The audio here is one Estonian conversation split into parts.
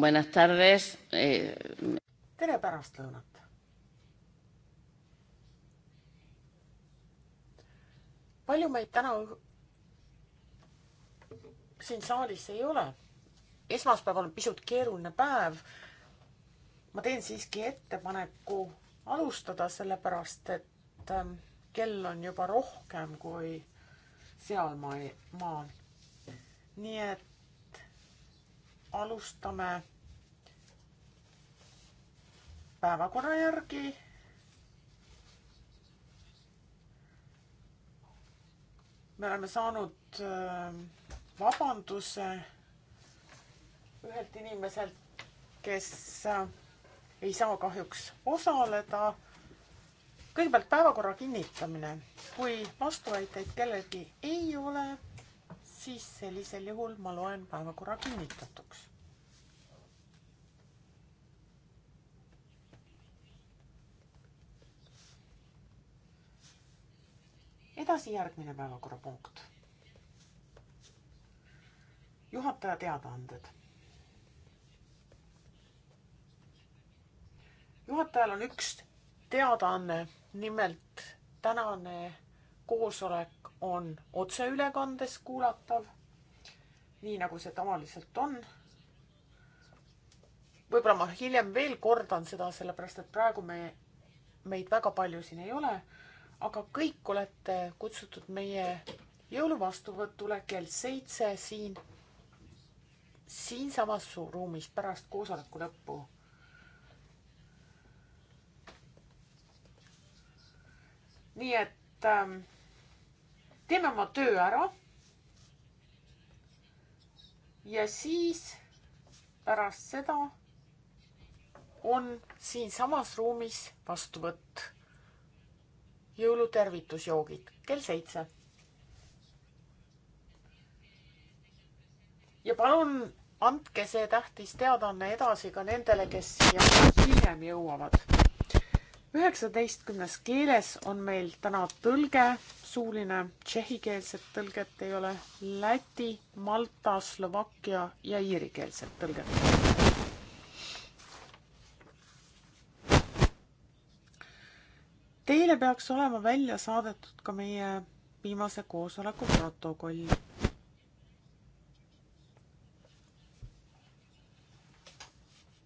Buenas tardes. Eh... tere pärastlõunat. palju meid täna siin saalis ei ole. esmaspäeval on pisut keeruline päev. ma teen siiski ettepaneku alustada, sellepärast et ähm, kell on juba rohkem kui sealmaal. nii et alustame päevakorra järgi. me oleme saanud äh, vabanduse ühelt inimeselt, kes äh, ei saa kahjuks osaleda. kõigepealt päevakorra kinnitamine. kui vastuväiteid kellelgi ei ole siis sellisel juhul ma loen päevakorra kinnitatuks. edasi järgmine päevakorrapunkt. juhataja teadaanded. juhatajal on üks teadaanne, nimelt tänane koosolek on otseülekandes kuulatav, nii nagu see tavaliselt on. võib-olla ma hiljem veel kordan seda, sellepärast et praegu me, meid väga palju siin ei ole, aga kõik olete kutsutud meie jõuluvastuvõtule kell seitse siin, siinsamas ruumis pärast koosoleku lõppu nii et ähm, teeme oma töö ära. ja siis pärast seda on siinsamas ruumis vastuvõtt. jõulutervitusjoogid kell seitse. ja palun andke see tähtis teadaanne edasi ka nendele, kes siia hiljem jõuavad. üheksateistkümnes keeles on meil täna tõlge suuline, tšehhikeelset tõlget ei ole, läti, malta, slovakkia ja iirikeelset tõlget. Teile peaks olema välja saadetud ka meie viimase koosoleku protokoll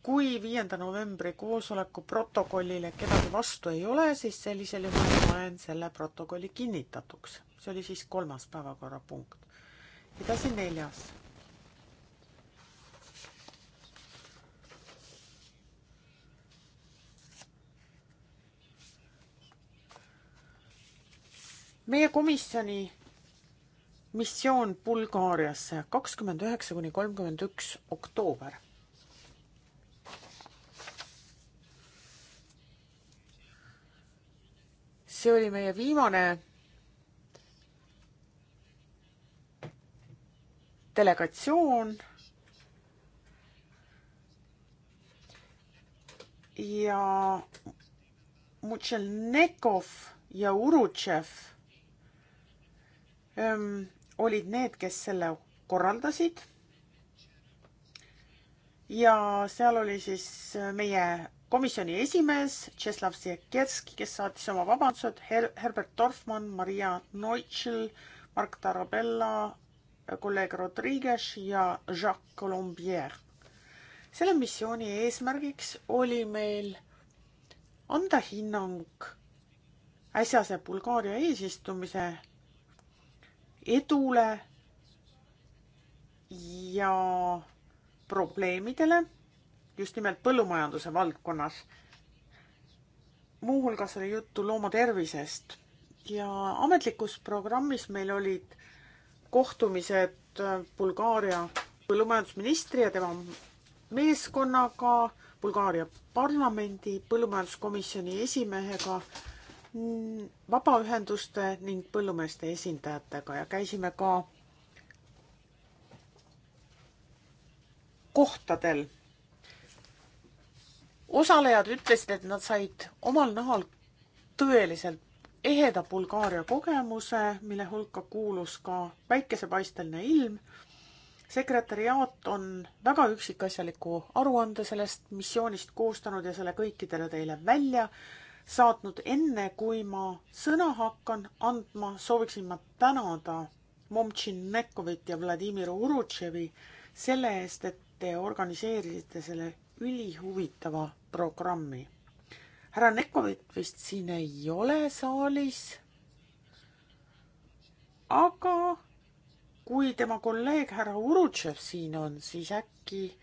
kui viienda novembri koosoleku protokollile kedagi vastu ei ole, siis sellisel juhul loen selle protokolli kinnitatuks. see oli siis kolmas päevakorrapunkt. edasi neljas. meie komisjoni missioon Bulgaariasse kakskümmend üheksa kuni kolmkümmend üks oktoober see oli meie viimane delegatsioon. ja Mutšelnikov ja Urutšev öö, ähm, olid need, kes selle korraldasid. ja seal oli siis meie komisjoni esimees Tšeslav Siekierski, kes saatis oma vabandused Her, Herbert Dorfmann, Maria Neutschel, Mark Tarabella, kolleeg Rodriguez ja Jacques Colombier. selle missiooni eesmärgiks oli meil anda hinnang äsjase Bulgaaria eesistumise edule ja probleemidele just nimelt põllumajanduse valdkonnas. muuhulgas oli juttu loomatervisest ja ametlikus programmis meil olid kohtumised äh, Bulgaaria põllumajandusministri ja tema meeskonnaga, Bulgaaria parlamendi põllumajanduskomisjoni esimehega, mm, vabaühenduste ning põllumeeste esindajatega ja käisime ka kohtadel osalejad ütlesid, et nad said omal nahal tõeliselt eheda Bulgaaria kogemuse, mille hulka kuulus ka päikesepaisteline ilm. sekretäriaat on väga üksikasjaliku aruande sellest missioonist koostanud ja selle kõikidele teile välja saatnud. enne kui ma sõna hakkan andma, sooviksin ma tänada Momtšin Nekovit ja Vladimir Urutševi selle eest, et te organiseerisite selle ülihuvitava programmi. härra Nekovit vist siin ei ole saalis. aga kui tema kolleeg härra Urutšev siin on, siis äkki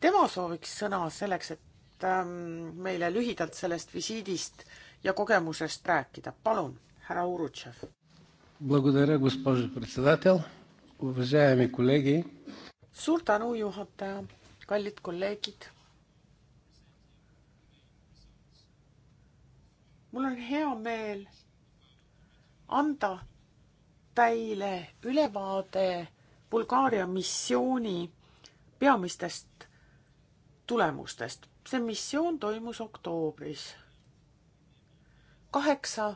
tema sooviks sõna selleks, et ähm, meile lühidalt sellest visiidist ja kogemusest rääkida. palun, härra Urutšev. suur tänu, juhataja kallid kolleegid. mul on hea meel anda teile ülevaade Bulgaaria missiooni peamistest tulemustest. see missioon toimus oktoobris. kaheksa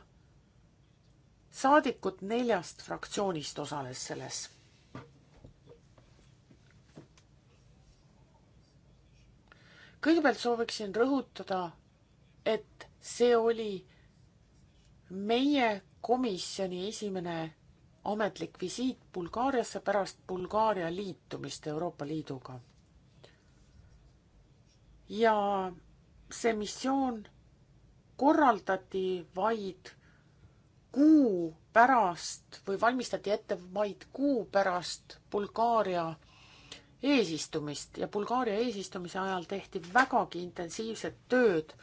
saadikut neljast fraktsioonist osales selles kõigepealt sooviksin rõhutada, et see oli meie komisjoni esimene ametlik visiit Bulgaariasse pärast Bulgaaria liitumist Euroopa Liiduga. ja see missioon korraldati vaid kuu pärast või valmistati ette vaid kuu pärast Bulgaaria eesistumist ja Bulgaaria eesistumise ajal tehti vägagi intensiivset tööd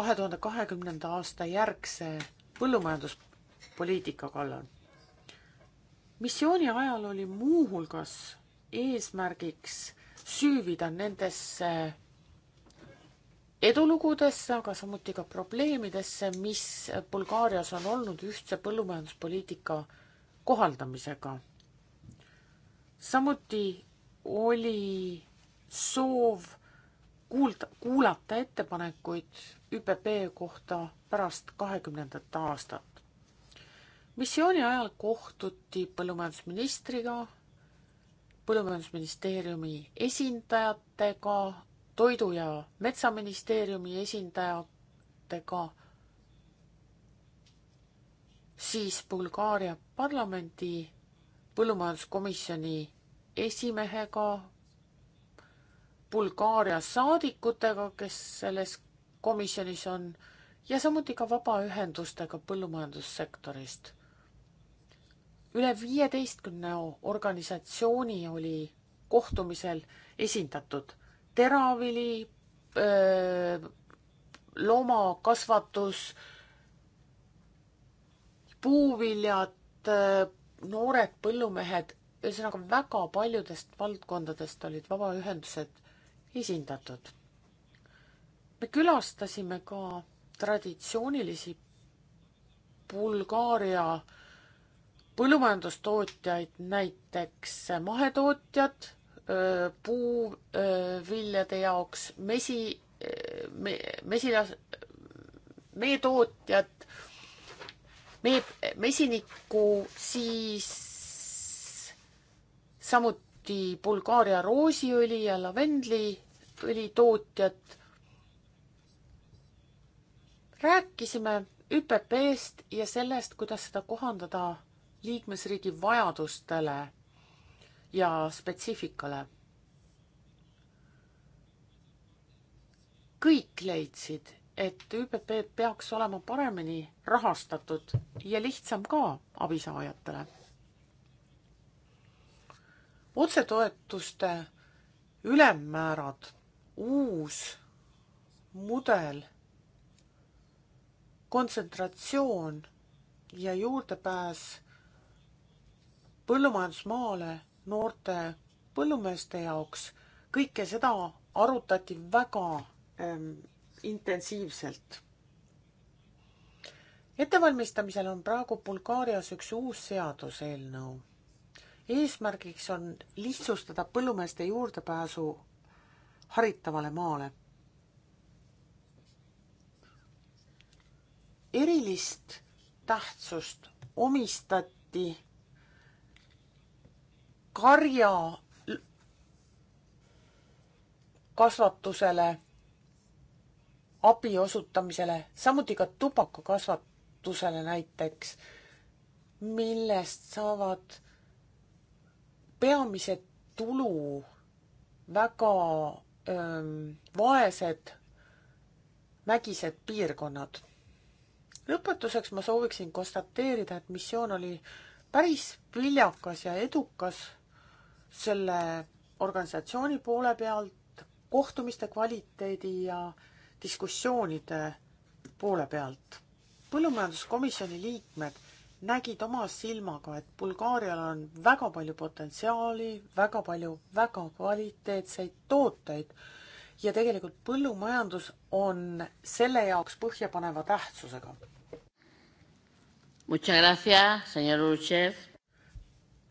kahe tuhande kahekümnenda aasta järgse põllumajanduspoliitika kallal. missiooni ajal oli muuhulgas eesmärgiks süüvida nendesse edulugudesse, aga samuti ka probleemidesse, mis Bulgaarias on olnud ühtse põllumajanduspoliitika kohaldamisega. samuti oli soov kuulda, kuulata ettepanekuid ÜPP kohta pärast kahekümnendat aastat. missiooni ajal kohtuti põllumajandusministriga, põllumajandusministeeriumi esindajatega, toidu- ja metsaministeeriumi esindajatega, siis Bulgaaria parlamendi põllumajanduskomisjoni esimehega, Bulgaaria saadikutega, kes selles komisjonis on, ja samuti ka vabaühendustega põllumajandussektorist. üle viieteistkümne organisatsiooni oli kohtumisel esindatud teravili, loomakasvatus, puuviljad, noored põllumehed ühesõnaga väga paljudest valdkondadest olid vabaühendused esindatud. me külastasime ka traditsioonilisi Bulgaaria põllumajandustootjaid, näiteks mahetootjad, puuviljade jaoks mesi, me, mesilas-, meetootjad, mee, mesiniku, siis samuti Bulgaaria roosiõli ja lavendliõli tootjad. rääkisime ÜPP-st ja sellest, kuidas seda kohandada liikmesriigi vajadustele ja spetsiifikale. kõik leidsid, et ÜPP peaks olema paremini rahastatud ja lihtsam ka abisaajatele otsetoetuste ülemmäärad, uus mudel, kontsentratsioon ja juurdepääs põllumajandusmaale noorte põllumeeste jaoks, kõike seda arutati väga ähm, intensiivselt. ettevalmistamisel on praegu Bulgaarias üks uus seaduseelnõu eesmärgiks on lihtsustada põllumeeste juurdepääsu haritavale maale. erilist tähtsust omistati karja kasvatusele, abi osutamisele, samuti ka tubakakasvatusele näiteks, millest saavad peamise tulu väga öö, vaesed mägised piirkonnad. lõpetuseks ma sooviksin konstateerida, et missioon oli päris viljakas ja edukas selle organisatsiooni poole pealt, kohtumiste kvaliteedi ja diskussioonide poole pealt. põllumajanduskomisjoni liikmed nägid oma silmaga, et Bulgaarial on väga palju potentsiaali, väga palju väga kvaliteetseid tooteid ja tegelikult põllumajandus on selle jaoks põhjapaneva tähtsusega.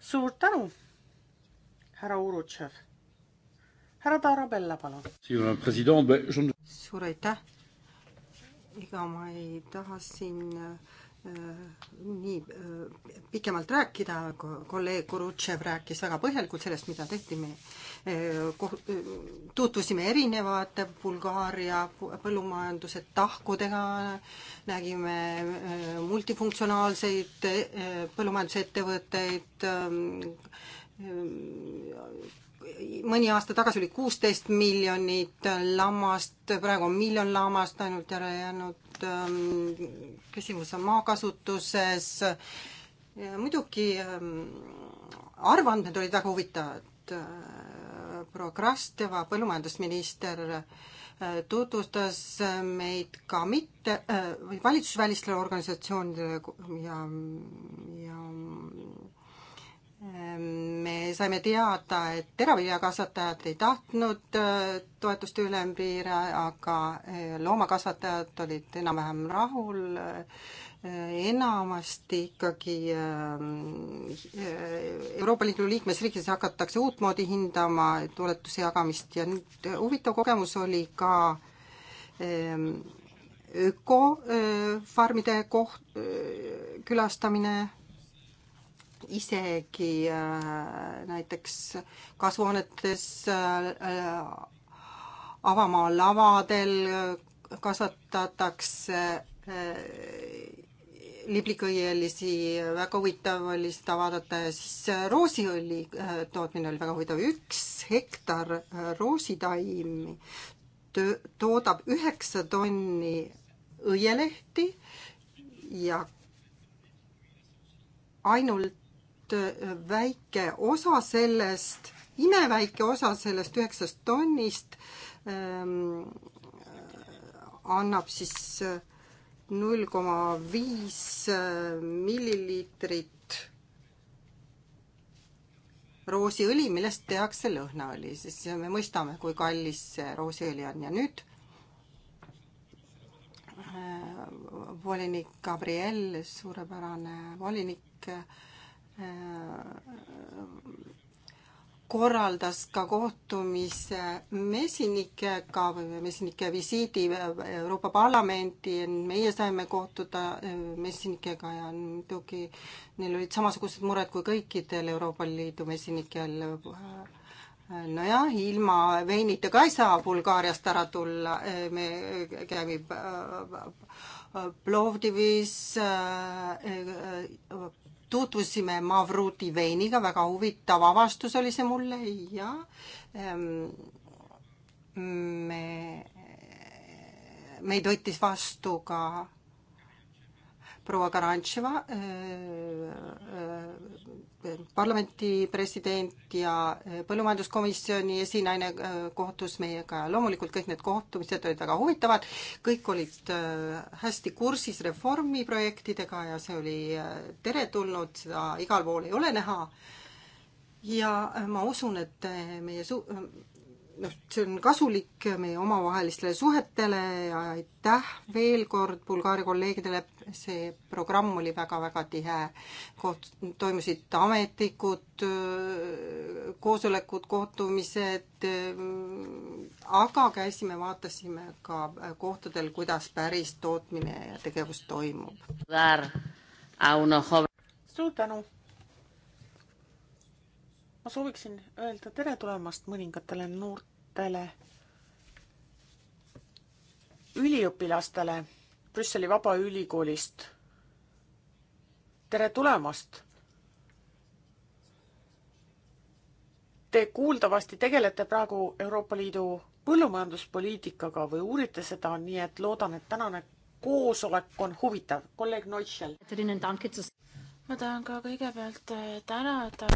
suur tänu, härra Urutšev. härra Tarabella, palun. suur aitäh. ega ma ei taha siin äh, nii pikemalt rääkida, kolleeg Kurutšev rääkis väga põhjalikult sellest, mida tehti, me eh, tutvusime erinevate Bulgaaria põllumajanduse tahkudega, nägime eh, multifunktsionaalseid eh, põllumajandusettevõtteid, mõni aasta tagasi oli kuusteist miljonit lammast, praegu on miljon lammast ainult järele jäänud Ähm, küsimus on maakasutuses, muidugi ähm, arvandmed olid väga huvitavad, äh, proua Krasteva, põllumajandusminister, äh, tutvustas äh, meid ka mitte, või valitsusvälistele organisatsioonidele ja, ja me saime teada, et teraviljakasvatajad ei tahtnud äh, toetuste ülempiire, aga äh, loomakasvatajad olid enam-vähem rahul. Äh, enamasti ikkagi Euroopa Liidu liikmesriikides hakatakse uutmoodi hindama toetuse jagamist ja nüüd huvitav kogemus oli ka ähm, ökofarmide koht, külastamine isegi äh, näiteks kasvuhoonetes, äh, äh, avamaa lavadel kasvatatakse liblikõielisi, väga huvitav oli seda vaadata ja siis roosiõli tootmine oli väga huvitav, üks hektar roositaimi töö, toodab üheksa tonni õielehti ja ainult ainult äh, väike osa sellest, imeväike osa sellest üheksast tonnist ähm, annab siis äh, null koma viis äh, milliliitrit roosiõli, millest tehakse lõhnaõli, siis me mõistame, kui kallis see roosiõli on ja nüüd volinik Gabriel, suurepärane volinik, korraldas ka kohtumise mesinikega või mesinike visiidi Euroopa Parlamenti, meie saime kohtuda äh, mesinikega ja muidugi neil olid samasugused mured kui kõikidel Euroopa Liidu mesinikel. Äh, nojah, ilma veinita ka ei saa Bulgaariast ära tulla, äh, me käime Plovdivis tutvusime Mavruti veiniga, väga huvitav avastus oli see mulle ja ähm, me, meid võttis vastu ka proua Karantševa, äh, äh, parlamenti president ja äh, põllumajanduskomisjoni esinaine kohtus meiega ja loomulikult kõik need kohtumised olid väga huvitavad, kõik olid hästi kursis reformiprojektidega ja see oli teretulnud, seda igal pool ei ole näha ja ma usun, et meie su-, noh, see on kasulik meie omavahelistele suhetele ja aitäh veel kord Bulgaaria kolleegidele, see programm oli väga-väga tihe. koht-, toimusid ametlikud koosolekud, kohtumised, aga käisime, vaatasime ka äh, kohtadel, kuidas päris tootmine ja tegevus toimub. suur tänu! ma sooviksin öelda tere tulemast mõningatele noort, noortele üliõpilastele Brüsseli Vabaülikoolist. tere tulemast! Te kuuldavasti tegelete praegu Euroopa Liidu põllumajanduspoliitikaga või uurite seda, nii et loodan, et tänane koosolek on huvitav. kolleeg Neuschel. ma tahan ka kõigepealt tänada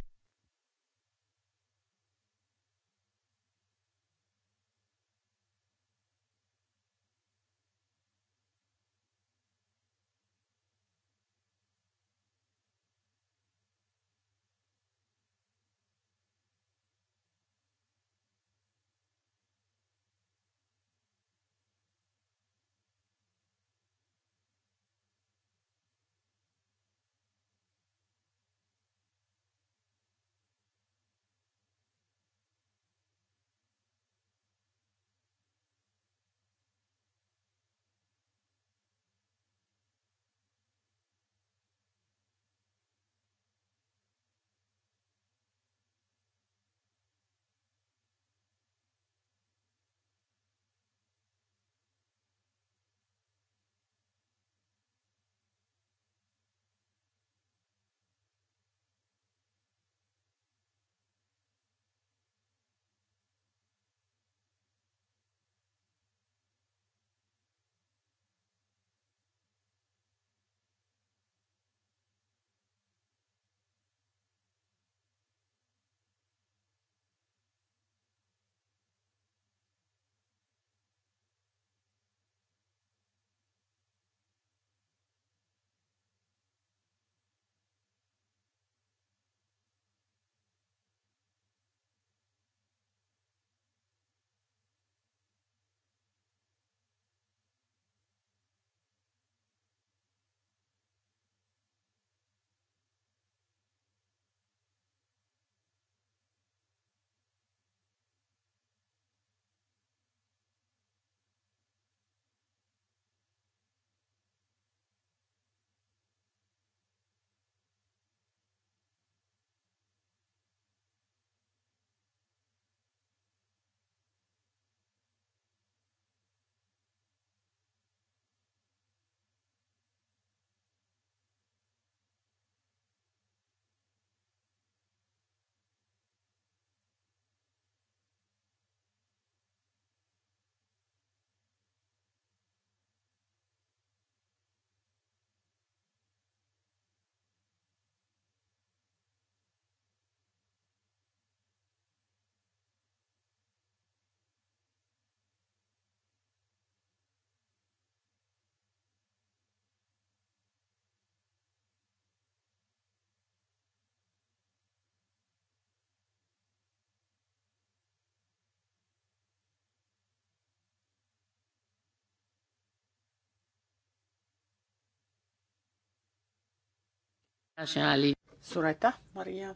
suur aitäh, Maria.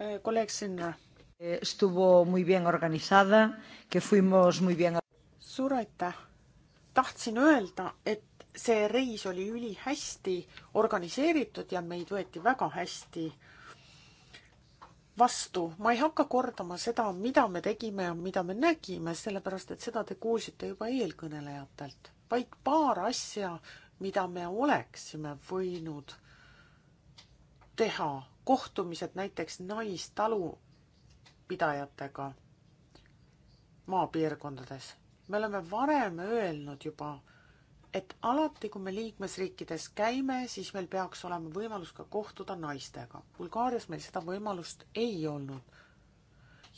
Eh, kolleeg Sinra. Eh, estuvo muy bien organizada, que fuimos muy bien. suur aitäh. tahtsin öelda, et see reis oli ülihästi organiseeritud ja meid võeti väga hästi vastu. ma ei hakka kordama seda, mida me tegime ja mida me nägime, sellepärast et seda te kuulsite juba eelkõnelejatelt, vaid paar asja mida me oleksime võinud teha, kohtumised näiteks naistalupidajatega maapiirkondades. me oleme varem öelnud juba, et alati, kui me liikmesriikides käime, siis meil peaks olema võimalus ka kohtuda naistega. Bulgaarias meil seda võimalust ei olnud.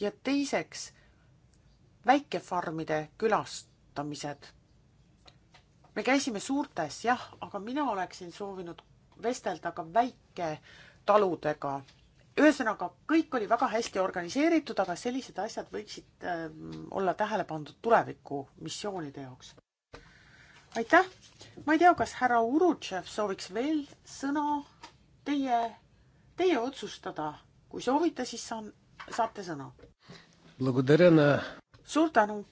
ja teiseks, väikefarmide külastamised me käisime suurtes jah, aga mina oleksin soovinud vestelda ka väiketaludega. ühesõnaga, kõik oli väga hästi organiseeritud, aga sellised asjad võiksid äh, olla tähele pandud tulevikumissioonide jaoks. aitäh, ma ei tea, kas härra Urutšev sooviks veel sõna, teie, teie otsustada, kui soovite, siis saan, saate sõna. suur tänu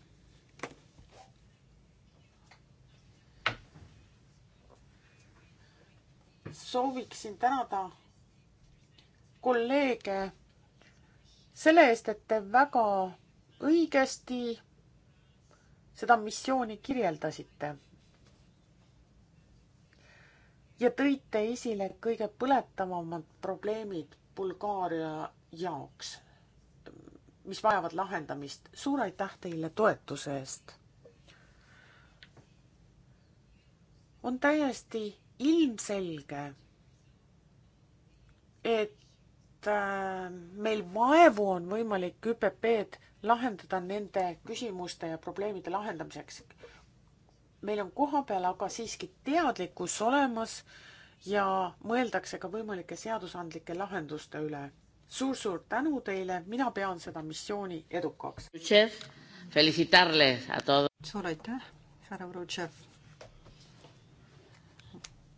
sooviksin tänada kolleege selle eest, et te väga õigesti seda missiooni kirjeldasite. ja tõite esile kõige põletavamad probleemid Bulgaaria jaoks, mis vajavad lahendamist. suur aitäh teile toetuse eest. on täiesti ilmselge et äh, meil vaevu on võimalik ÜPP-d lahendada nende küsimuste ja probleemide lahendamiseks. meil on kohapeal aga siiski teadlikkus olemas ja mõeldakse ka võimalike seadusandlike lahenduste üle suur,. suur-suur tänu teile, mina pean seda missiooni edukaks. suur aitäh, härra Vrutšev.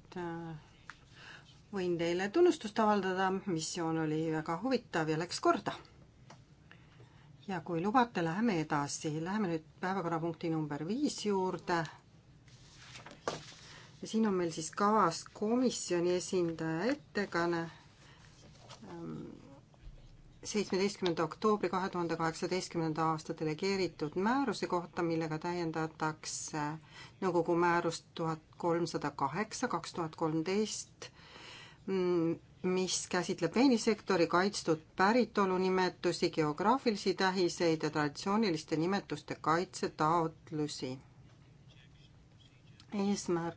et äh, võin teile tunnustust avaldada, missioon oli väga huvitav ja läks korda. ja kui lubate, läheme edasi, läheme nüüd päevakorrapunkti number viis juurde. ja siin on meil siis kavas komisjoni esindaja ettekanne ähm, seitsmeteistkümnenda oktoobri kahe tuhande kaheksateistkümnenda aasta delegeeritud määruse kohta, millega täiendatakse nõukogu määrust tuhat kolmsada kaheksa kaks tuhat kolmteist mis käsitleb veinisektori kaitstud päritolu nimetusi, geograafilisi tähiseid ja traditsiooniliste nimetuste kaitsetaotlusi. eesmärk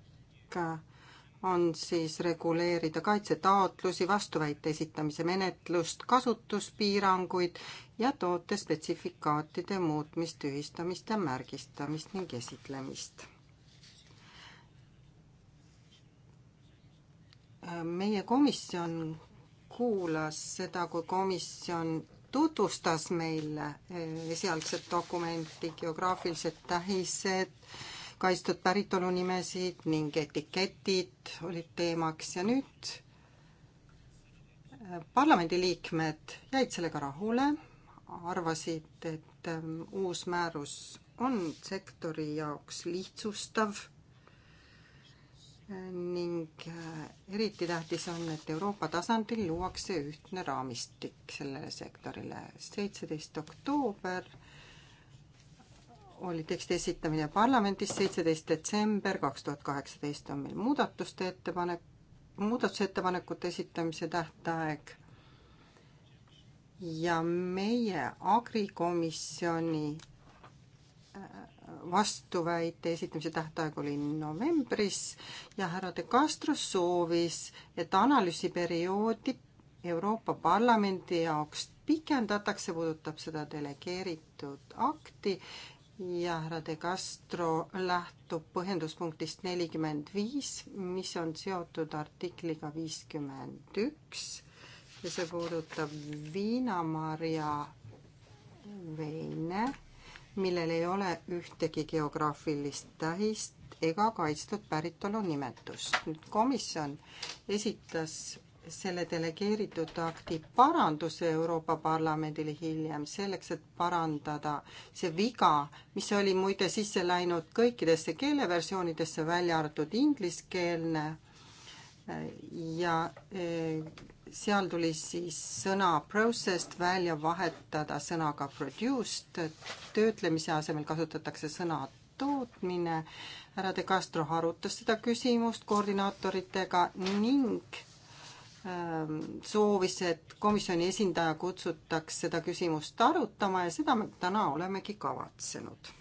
on siis reguleerida kaitsetaotlusi, vastuväite esitamise menetlust, kasutuspiiranguid ja toote spetsifikaatide muutmist, tühistamist ja märgistamist ning esitlemist meie komisjon kuulas seda, kui komisjon tutvustas meile eh, esialgset dokumenti, geograafilised tähised, kaitstud päritolunimesid ning etiketid olid teemaks ja nüüd eh, parlamendiliikmed jäid sellega rahule, arvasid, et eh, uus määrus on sektori jaoks lihtsustav ning äh, eriti tähtis on, et Euroopa tasandil luuakse ühtne raamistik sellele sektorile. seitseteist oktoober oli teksti esitamine parlamendis, seitseteist detsember kaks tuhat kaheksateist on meil muudatuste ettepanek, muudatusettepanekute esitamise tähtaeg ja meie agrikomisjoni äh, vastuväite esitamise tähtaeg oli novembris ja härra De Castro soovis, et analüüsiperioodi Euroopa Parlamendi jaoks pikendatakse, puudutab seda delegeeritud akti ja härra De Castro lähtub põhjenduspunktist nelikümmend viis, mis on seotud artikliga viiskümmend üks ja see puudutab viinamarja veine millel ei ole ühtegi geograafilist tähist ega kaitstud päritolu nimetust. nüüd komisjon esitas selle delegeeritud akti paranduse Euroopa Parlamendile hiljem selleks, et parandada see viga, mis oli muide sisse läinud kõikidesse keeleversioonidesse, välja arvatud ingliskeelne ja eh, seal tuli siis sõna processed välja vahetada sõnaga produced, töötlemise asemel kasutatakse sõna tootmine. härra De Castro arutas seda küsimust koordinaatoritega ning ähm, soovis, et komisjoni esindaja kutsutaks seda küsimust arutama ja seda me täna olemegi kavatsenud.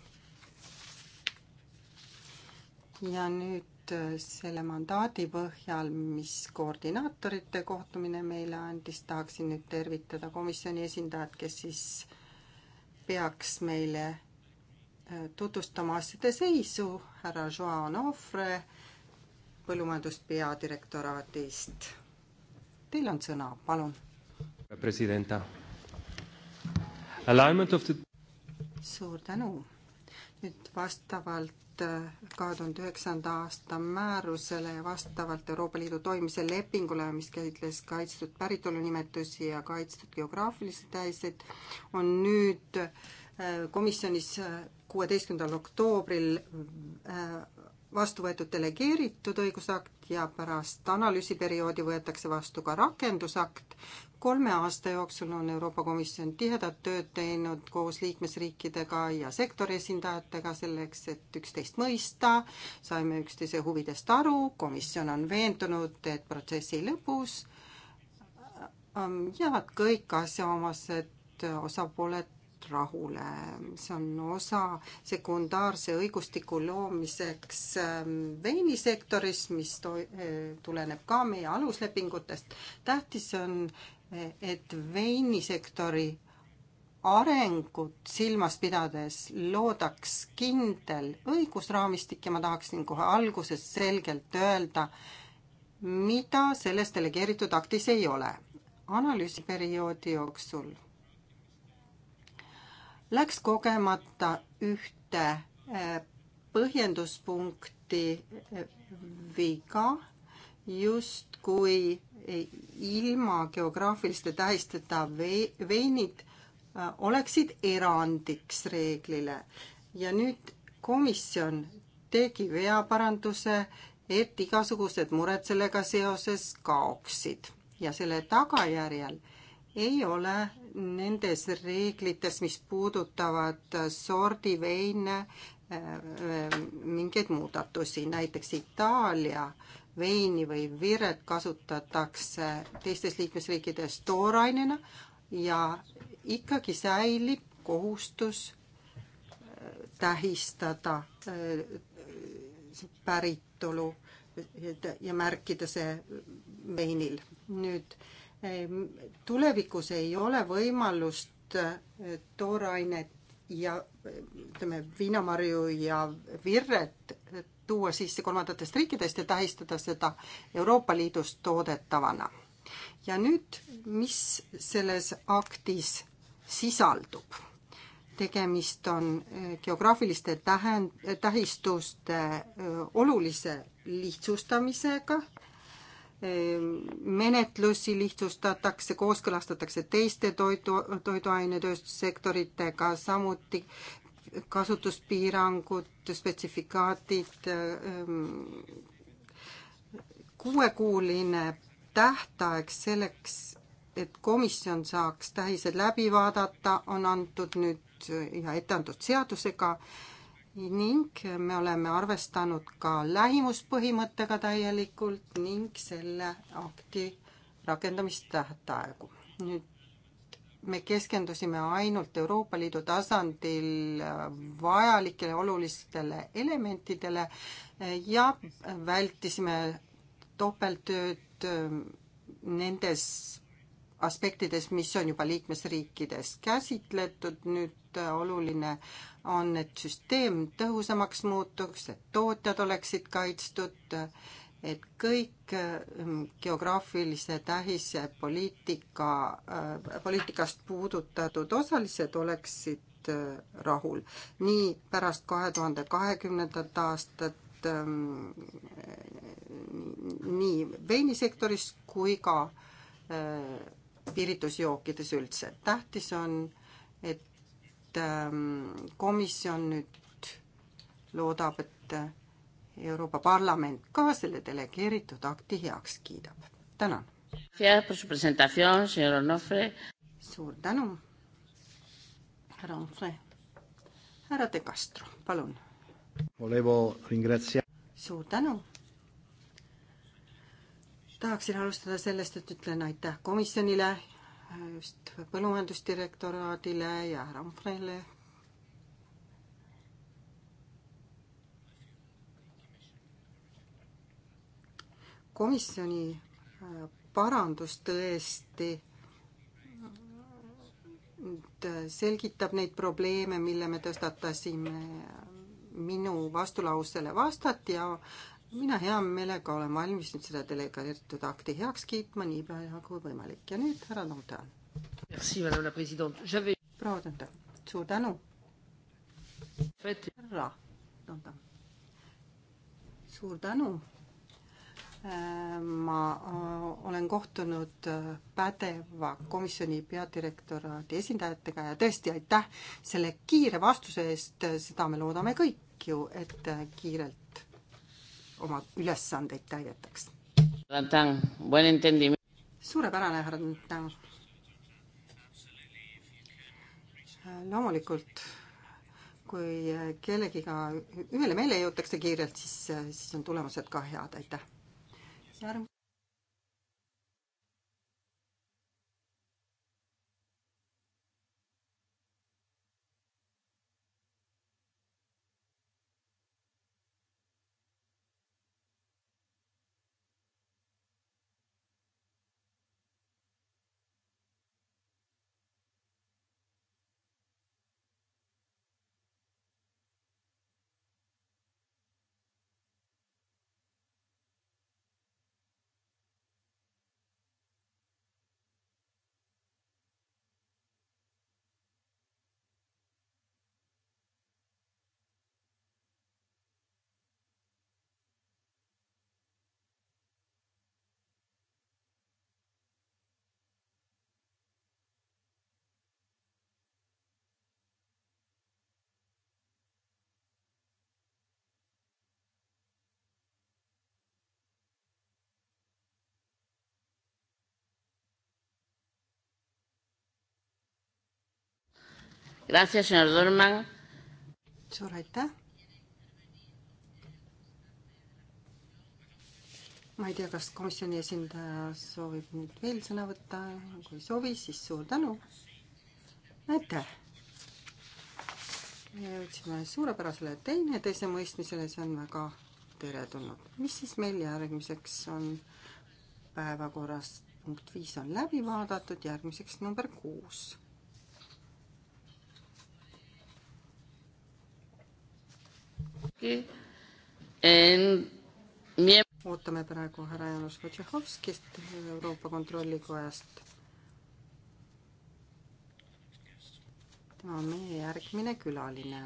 ja nüüd Äh, selle mandaadi põhjal, mis koordinaatorite kohtumine meile andis, tahaksin nüüd tervitada komisjoni esindajat, kes siis peaks meile äh, tutvustama asjade seisu, härra Joao Onofre põllumajanduspeadirektoraadist. Teil on sõna, palun. presidenta. Alignment of the suur tänu. nüüd vastavalt Äh, kahe tuhande üheksanda aasta määrusele ja vastavalt Euroopa Liidu toimimise lepingule, mis käsitles kaitstud päritolunimetusi ja kaitstud geograafilisi tähiseid, on nüüd äh, komisjonis äh, kuueteistkümnendal oktoobril vastu võetud delegeeritud õigusakt ja pärast analüüsiperioodi võetakse vastu ka rakendusakt, kolme aasta jooksul on Euroopa Komisjon tihedat tööd teinud koos liikmesriikidega ja sektori esindajatega selleks, et üksteist mõista, saime üksteise huvidest aru, komisjon on veendunud, et protsessi lõpus ähm, jäävad kõik asjaomased osapooled rahule, see on osa sekundaarse õigustiku loomiseks ähm, veinisektoris, mis to-, äh, tuleneb ka meie aluslepingutest. tähtis on, et veinisektori arengut silmas pidades loodaks kindel õigusraamistik ja ma tahaksin kohe alguses selgelt öelda, mida selles delegeeritud aktis ei ole. analüüsiperioodi jooksul läks kogemata ühte eh, põhjenduspunkti eh, viga justkui ilma geograafiliste tähisteta veinid äh, oleksid erandiks reeglile. ja nüüd komisjon tegi veaparanduse, et igasugused mured sellega seoses kaoksid ja selle tagajärjel ei ole nendes reeglites, mis puudutavad sordiveine, äh, äh, mingeid muudatusi, näiteks Itaalia äh, veini või viret kasutatakse teistes liikmesriikides toorainena ja ikkagi säilib kohustus äh, tähistada äh, päritolu ja märkida see veinil. nüüd äh, tulevikus ei ole võimalust toorainet ja ütleme, viinamarju ja virret tuua sisse kolmandatest riikidest ja tähistada seda Euroopa Liidus toodetavana. ja nüüd, mis selles aktis sisaldub? tegemist on äh, geograafiliste tähen-, tähistuste äh, olulise lihtsustamisega, äh, menetlusi lihtsustatakse, kooskõlastatakse teiste toidu, toiduainetööstussektoritega, samuti kasutuspiirangud, spetsifikaadid, ähm, kuuekuuline tähtaeg selleks, et komisjon saaks tähised läbi vaadata, on antud nüüd ja ette antud seadusega ning me oleme arvestanud ka lähimuspõhimõttega täielikult ning selle akti rakendamistähtaegu. nüüd me keskendusime ainult Euroopa Liidu tasandil vajalikele olulistele elementidele ja vältisime topelttööd ähm, nendes aspektides, mis on juba liikmesriikides käsitletud, nüüd äh, oluline on, et süsteem tõhusamaks muutuks, et tootjad oleksid kaitstud et kõik ähm, geograafilise tähise poliitika, äh, poliitikast puudutatud osalised oleksid äh, rahul. nii pärast kahe tuhande kahekümnendat aastat ähm, nii veinisektoris kui ka äh, piiritusjookides üldse. tähtis on, et ähm, komisjon nüüd loodab, et Euroopa Parlament ka selle delegeeritud akti heaks kiidab. tänan. suur tänu, härra Onfre. härra De Castro, palun. suur tänu tahaksin alustada sellest, et ütlen aitäh komisjonile, just põllumajandusdirektoraadile ja härra Umfrele komisjoni äh, parandus tõesti nüüd selgitab neid probleeme, mille me tõstatasime. minu vastulausele vastati ja mina hea meelega olen valmis nüüd seda delegeeritud akti heaks kiitma nii palju kui võimalik ja nüüd härra Nontan. proua Nontan, suur tänu. härra Nontan, suur tänu Äh, ma äh, olen kohtunud äh, pädeva komisjoni peadirektoraadi esindajatega ja tõesti aitäh selle kiire vastuse eest, seda me loodame kõik ju, et kiirelt oma ülesandeid täidetaks. suurepärane, härra Tantan. loomulikult, kui kellegiga ühele meele jõutakse kiirelt, siis, siis on tulemused ka head, aitäh järgmine Gracias, señor Dorman. suur aitäh. ma ei tea, kas komisjoni esindaja soovib nüüd veel sõna võtta, kui ei soovi, siis suur tänu. aitäh. me jõudsime suurepärasele teineteise mõistmisele, see on väga teretulnud. mis siis meil järgmiseks on päevakorras? punkt viis on läbi vaadatud, järgmiseks number kuus ootame praegu härra Jaanus Votšehovskist Euroopa Kontrollikojast. tema on meie järgmine külaline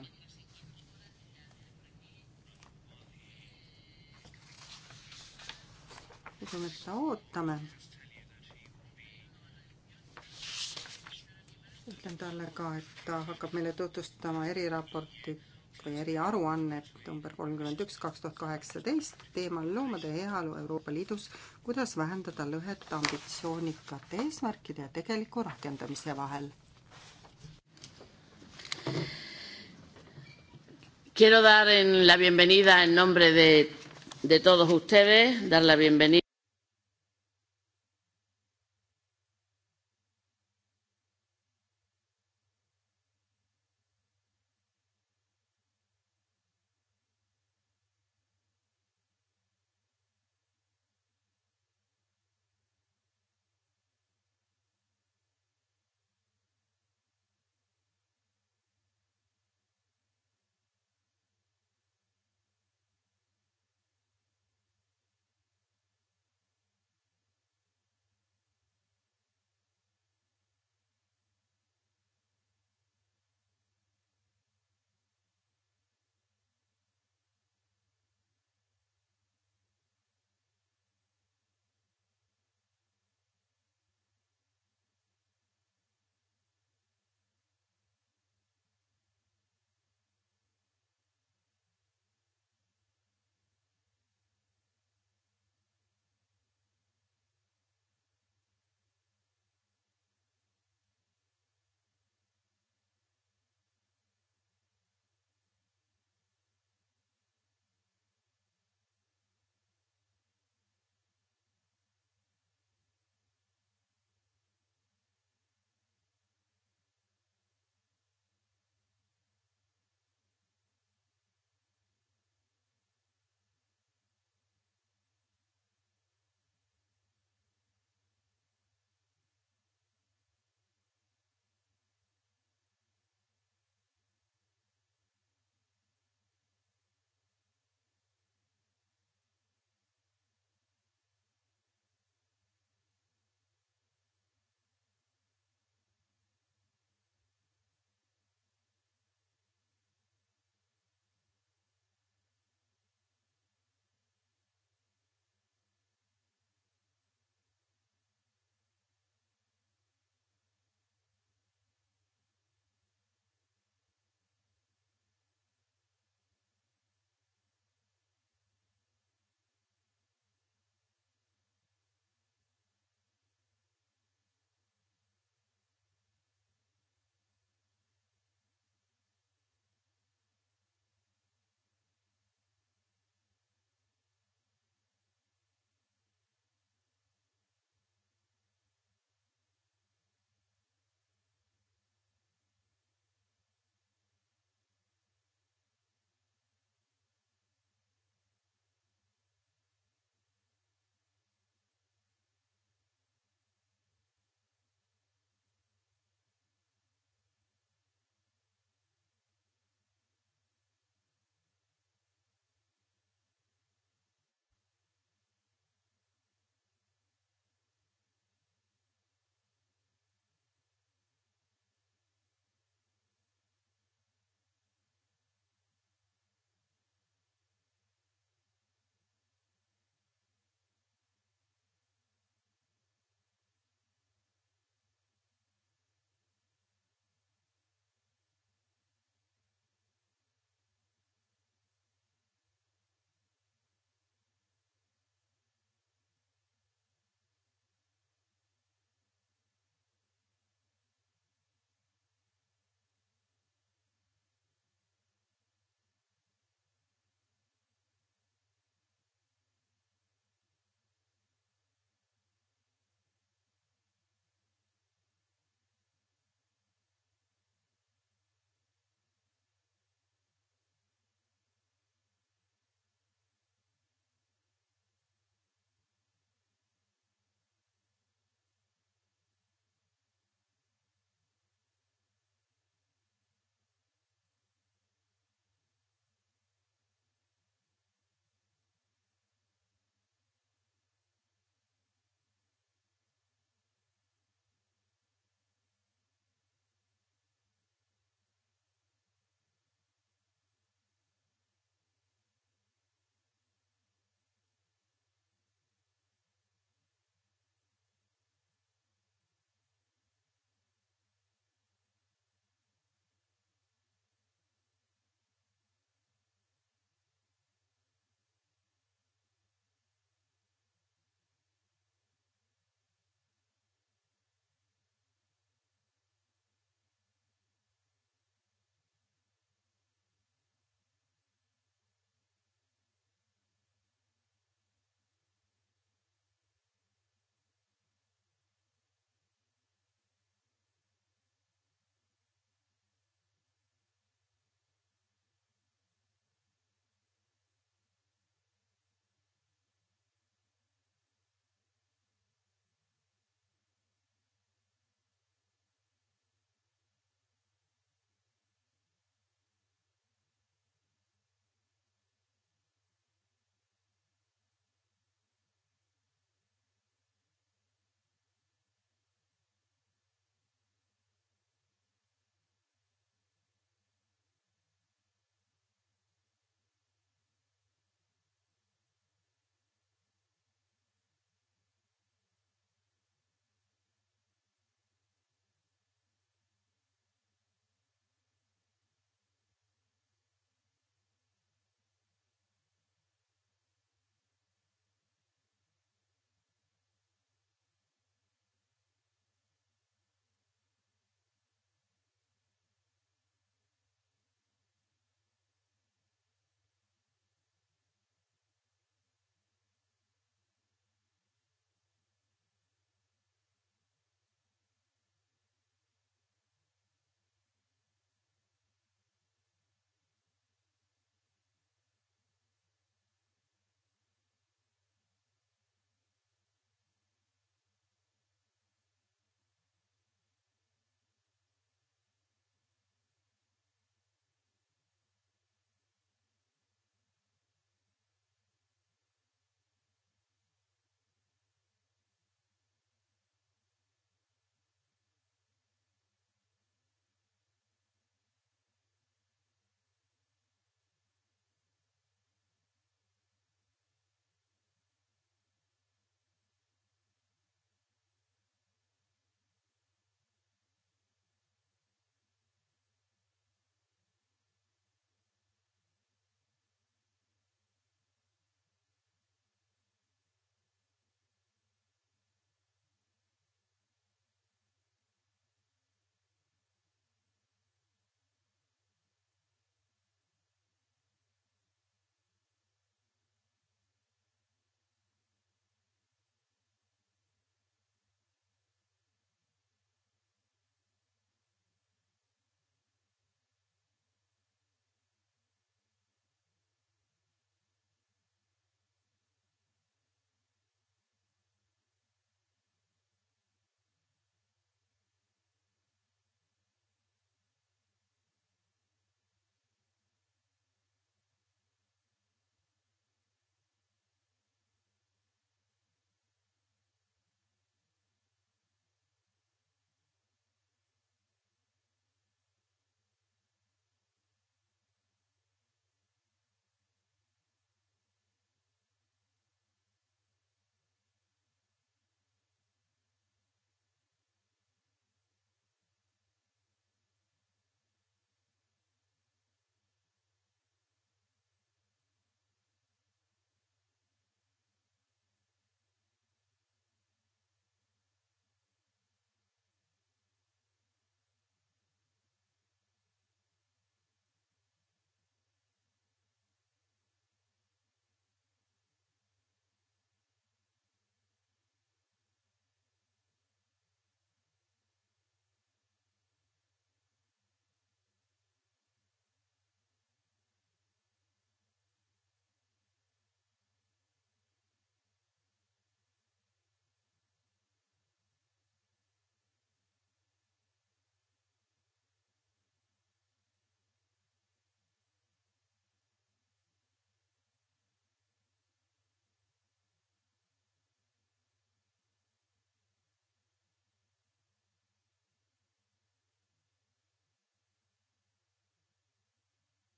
ja kui me seda ootame, ütlen talle ka, et ta hakkab meile tutvustama eriraportit Keskkonnaministri eriaruannet number kolmkümmend üks kaks tuhat kaheksateist teemal loomade heaolu Euroopa Liidus, kuidas vähendada lõhet ambitsioonikate eesmärkide ja tegeliku rakendamise vahel. Quiero dar en la bienvenida en nombre de, de todos ustedes, dar la bienvenida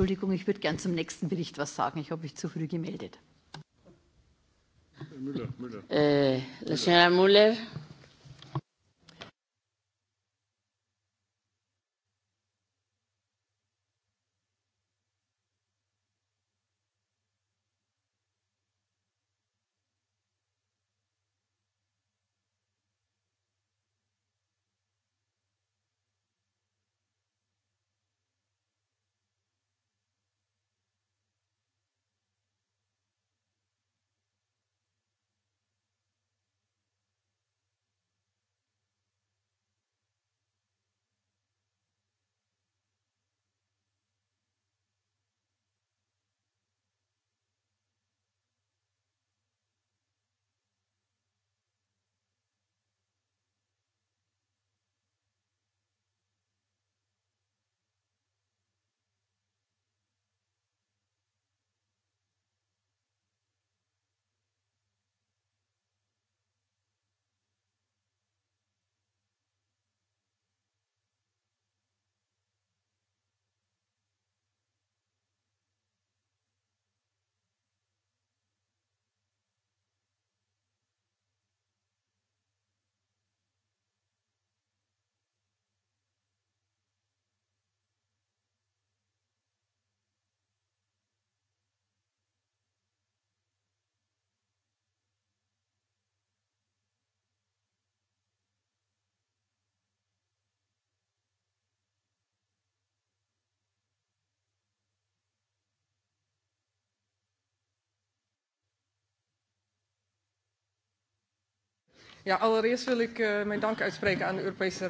Entschuldigung, ich würde gern zum nächsten Bericht was sagen. Ich habe mich zu früh gemeldet. Müller, Müller. Äh, Müller. Müller. Ja, allereerst wil ik uh, mijn dank uitspreken aan de Europese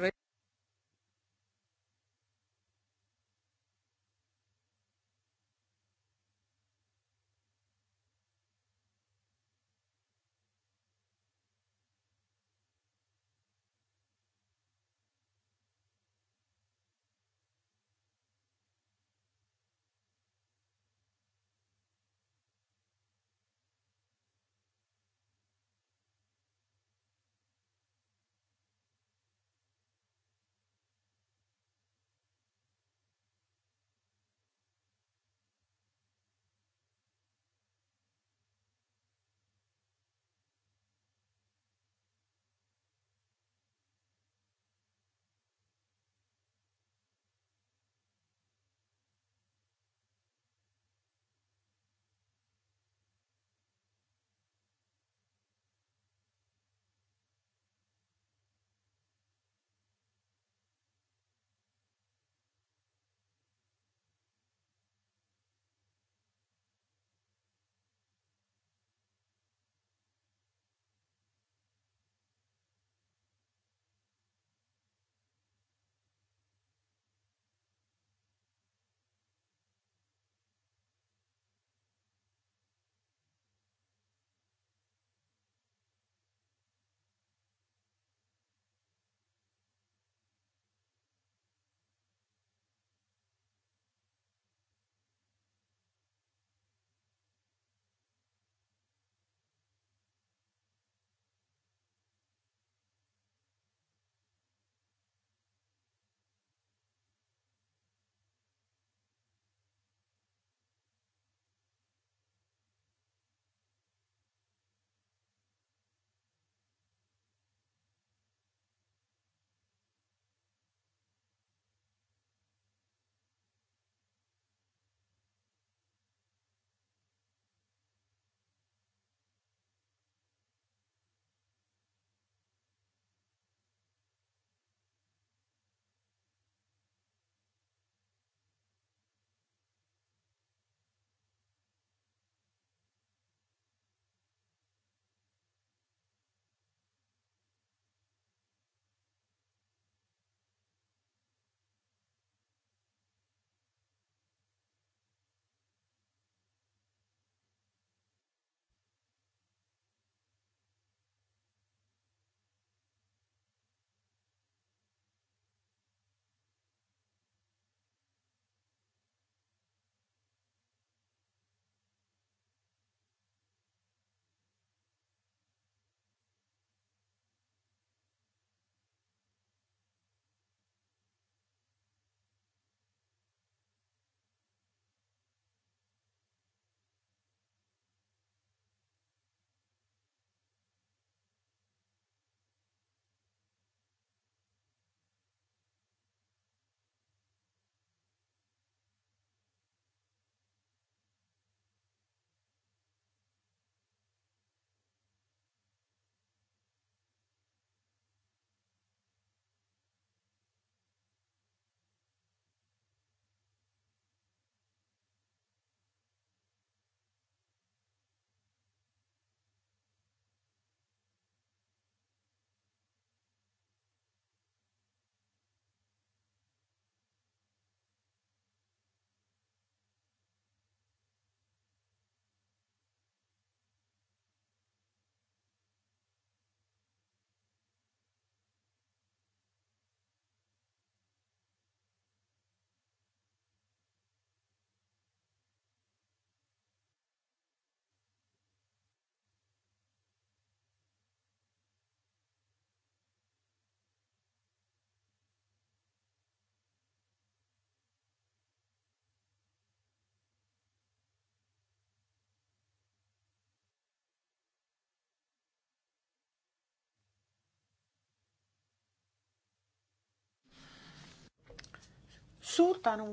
suur tänu.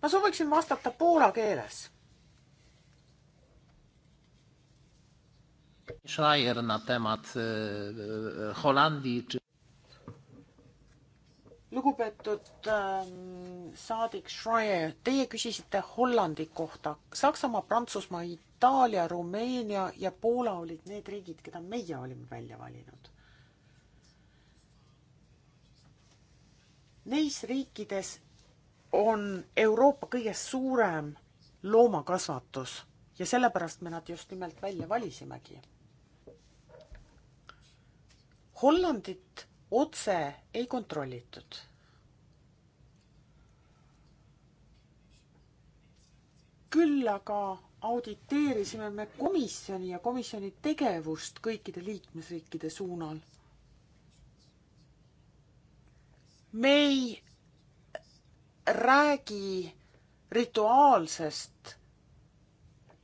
ma sooviksin vastata poola keeles. Schreier na temat äh, e, e, Hollandi czy lugupeetud äh, saadik Schreier, teie küsisite Hollandi kohta. Saksamaa, Prantsusmaa, Itaalia, Rumeenia ja Poola olid need riigid, keda meie olime välja valinud. Neis riikides on Euroopa kõige suurem loomakasvatus ja sellepärast me nad just nimelt välja valisimegi. Hollandit otse ei kontrollitud. küll aga auditeerisime me komisjoni ja komisjoni tegevust kõikide liikmesriikide suunal me ei räägi rituaalsest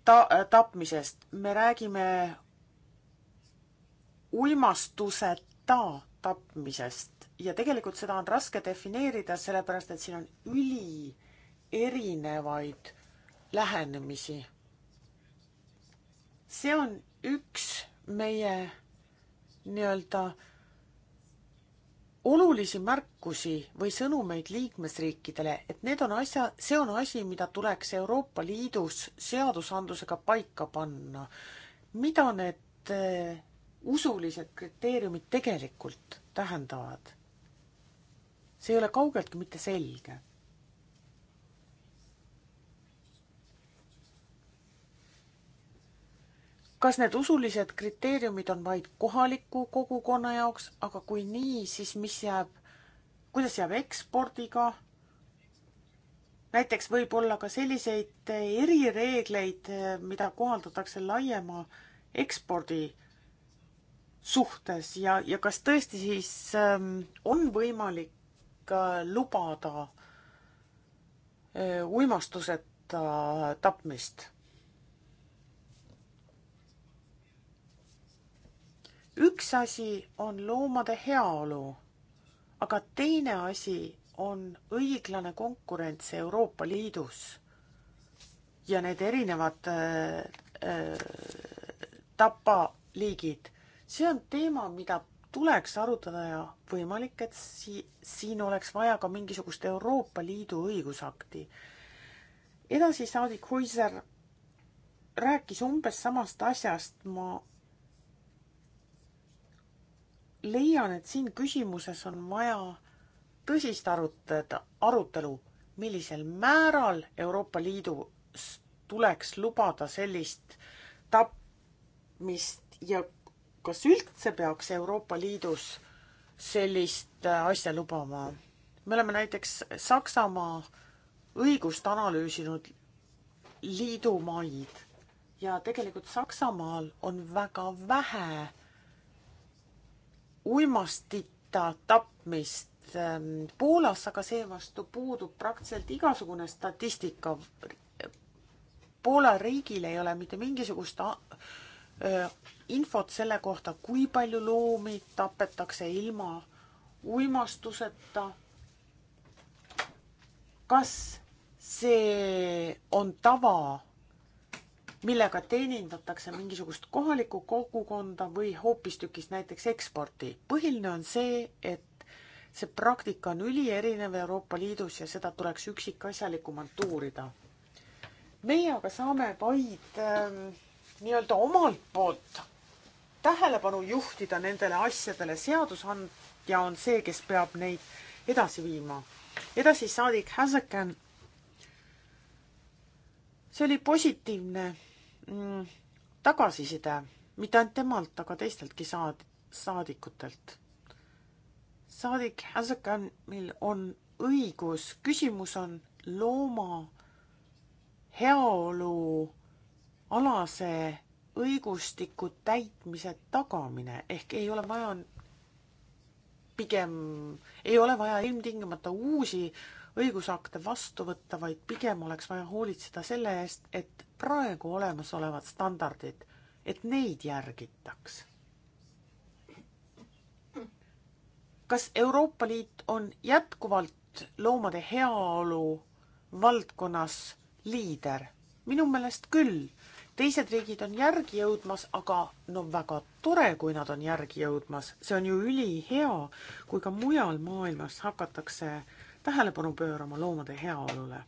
ta-, tapmisest, me räägime uimastuseta tapmisest ja tegelikult seda on raske defineerida, sellepärast et siin on üli erinevaid lähenemisi. see on üks meie nii-öelda äh, olulisi märkusi või sõnumeid liikmesriikidele, et need on asja, see on asi, mida tuleks Euroopa Liidus seadusandlusega paika panna. mida need äh, usulised kriteeriumid tegelikult tähendavad? see ei ole kaugeltki mitte selge kas need usulised kriteeriumid on vaid kohaliku kogukonna jaoks, aga kui nii, siis mis jääb, kuidas jääb ekspordiga? näiteks võib olla ka selliseid erireegleid, mida kohaldatakse laiema ekspordi suhtes ja, ja kas tõesti siis ähm, on võimalik äh, lubada äh, uimastuseta tapmist? üks asi on loomade heaolu, aga teine asi on õiglane konkurents Euroopa Liidus ja need erinevad äh, äh, tapaliigid. see on teema, mida tuleks arutada ja võimalik, et si-, siin oleks vaja ka mingisugust Euroopa Liidu õigusakti. edasi saadik Hoiser rääkis umbes samast asjast, ma leian, et siin küsimuses on vaja tõsist arutada, arutelu, millisel määral Euroopa Liidus tuleks lubada sellist tapmist ja kas üldse peaks Euroopa Liidus sellist äh, asja lubama. me oleme näiteks Saksamaa õigust analüüsinud liidumaid ja tegelikult Saksamaal on väga vähe uimastita tapmist ähm, Poolas, aga seevastu puudub praktiliselt igasugune statistika. Poola riigil ei ole mitte mingisugust äh, infot selle kohta, kui palju loomi tapetakse ilma uimastuseta. kas see on tava millega teenindatakse mingisugust kohalikku kogukonda või hoopistükkis näiteks eksporti. põhiline on see, et see praktika on ülierinev Euroopa Liidus ja seda tuleks üksikasjalikumalt uurida. meie aga saame vaid ähm, nii-öelda omalt poolt tähelepanu juhtida nendele asjadele, seadusandja on see, kes peab neid edasi viima. edasi saadik Häsekan see oli positiivne mm, tagasiside, mitte ainult temalt, aga teisteltki saad-, saadikutelt. saadik Häsekamil on õigus, küsimus on looma heaolu alase õigustiku täitmise tagamine ehk ei ole vaja pigem, ei ole vaja ilmtingimata uusi õigusakte vastu võtta, vaid pigem oleks vaja hoolitseda selle eest, et praegu olemasolevad standardid, et neid järgitaks. kas Euroopa Liit on jätkuvalt loomade heaolu valdkonnas liider? minu meelest küll. teised riigid on järgi jõudmas, aga no väga tore, kui nad on järgi jõudmas, see on ju ülihea, kui ka mujal maailmas hakatakse äh, tähelepanu pöörama loomade heaolule.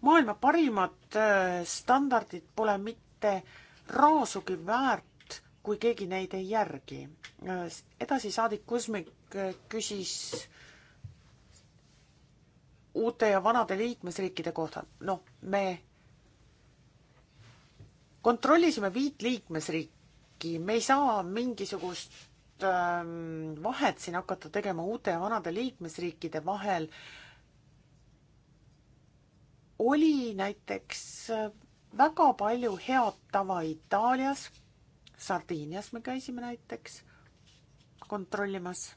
maailma parimad äh, standardid pole mitte raasugi väärt, kui keegi neid ei järgi. Äh, edasi saadik Kusmik äh, küsis uute ja vanade liikmesriikide kohta. noh, me kontrollisime viit liikmesriiki, me ei saa mingisugust ähm, vahet siin hakata tegema uute ja vanade liikmesriikide vahel. oli näiteks äh, väga palju head tava Itaalias, Sardiinias me käisime näiteks kontrollimas.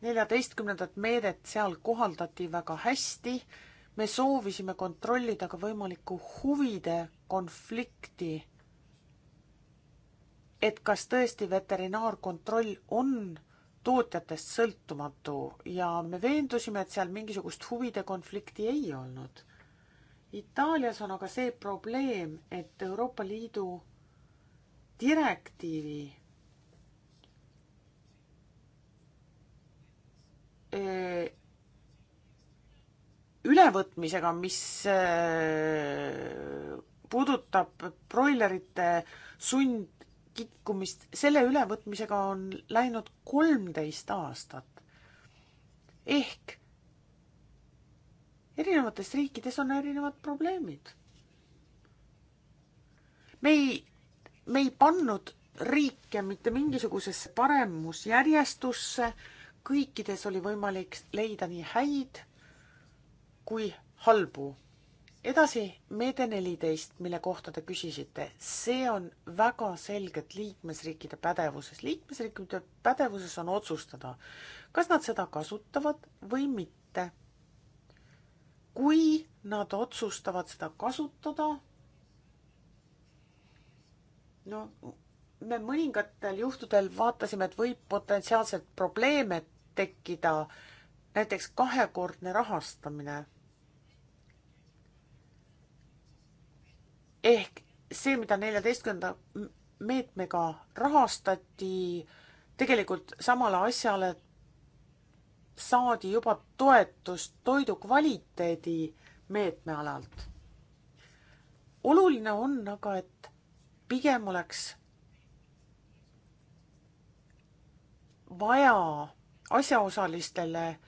neljateistkümnendat meedet seal kohaldati väga hästi me soovisime kontrollida ka võimalikku huvide konflikti. et kas tõesti veterinaarkontroll on tootjatest sõltumatu ja me veendusime, et seal mingisugust huvide konflikti ei olnud. Itaalias on aga see probleem, et Euroopa Liidu direktiivi eh, ülevõtmisega, mis äh, puudutab broilerite sundkitkumist, selle ülevõtmisega on läinud kolmteist aastat. ehk erinevates riikides on erinevad probleemid. me ei, me ei pannud riike mitte mingisugusesse paremusjärjestusse, kõikides oli võimalik leida nii häid kui halbu. edasi meede neliteist, mille kohta te küsisite, see on väga selgelt liikmesriikide pädevuses. liikmesriikide pädevuses on otsustada, kas nad seda kasutavad või mitte. kui nad otsustavad seda kasutada, no me mõningatel juhtudel vaatasime, et võib potentsiaalselt probleeme tekkida, näiteks kahekordne rahastamine ehk see, mida neljateistkümnenda meetmega rahastati, tegelikult samale asjale saadi juba toetust toidu kvaliteedi meetme alalt. oluline on aga, et pigem oleks vaja asjaosalistele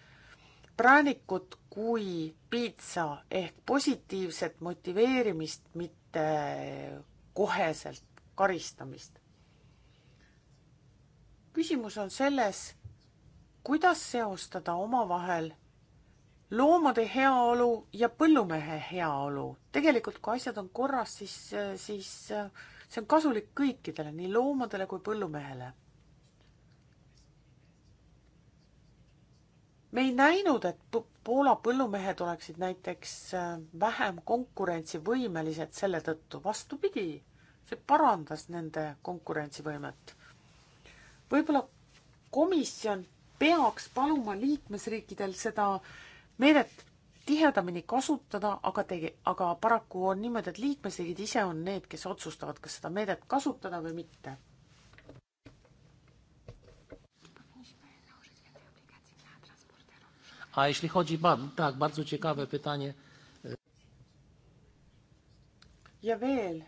präänikut kui piitsa ehk positiivset motiveerimist, mitte koheselt karistamist. küsimus on selles, kuidas seostada omavahel loomade heaolu ja põllumehe heaolu. tegelikult, kui asjad on korras, siis, siis see on kasulik kõikidele, nii loomadele kui põllumehele me ei näinud, et Poola põllumehed oleksid näiteks äh, vähem konkurentsivõimelised selle tõttu, vastupidi, see parandas nende konkurentsivõimet. võib-olla komisjon peaks paluma liikmesriikidel seda meedet tihedamini kasutada, aga tege-, aga paraku on niimoodi, et liikmesriigid ise on need, kes otsustavad, kas seda meedet kasutada või mitte A jeśli chodzi, ba, tak, bardzo ciekawe pytanie. E, ja veel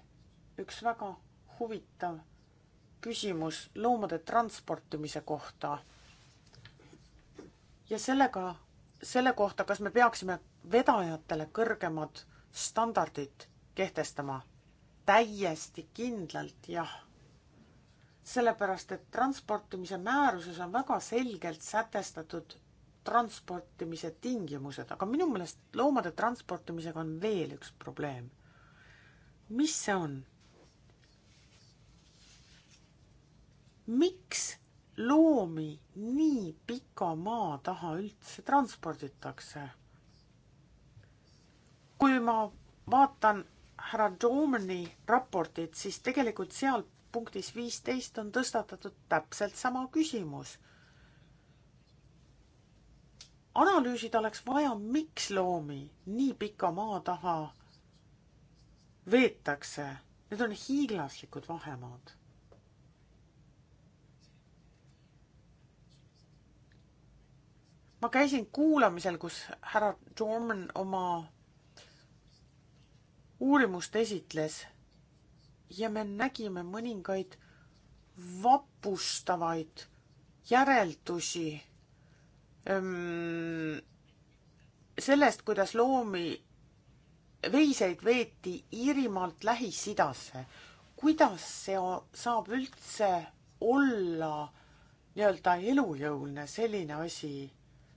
üks väga huvitav küsimus loomade transportimise kohta. ja sellega, selle kohta, kas me peaksime vedajatele kõrgemad standardid kehtestama. täiesti kindlalt jah. sellepärast, et transportimise määruses on väga selgelt sätestatud transportimise tingimused, aga minu meelest loomade transportimisega on veel üks probleem. mis see on? miks loomi nii pika maa taha üldse transporditakse? kui ma vaatan härra Domani raportit, siis tegelikult seal punktis viisteist on tõstatatud täpselt sama küsimus analüüsida oleks vaja, miks loomi nii pika maa taha veetakse. Need on hiiglaslikud vahemaad. ma käisin kuulamisel, kus härra Jorman oma uurimust esitles ja me nägime mõningaid vapustavaid järeldusi sellest, kuidas loomi, veiseid veeti Iirimaalt Lähis-Idasse. kuidas see saab üldse olla nii-öelda elujõuline, selline asi?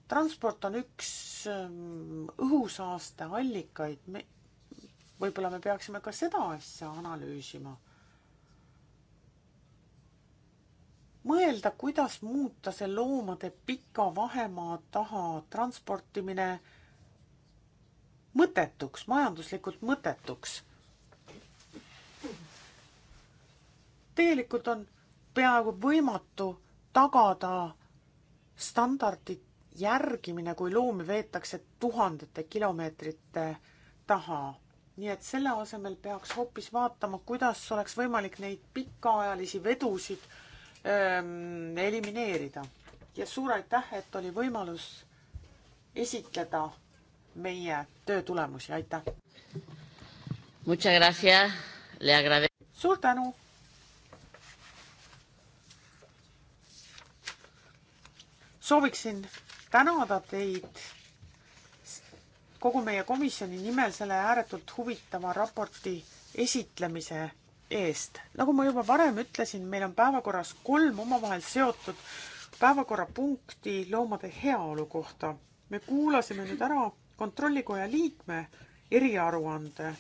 transport on üks õhusaaste allikaid, me, võib-olla me peaksime ka seda asja analüüsima. mõelda, kuidas muuta see loomade pika vahemaa taha transportimine mõttetuks, majanduslikult mõttetuks. tegelikult on peaaegu võimatu tagada standardi järgimine, kui loomi veetakse tuhandete kilomeetrite taha. nii et selle asemel peaks hoopis vaatama, kuidas oleks võimalik neid pikaajalisi vedusid ähm, elimineerida. ja suur aitäh, et oli võimalus esitleda meie töö tulemusi, aitäh! suur tänu! sooviksin tänada teid kogu meie komisjoni nimel selle ääretult huvitava raporti esitlemise eest. nagu ma juba varem ütlesin, meil on päevakorras kolm omavahel seotud päevakorrapunkti loomade heaolu kohta. me kuulasime nüüd ära kontrollikoja liikme eriaruande.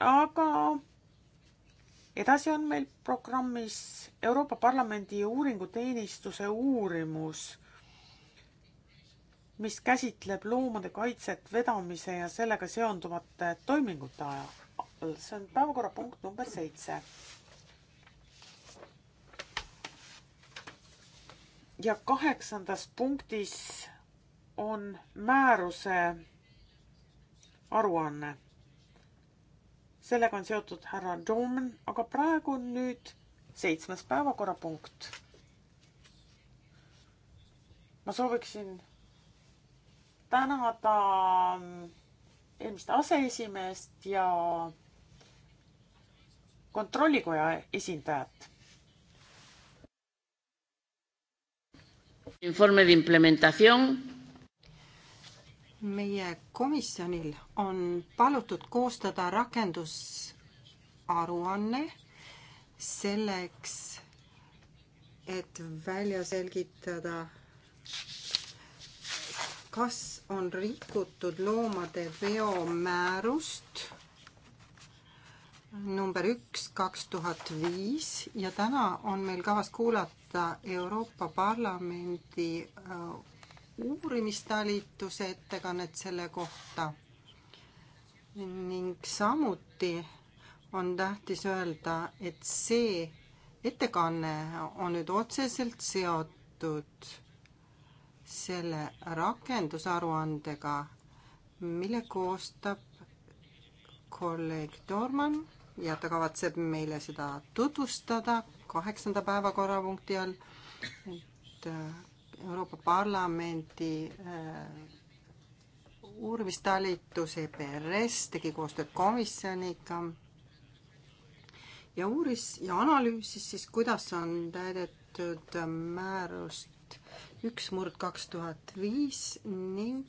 aga edasi on meil programmis Euroopa Parlamendi uuringuteenistuse uurimus, mis käsitleb loomade kaitset vedamise ja sellega seonduvate toimingute ajal Apple, see on päevakorrapunkt number seitse. ja kaheksandas punktis on määruse aruanne. sellega on seotud härra Domen, aga praegu on nüüd seitsmes päevakorrapunkt. ma sooviksin tänada eelmist aseesimeest ja kontrollikoja esindajat. informe de implementatsioon. meie komisjonil on palutud koostada rakendusaruanne selleks, et välja selgitada, kas on rikutud loomade veomäärust number üks kaks tuhat viis ja täna on meil kavas kuulata Euroopa Parlamendi äh, uurimistalituse ettekannet selle kohta. ning samuti on tähtis öelda, et see ettekanne on nüüd otseselt seotud selle rakendusaruandega, mille koostab kolleeg Dorman ja ta kavatseb meile seda tutvustada kaheksanda päevakorrapunkti all, et äh, Euroopa Parlamendi äh, uurimistalitus EPRS tegi koostööd komisjoniga ja uuris ja analüüsis siis, kuidas on täidetud äh, määrust üks murd kaks tuhat viis ning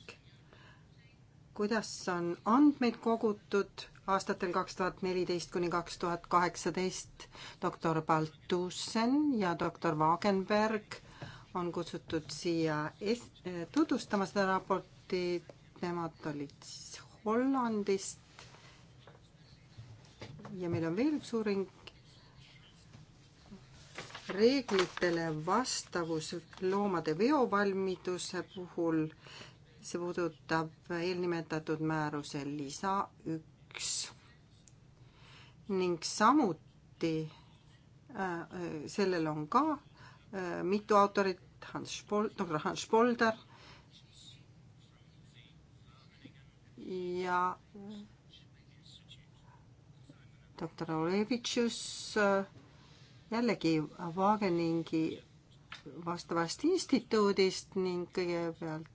kuidas on andmeid kogutud aastatel kaks tuhat neliteist kuni kaks tuhat kaheksateist doktor Baltusen ja doktor Wagenberg on kutsutud siia es-, tutvustama seda raportit, nemad olid siis Hollandist ja meil on veel üks uuring reeglitele vastavus loomade veovalmiduse puhul, see puudutab eelnimetatud määruse lisa üks üks ning samuti äh, äh, sellel on ka äh, mitu autorit, Hans Spol-, doktor Hans Polder ja doktor Olevitšus jällegi Wageningi vastavast instituudist ning kõigepealt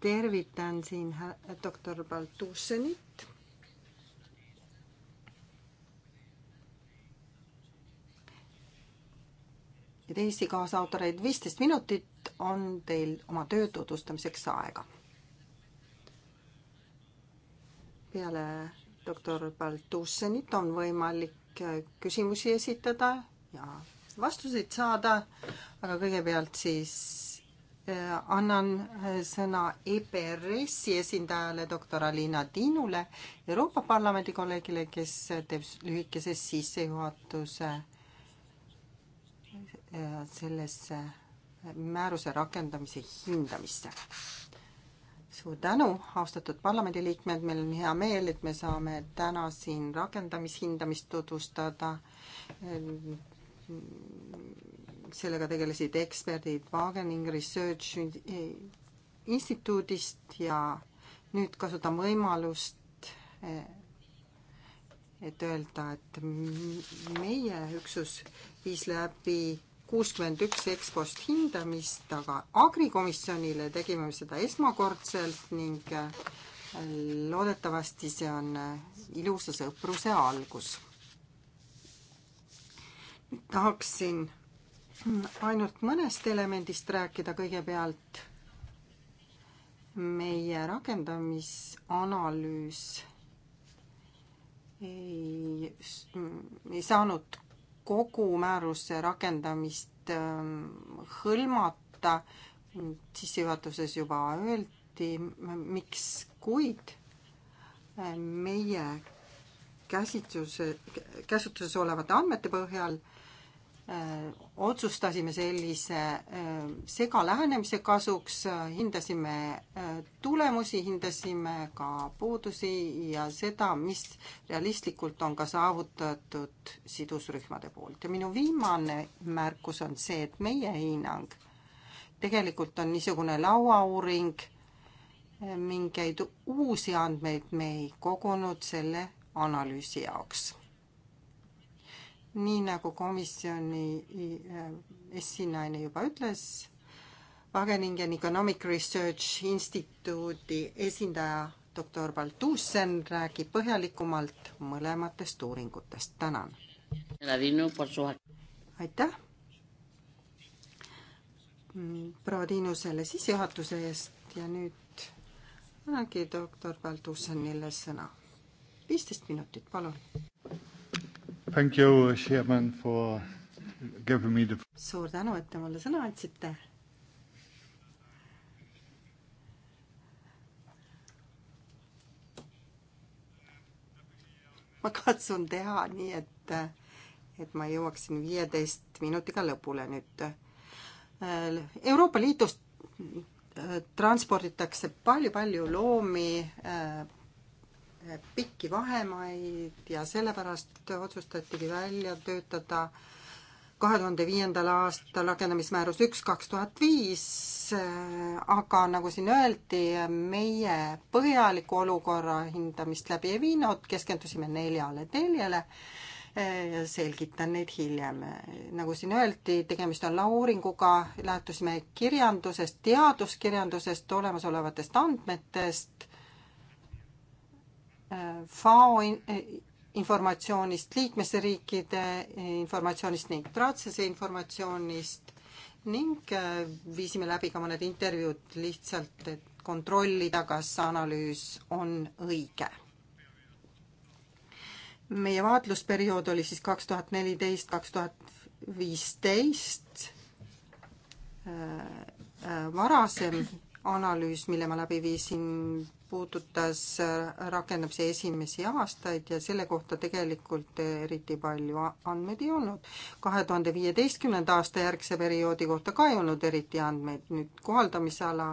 tervitan siin doktor Baltusenit. ja teisi kaasautoreid, viisteist minutit on teil oma töö tutvustamiseks aega. peale doktor Baltusenit on võimalik äh, küsimusi esitada ja vastuseid saada, aga kõigepealt siis Äh, annan äh, sõna EPRS-i esindajale, doktor Alina Tiinule, Euroopa Parlamendi kolleegile, kes teeb lühikese sissejuhatuse äh, sellesse määruse rakendamise hindamisse. suur tänu, austatud parlamendiliikmed, meil on hea meel, et me saame täna siin rakendamishindamist tutvustada sellega tegelesid eksperdid Wagening Research instituudist ja nüüd kasutan võimalust, eh, et öelda, et meie üksus viis läbi kuuskümmend üks ekspost hindamist, aga agrikomisjonile tegime seda esmakordselt ning eh, loodetavasti see on eh, ilusa sõpruse algus. nüüd tahaksin Hmm, ainult mõnest elemendist rääkida kõigepealt. meie rakendamisanalüüs ei, mm, ei saanud kogu määruse rakendamist ähm, hõlmata, sissejuhatuses juba öeldi, miks, kuid äh, meie käsitluse, käsutuses olevate andmete põhjal äh, Äh, otsustasime sellise äh, segalähenemise kasuks, äh, hindasime tulemusi, hindasime ka puudusi ja seda, mis realistlikult on ka saavutatud sidusrühmade poolt ja minu viimane märkus on see, et meie hinnang tegelikult on niisugune lauauuring, mingeid uusi andmeid me ei kogunud selle analüüsi jaoks nii nagu komisjoni eh, esinaine juba ütles, Wageningen Economic Research Instituudi esindaja doktor Baltusen räägib põhjalikumalt mõlematest uuringutest. tänan. aitäh. proua Tiinu selle sissejuhatuse eest ja nüüd annangi doktor Baltusenile sõna. viisteist minutit, palun. Thank you, Chairman, for giving me the suur tänu, et te mulle sõna andsite. ma katsun teha nii, et, et ma jõuaksin viieteist minutiga lõpule nüüd. Euroopa Liidust transporditakse palju-palju loomi pikki vahemaid ja sellepärast otsustatigi välja töötada kahe tuhande viiendal aastal rakendamismäärus üks kaks tuhat viis, aga nagu siin öeldi, meie põhjalikku olukorra hindamist läbi ei viinud, keskendusime neljale teljele ja selgitan neid hiljem. nagu siin öeldi, tegemist on lauuringuga, lähtusime kirjandusest, teaduskirjandusest, olemasolevatest andmetest FAO eh, informatsioonist, liikmesriikide eh, informatsioonist ning traatsese informatsioonist ning eh, viisime läbi ka mõned intervjuud lihtsalt, et kontrollida, kas analüüs on õige. meie vaatlusperiood oli siis kaks tuhat neliteist, kaks tuhat viisteist. varasem analüüs, mille ma läbi viisin, puudutas äh, rakendamise esimesi aastaid ja selle kohta tegelikult eriti palju andmeid ei olnud. kahe tuhande viieteistkümnenda aasta järgse perioodi kohta ka ei olnud eriti andmeid, nüüd kohaldamisala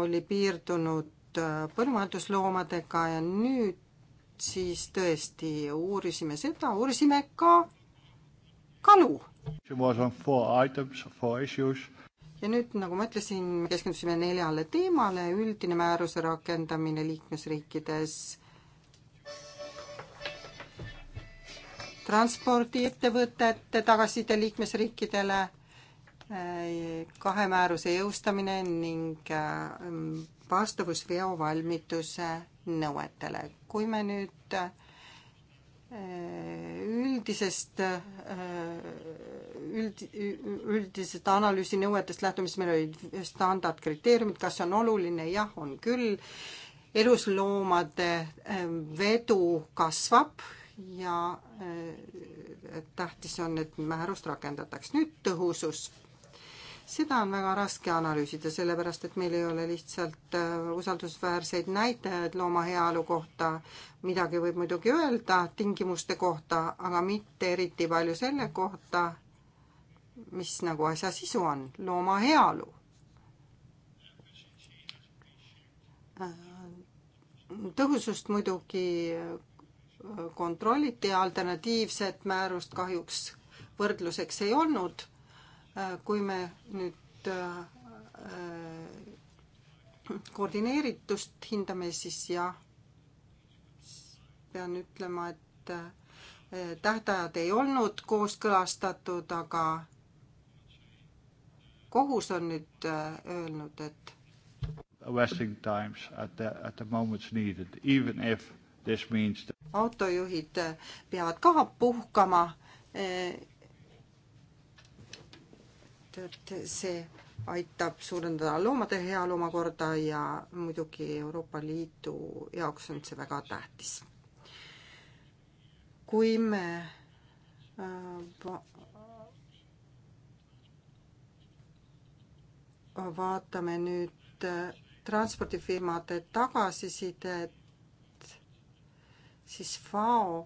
oli piirdunud äh, põllumajandusloomadega ja nüüd siis tõesti uurisime seda, uurisime ka kalu. It was on four items, four issues ja nüüd, nagu ma ütlesin, keskendusime neljale teemale, üldine määruse rakendamine liikmesriikides, transpordiettevõtete tagasiside liikmesriikidele, kahe määruse jõustamine ning ähm, vastavus veovalmiduse nõuetele. kui me nüüd äh, üldisest äh, üld, üldisest analüüsi nõuetest lähtumist, meil olid standardkriteeriumid, kas see on oluline, jah, on küll, elusloomade ähm, vedu kasvab ja äh, tähtis on, et määrust rakendataks. nüüd tõhusus. seda on väga raske analüüsida, sellepärast et meil ei ole lihtsalt äh, usaldusväärseid näitajaid looma heaolu kohta. midagi võib muidugi öelda tingimuste kohta, aga mitte eriti palju selle kohta, mis nagu asja sisu on, looma heaolu. Äh, tõhusust muidugi äh, kontrolliti, alternatiivset määrust kahjuks võrdluseks ei olnud. Äh, kui me nüüd koordineeritust hindame, siis jah, pean ütlema, et tähtajad ei olnud kooskõlastatud, aga kohus on nüüd äh, öelnud, et Vesting times at the, at the moments needed, even if this means that... autojuhid äh, peavad ka puhkama. Äh, et see aitab suurendada loomade heaolu omakorda ja muidugi Euroopa Liidu jaoks on see väga tähtis. kui me vaatame nüüd äh, transpordifirmade tagasisidet, siis FAO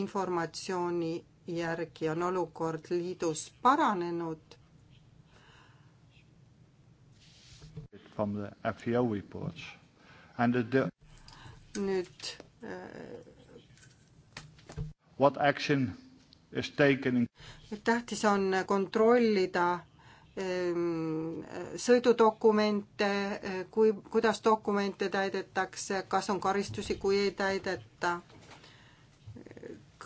informatsiooni järgi on olukord liidus paranenud. E nüüd äh, What action is taken in... tähtis on kontrollida Ehm, sõidudokumente, eh, kui, kuidas dokumente täidetakse, kas on karistusi, kui ei täideta.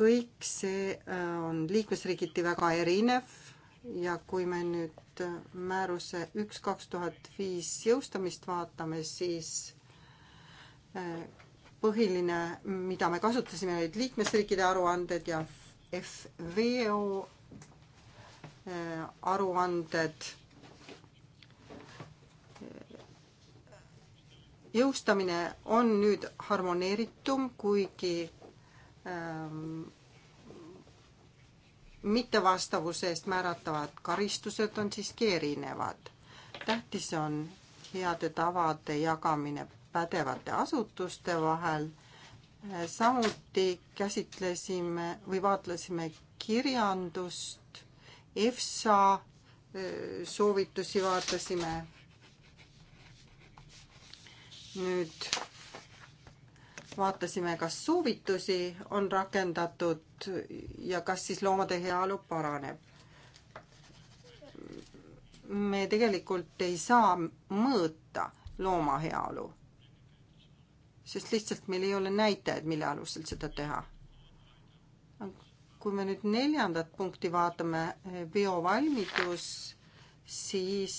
kõik see eh, on liikmesriigiti väga erinev ja kui me nüüd määruse üks kaks tuhat viis jõustamist vaatame, siis eh, põhiline, mida me kasutasime, olid liikmesriikide aruanded ja FVO Äh, aruanded, jõustamine on nüüd harmoneeritum, kuigi ähm, mittevastavuse eest määratavad karistused on siiski erinevad. tähtis on heade tavade jagamine pädevate asutuste vahel. Äh, samuti käsitlesime või vaatlesime kirjandust EFSA soovitusi vaatasime. nüüd vaatasime, kas soovitusi on rakendatud ja kas siis loomade heaolu paraneb. me tegelikult ei saa mõõta looma heaolu, sest lihtsalt meil ei ole näitajaid, mille alusel seda teha kui me nüüd neljandat punkti vaatame, eh, biovalmidus, siis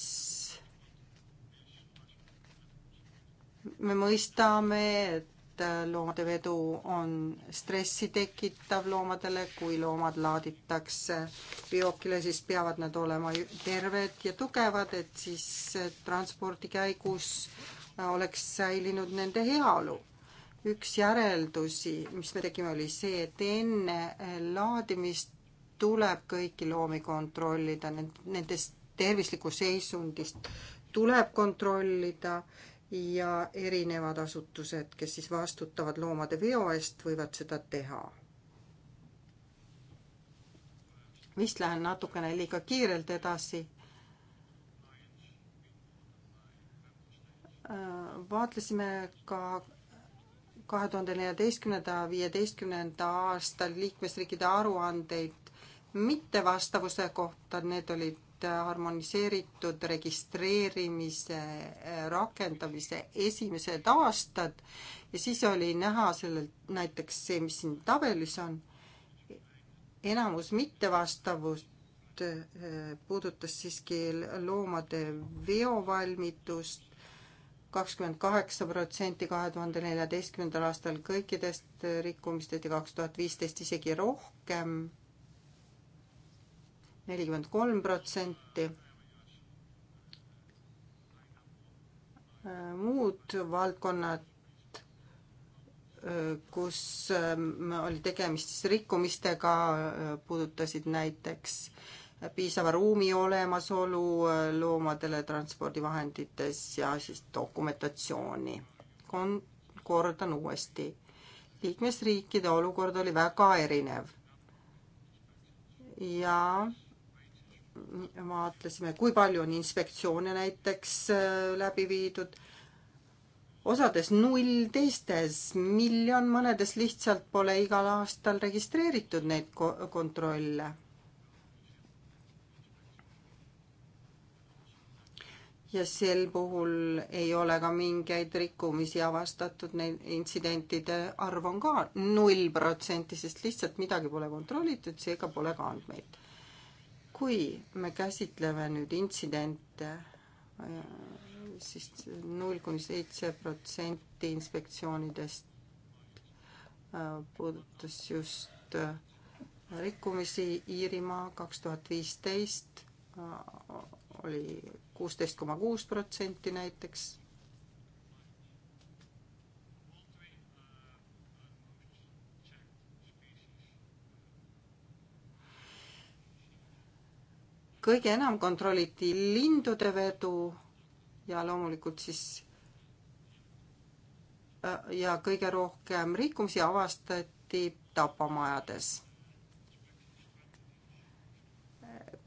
me mõistame, et eh, loomade vedu on stressi tekitav loomadele, kui loomad laaditakse veokile, siis peavad nad olema terved ja tugevad, et siis eh, transpordi käigus oleks säilinud nende heaolu üks järeldusi, mis me tegime, oli see, et enne laadimist tuleb kõiki loomi kontrollida, nendest tervislikust seisundist tuleb kontrollida ja erinevad asutused, kes siis vastutavad loomade veo eest, võivad seda teha. vist lähen natukene liiga kiirelt edasi vaatlesime ka kahe tuhande neljateistkümnenda, viieteistkümnenda aasta liikmesriikide aruandeid mittevastavuse kohta, need olid harmoniseeritud registreerimise rakendamise esimesed aastad ja siis oli näha sellelt näiteks see, mis siin tabelis on, enamus mittevastavust eh, puudutas siiski loomade veovalmidust, kakskümmend kaheksa protsenti kahe tuhande neljateistkümnendal aastal kõikidest rikkumistest ja kaks tuhat viisteist isegi rohkem, nelikümmend kolm protsenti. muud valdkonnad, kus ähm, oli tegemist siis rikkumistega, puudutasid näiteks äh, piisava ruumi olemasolu äh, loomadele transpordivahendites ja siis dokumentatsiooni. Kon-, kordan uuesti. liikmesriikide olukord oli väga erinev. ja vaatasime, kui palju on inspektsioone näiteks äh, läbi viidud, osades null, teistes miljon, mõnedes lihtsalt pole igal aastal registreeritud neid kontrolle ja sel puhul ei ole ka mingeid rikkumisi avastatud, neil intsidentide arv on ka null protsenti, sest lihtsalt midagi pole kontrollitud, seega pole ka andmeid. kui me käsitleme nüüd intsidente, äh, siis null kuni seitse protsenti inspektsioonidest äh, puudutas just äh, rikkumisi Iirimaa kaks tuhat viisteist oli kuusteist koma kuus protsenti näiteks. kõige enam kontrolliti lindude vedu ja loomulikult siis äh, ja kõige rohkem rikkumisi avastati tapamajades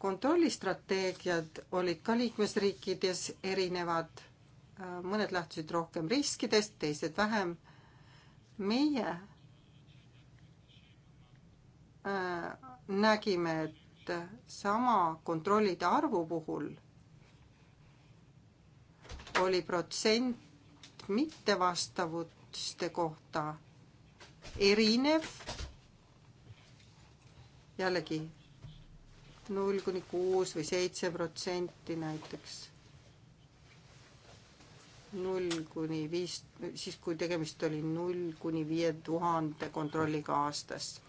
kontrollistrateegiad olid ka liikmesriikides erinevad, mõned lähtusid rohkem riskidest, teised vähem. meie äh, nägime, et sama kontrollide arvu puhul oli protsent mittevastavuste kohta erinev jällegi null kuni kuus või seitse protsenti näiteks. null kuni viis, siis kui tegemist oli null kuni viie tuhande kontrolliga aastas.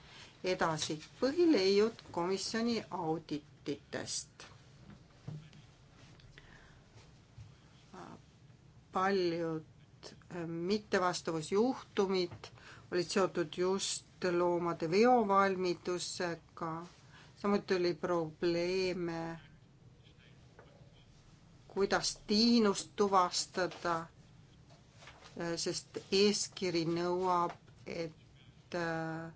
edasi, põhileiud komisjoni audititest. paljud eh, mittevastavusjuhtumid olid seotud just loomade veovalmidusega samuti oli probleeme, kuidas tiinust tuvastada, sest eeskiri nõuab, et äh,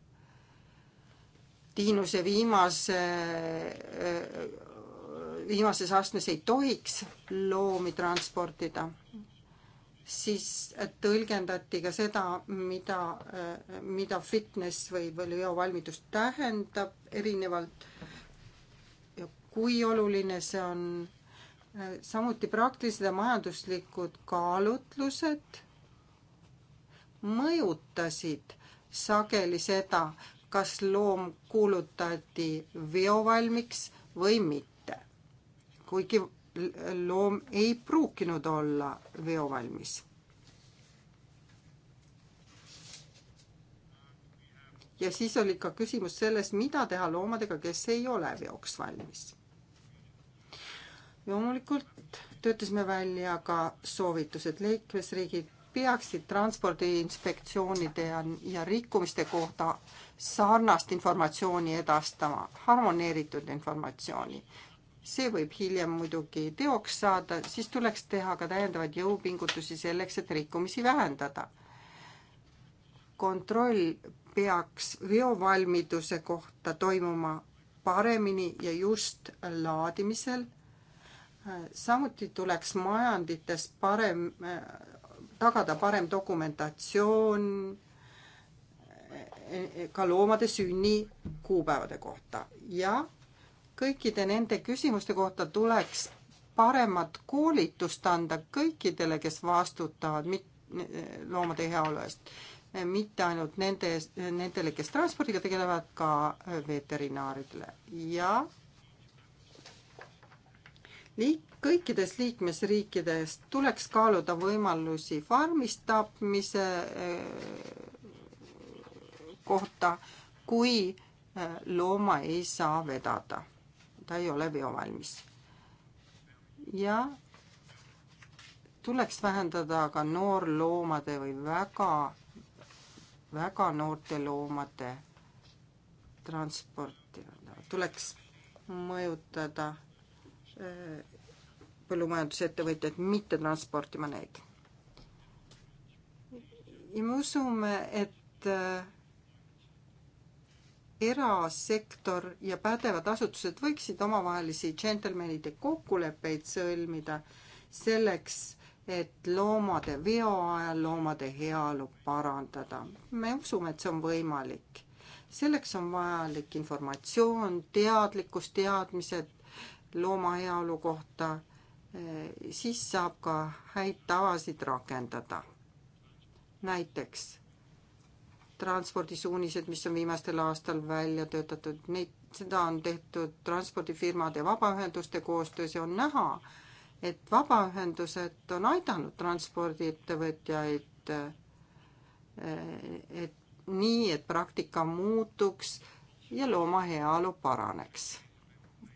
tiinuse viimase, äh, viimases astmes ei tohiks loomi transportida siis tõlgendati ka seda, mida, mida fitness või, või leovalmidus tähendab erinevalt ja kui oluline see on. samuti praktilised ja majanduslikud kaalutlused mõjutasid sageli seda, kas loom kuulutati veovalmiks või mitte. kuigi loom ei pruukinud olla veovalmis. ja siis oli ka küsimus selles, mida teha loomadega, kes ei ole veoks valmis. loomulikult töötasime välja ka soovitused, liikmesriigid peaksid transpordiinspektsioonide ja, ja rikkumiste kohta sarnast informatsiooni edastama, harmoneeritud informatsiooni see võib hiljem muidugi teoks saada, siis tuleks teha ka täiendavaid jõupingutusi selleks, et rikkumisi vähendada. kontroll peaks veovalmiduse kohta toimuma paremini ja just laadimisel. samuti tuleks majandites parem, tagada parem dokumentatsioon eh, eh, ka loomade sünni kuupäevade kohta ja kõikide nende küsimuste kohta tuleks paremat koolitust anda kõikidele, kes vastutavad mit-, loomade heaolu eest. mitte ainult nende, nendele, kes transpordiga tegelevad, ka veterinaaridele ja liik-, kõikides liikmesriikides tuleks kaaluda võimalusi farmis tapmise eh, kohta, kui eh, looma ei saa vedada ta ei ole veovalmis. ja tuleks vähendada ka noorloomade või väga, väga noorte loomade transporti, tuleks mõjutada äh, põllumajandusettevõtjaid mitte transportima neid. ja me usume, et äh, erasektor ja pädevad asutused võiksid omavahelisi džentelmenide kokkuleppeid sõlmida selleks, et loomade veo ajal loomade heaolu parandada. me usume, et see on võimalik. selleks on vajalik informatsioon, teadlikkus, teadmised looma heaolu kohta, siis saab ka häid tavasid rakendada. näiteks transpordisuunised, mis on viimastel aastal välja töötatud, neid, seda on tehtud transpordifirmade ja vabaühenduste koostöös ja on näha, et vabaühendused on aidanud transpordiettevõtjaid, et nii, et praktika muutuks ja looma heaolu paraneks.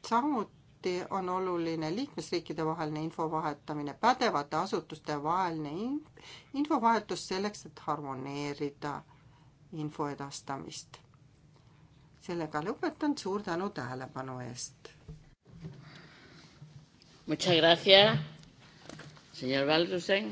samuti on oluline liikmesriikide vaheline info vahetamine, pädevate asutuste vaheline infovahetus selleks, et harmoneerida info edastamist. sellega lõpetan, suur tänu tähelepanu eest. Muchas gracias, señor Valdusen.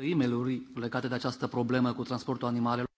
tăimeluri legate de această problemă cu transportul animalelor.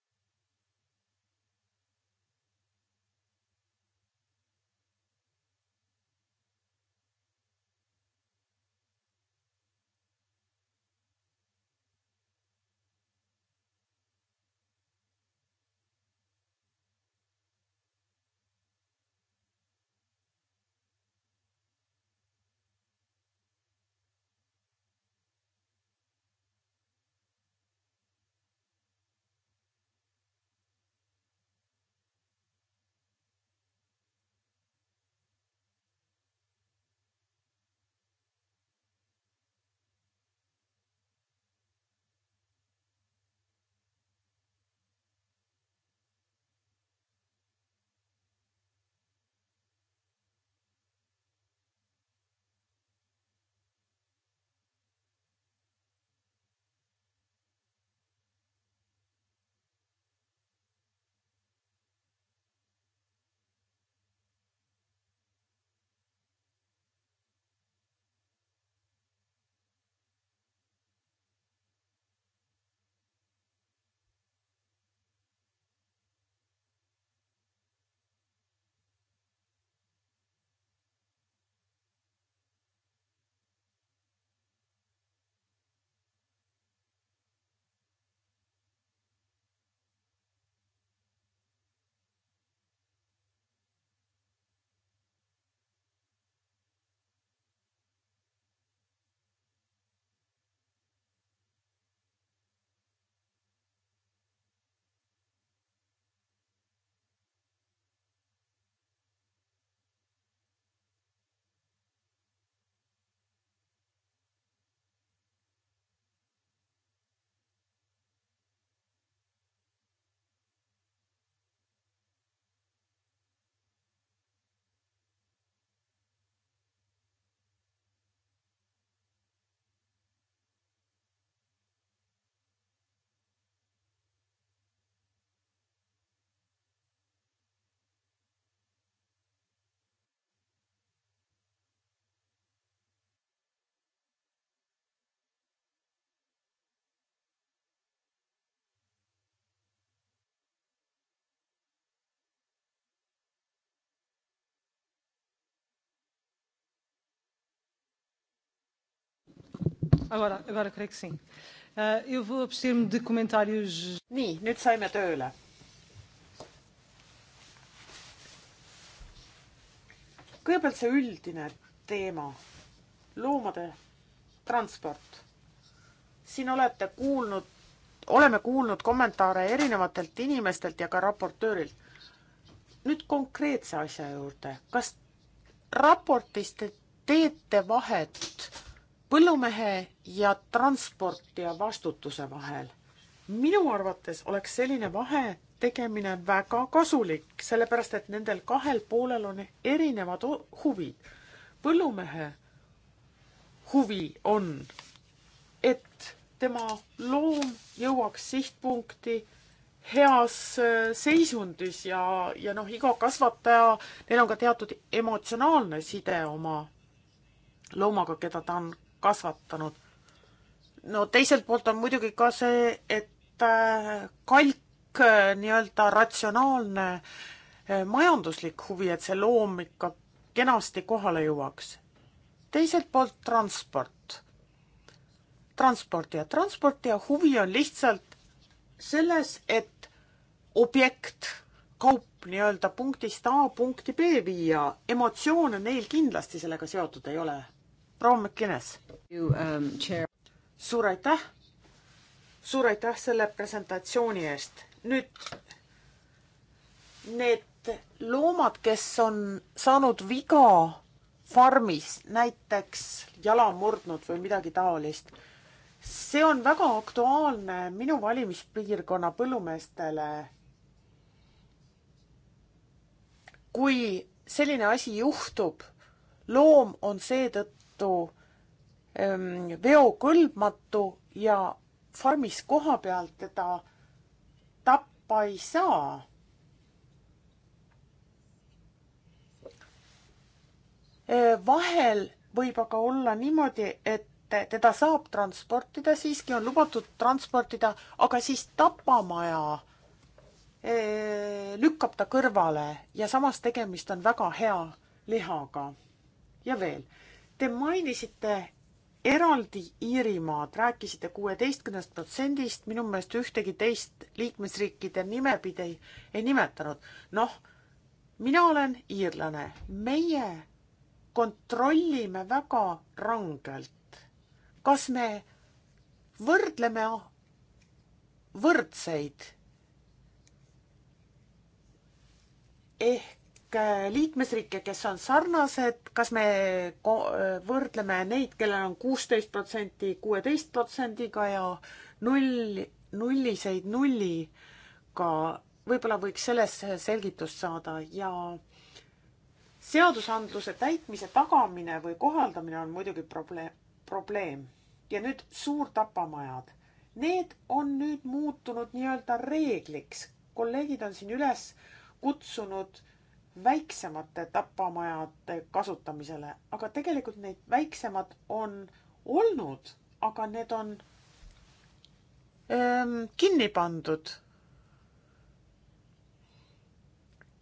Agora, agora creio que sim. Uh, eu vou abster-me de comentários... Nii, nüüd saime tööle. Kõigepealt see üldine teema. Loomade transport. Siin olete kuulnud, oleme kuulnud kommentaare erinevatelt inimestelt ja ka raportöörilt. Nüüd konkreetse asja juurde. Kas raportis te teete vahet põllumehe ja transportija vastutuse vahel. minu arvates oleks selline vahe tegemine väga kasulik, sellepärast et nendel kahel poolel on erinevad huvid. põllumehe huvi on, et tema loom jõuaks sihtpunkti heas äh, seisundis ja, ja noh, iga kasvataja, neil on ka teatud emotsionaalne side oma loomaga, keda ta on kasvatanud. no teiselt poolt on muidugi ka see, et äh, kalk äh, nii-öelda ratsionaalne äh, majanduslik huvi, et see loom ikka kenasti kohale jõuaks. teiselt poolt transport. transport ja transport ja huvi on lihtsalt selles, et objekt, kaup nii-öelda punktist A punkti B viia, emotsioone neil kindlasti sellega seotud ei ole proua McInnes. Um, suur aitäh, suur aitäh selle presentatsiooni eest. nüüd need loomad, kes on saanud viga farmis, näiteks jala murdnud või midagi taolist, see on väga aktuaalne minu valimispiirkonna põllumeestele. kui selline asi juhtub, loom on seetõttu vastu ähm, veokõlbmatu ja farmis koha peal teda tappa ei saa. Äh, vahel võib aga olla niimoodi, et teda saab transportida, siiski on lubatud transportida, aga siis tapamaja äh, lükkab ta kõrvale ja samas tegemist on väga hea lihaga. ja veel Te mainisite eraldi Iirimaad, rääkisite kuueteistkümnest protsendist, minu meelest ühtegi teist liikmesriikide nimepidi ei, ei nimetanud. noh, mina olen iirlane, meie kontrollime väga rangelt, kas me võrdleme võrdseid ehk liikmesriike, kes on sarnased, kas me võrdleme neid, kellel on kuusteist protsenti kuueteist protsendiga ja null, nulliseid nulliga, võib-olla võiks sellest selgitust saada ja seadusandluse täitmise tagamine või kohaldamine on muidugi probleem, probleem. ja nüüd suurtapamajad. Need on nüüd muutunud nii-öelda reegliks. kolleegid on siin üles kutsunud äh, väiksemate tapamajade kasutamisele, aga tegelikult neid väiksemad on olnud, aga need on öö, ähm, kinni pandud.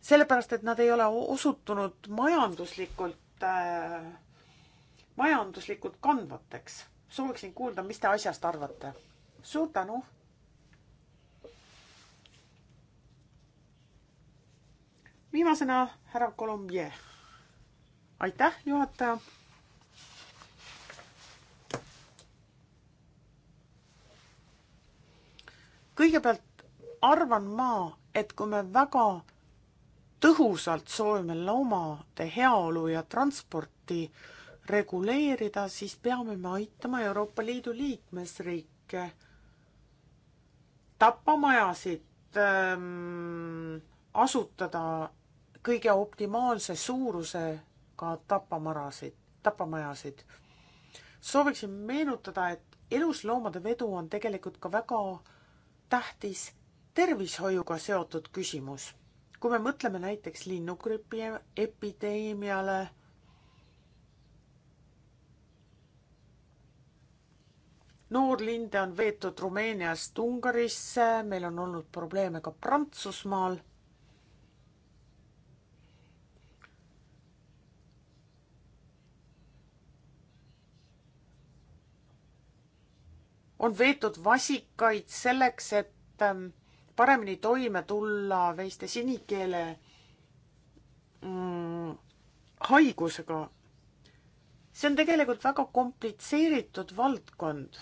sellepärast, et nad ei ole osutunud majanduslikult äh,, majanduslikult kandvateks. sooviksin kuulda, mis te asjast arvate. suur tänu viimasena härra Colombier. aitäh, juhataja. kõigepealt arvan ma, et kui me väga tõhusalt soovime loomade heaolu ja transporti reguleerida, siis peame me aitama Euroopa Liidu liikmesriike tapamajasid ähm, asutada kõige optimaalse suurusega tapamarasid, tapamajasid. sooviksin meenutada, et elusloomade vedu on tegelikult ka väga tähtis tervishoiuga seotud küsimus. kui me mõtleme näiteks linnugripi e-, epideemiale, noorlinde on veetud Rumeeniast Ungarisse, meil on olnud probleeme ka Prantsusmaal on veetud vasikaid selleks, et ähm, paremini toime tulla veiste sinikeele mm, haigusega. see on tegelikult väga komplitseeritud valdkond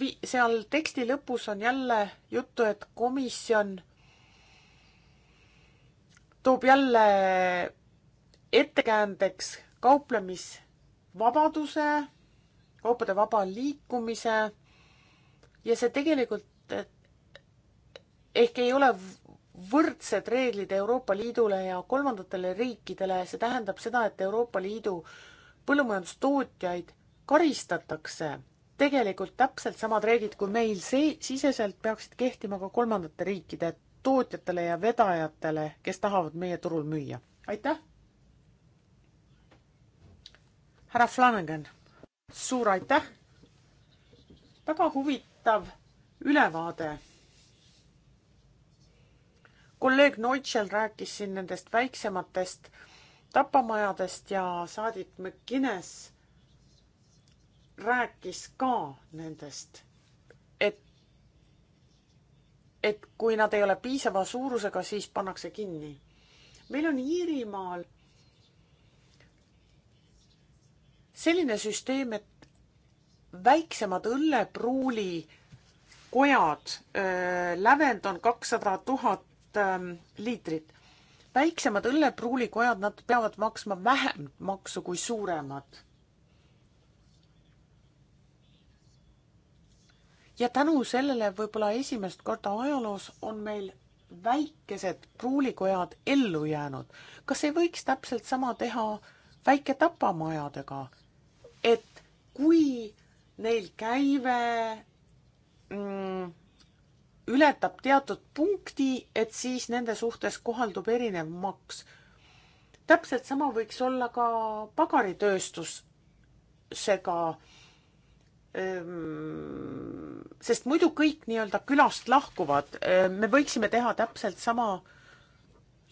vi-, seal teksti lõpus on jälle juttu, et komisjon toob jälle ettekäändeks kauplemisvabaduse kaupade vaba liikumise ja see tegelikult ehk ei ole võrdsed reeglid Euroopa Liidule ja kolmandatele riikidele, see tähendab seda, et Euroopa Liidu põllumajandustootjaid karistatakse. tegelikult täpselt samad reeglid kui meil see, siseselt peaksid kehtima ka kolmandate riikide tootjatele ja vedajatele, kes tahavad meie turul müüa. aitäh! härra Flanagan suur aitäh! väga huvitav ülevaade. kolleeg Neutschel rääkis siin nendest väiksematest tapamajadest ja saadik McGuinness rääkis ka nendest, et, et kui nad ei ole piisava suurusega, siis pannakse kinni. meil on Iirimaal selline süsteem, et väiksemad õllepruuli kojad, lävend on kakssada tuhat liitrit. väiksemad õllepruulikojad, nad peavad maksma vähem maksu kui suuremad. ja tänu sellele võib-olla esimest korda ajaloos on meil väikesed pruulikojad ellu jäänud. kas ei võiks täpselt sama teha Väike-Tapamajadega? et kui neil käive mm, ületab teatud punkti, et siis nende suhtes kohaldub erinev maks. täpselt sama võiks olla ka pagaritööstusega. Ehm, sest muidu kõik nii-öelda külast lahkuvad, ehm, me võiksime teha täpselt sama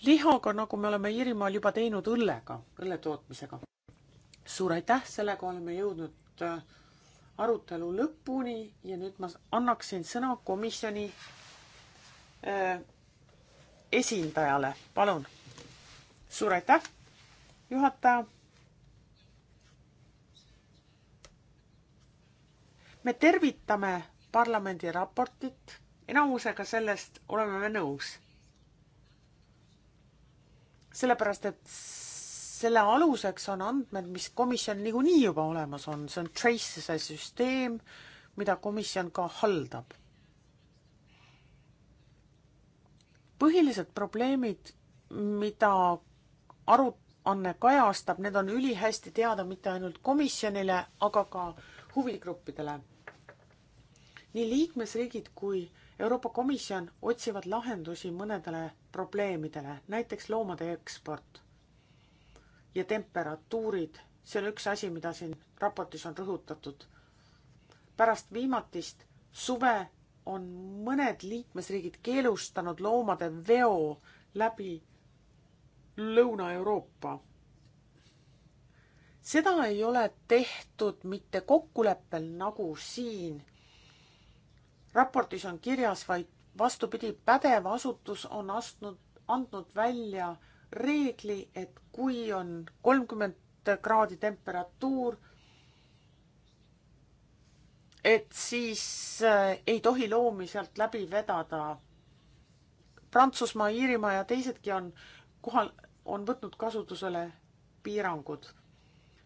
lihaga, nagu me oleme Iirimaal juba teinud õllega, õlle tootmisega suur aitäh, sellega oleme jõudnud äh, arutelu lõpuni ja nüüd ma annaksin sõna komisjoni äh, esindajale, palun. suur aitäh, juhataja. me tervitame parlamendi raportit, enamusega sellest oleme me nõus. sellepärast, et selle aluseks on andmed, mis komisjonil niikuinii juba olemas on, see on Trace'e süsteem, mida komisjon ka haldab. põhilised probleemid, mida aruanne kajastab, need on ülihästi teada mitte ainult komisjonile, aga ka huvigruppidele. nii liikmesriigid kui Euroopa Komisjon otsivad lahendusi mõnedele probleemidele, näiteks loomade eksport ja temperatuurid, see on üks asi, mida siin raportis on rõhutatud. pärast viimatist suve on mõned liikmesriigid keelustanud loomade veo läbi Lõuna-Euroopa. seda ei ole tehtud mitte kokkuleppel nagu siin. raportis on kirjas, vaid vastupidi, pädev asutus on astnud, andnud välja äh, reegli, et kui on kolmkümmend kraadi temperatuur, et siis eh, ei tohi loomi sealt läbi vedada. Prantsusmaa, Iirimaa ja teisedki on kohal, on võtnud kasutusele piirangud.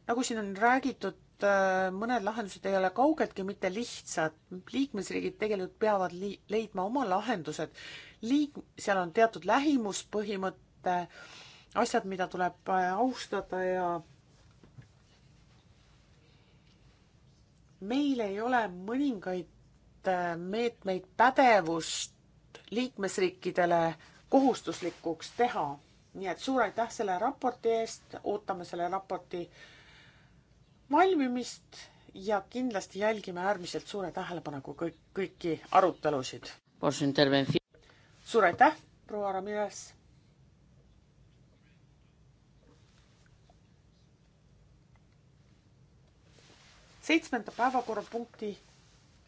nagu siin on räägitud, eh, mõned lahendused ei ole kaugeltki mitte lihtsad. liikmesriigid tegelikult peavad li-, leidma oma lahendused. liik-, seal on teatud lähimuspõhimõte, et äh, asjad, mida tuleb äh, austada ja meil ei ole mõningaid äh, meetmeid pädevust liikmesriikidele kohustuslikuks teha. nii et suur aitäh selle raporti eest, ootame selle raporti valmimist ja kindlasti jälgime äärmiselt suure tähelepanekuga kõik, kõiki arutelusid. suur aitäh, proua Ramirez seitsmenda päevakorrapunkti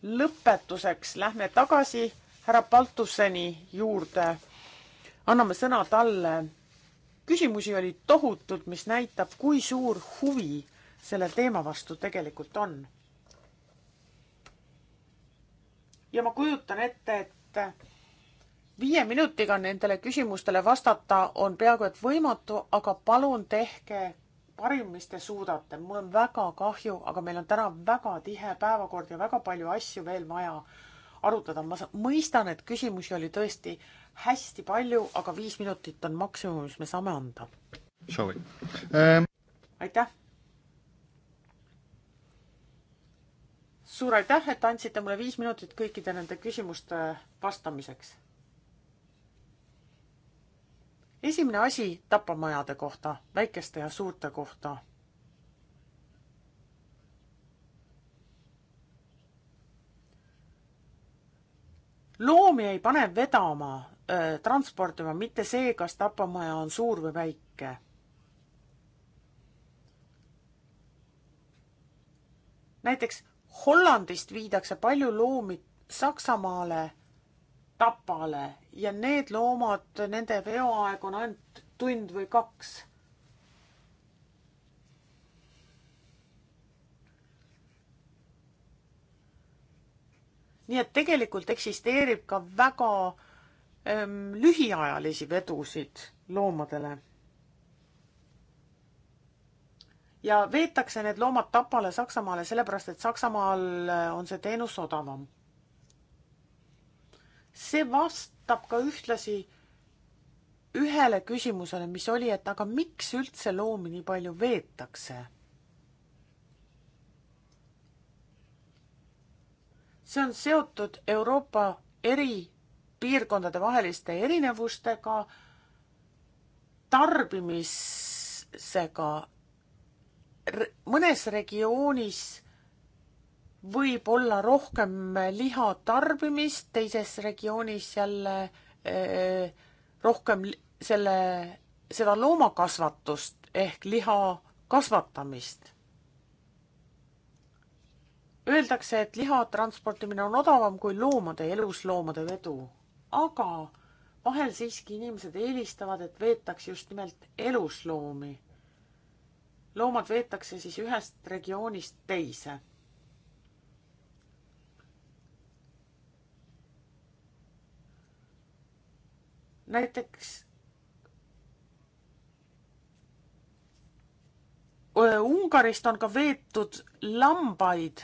lõpetuseks lähme tagasi härra Paltuseni juurde. anname sõna talle. küsimusi oli tohutult, mis näitab, kui suur huvi selle teema vastu tegelikult on. ja ma kujutan ette, et viie minutiga nendele küsimustele vastata on peaaegu et võimatu, aga palun tehke parim, mis te suudate. mul on väga kahju, aga meil on täna väga tihe päevakord ja väga palju asju veel vaja arutada. ma mõistan, et küsimusi oli tõesti hästi palju, aga viis minutit on maksimum, mis me saame anda. soovi ähm.. aitäh. suur aitäh, et andsite mulle viis minutit kõikide nende küsimuste vastamiseks esimene asi tapamajade kohta, väikeste ja suurte kohta. loomi ei pane vedama, äh, transportima, mitte see, kas tapamaja on suur või väike näiteks Hollandist viidakse palju loomi Saksamaale tapale ja need loomad, nende veoaeg on ainult tund või kaks. nii et tegelikult eksisteerib ka väga ähm, lühiajalisi vedusid loomadele. ja veetakse need loomad Tapale, Saksamaale, sellepärast et Saksamaal eh, on see teenus odavam see vastab ka ühtlasi ühele küsimusele, mis oli, et aga miks üldse loomi nii palju veetakse? see on seotud Euroopa eri piirkondade vaheliste erinevustega, tarbimisega. mõnes regioonis võib olla rohkem liha tarbimist, teises regioonis jälle eh, rohkem selle, seda loomakasvatust ehk liha kasvatamist. Öeldakse, et liha transportimine on odavam kui loomade, elusloomade vedu, aga vahel siiski inimesed eelistavad, et veetaks just nimelt elusloomi. loomad veetakse siis ühest regioonist teise näiteks Ungarist on ka veetud lambaid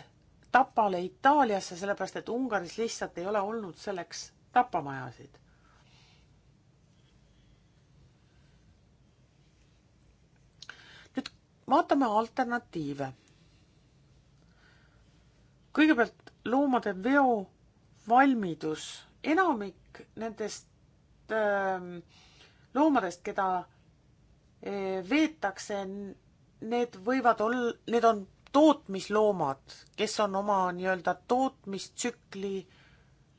tapale Itaaliasse, sellepärast et Ungaris lihtsalt ei ole olnud selleks tapamajasid. nüüd vaatame alternatiive. kõigepealt loomade veovalmidus, enamik nendest Ähm, loomadest, keda äh, veetakse, need võivad olla, need on tootmisloomad, kes on oma nii-öelda tootmistsükli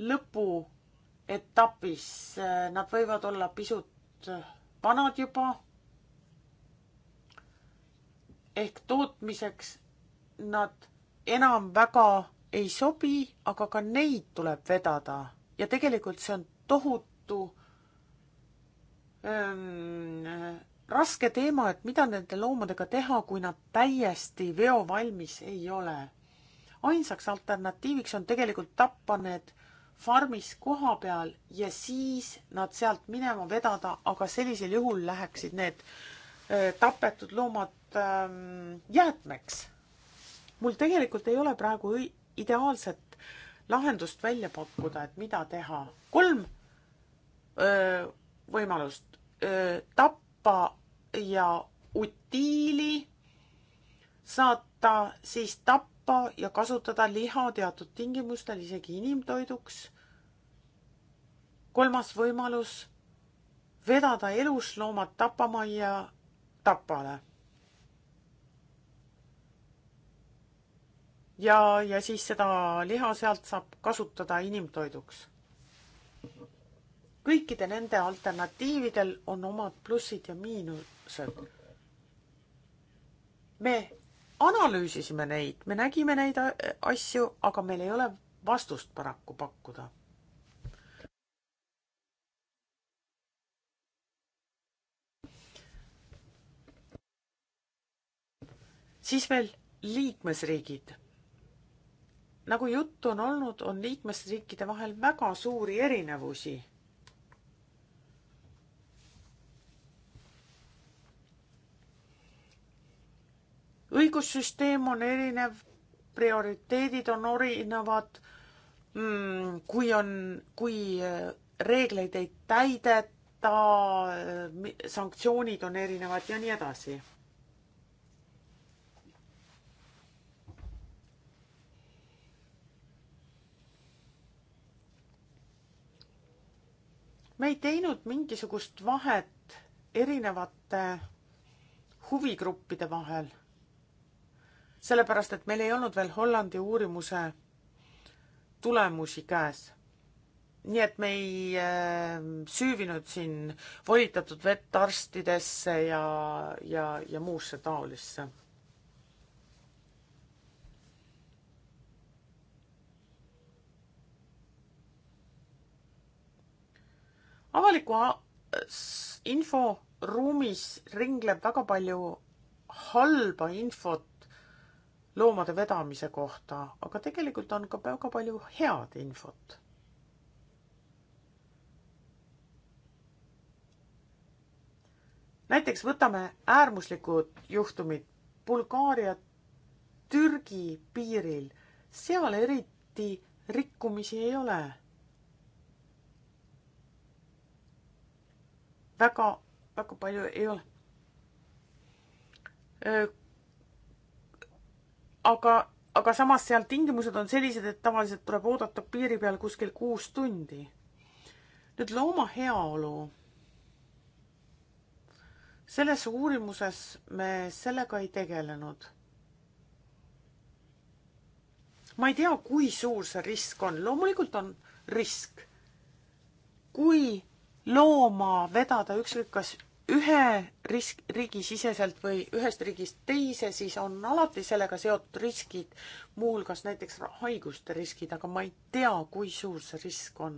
lõpuetapis, äh, nad võivad olla pisut äh, vanad juba, ehk tootmiseks nad enam väga ei sobi, aga ka neid tuleb vedada ja tegelikult see on tohutu ähm, raske teema, et mida nende loomadega teha, kui nad täiesti veovalmis ei ole. ainsaks alternatiiviks on tegelikult tappa need farmis koha peal ja siis nad sealt minema vedada, aga sellisel juhul läheksid need äh, tapetud loomad ähm, jäätmeks. mul tegelikult ei ole praegu ideaalset lahendust välja pakkuda, et mida teha. kolm öö, äh, võimalust tappa ja utiili saata siis tappa ja kasutada liha teatud tingimustel isegi inimtoiduks. kolmas võimalus vedada elusloomad tapamajja tapale. ja, ja siis seda liha sealt saab kasutada inimtoiduks kõikide nende alternatiividel on omad plussid ja miinused. me analüüsisime neid, me nägime neid asju, aga meil ei ole vastust paraku pakkuda. siis veel liikmesriigid. nagu juttu on olnud, on liikmesriikide vahel väga suuri erinevusi õigussüsteem on erinev, prioriteedid on erinevad mm,, kui on, kui äh, reegleid ei täideta, äh, sanktsioonid on erinevad ja nii edasi. me ei teinud mingisugust vahet erinevate huvigruppide vahel sellepärast et meil ei olnud veel Hollandi uurimuse tulemusi käes. nii et me ei äh, süüvinud siin volitatud vett arstidesse ja, ja, ja muusse taolisse avaliku inforuumis ringleb väga palju halba infot loomade vedamise kohta, aga tegelikult on ka väga palju head infot. näiteks võtame äärmuslikud juhtumid Bulgaaria, Türgi piiril, seal eriti rikkumisi ei ole. väga, väga palju ei ole aga, aga samas seal tingimused on sellised, et tavaliselt tuleb oodata piiri peal kuskil kuus tundi. nüüd looma heaolu. selles uurimuses me sellega ei tegelenud. ma ei tea, kui suur see risk on, loomulikult on risk. kui looma vedada ükskõik kas ühe risk, riigisiseselt või ühest riigist teise, siis on alati sellega seotud riskid, muuhulgas näiteks haiguste riskid, aga ma ei tea, kui suur see risk on.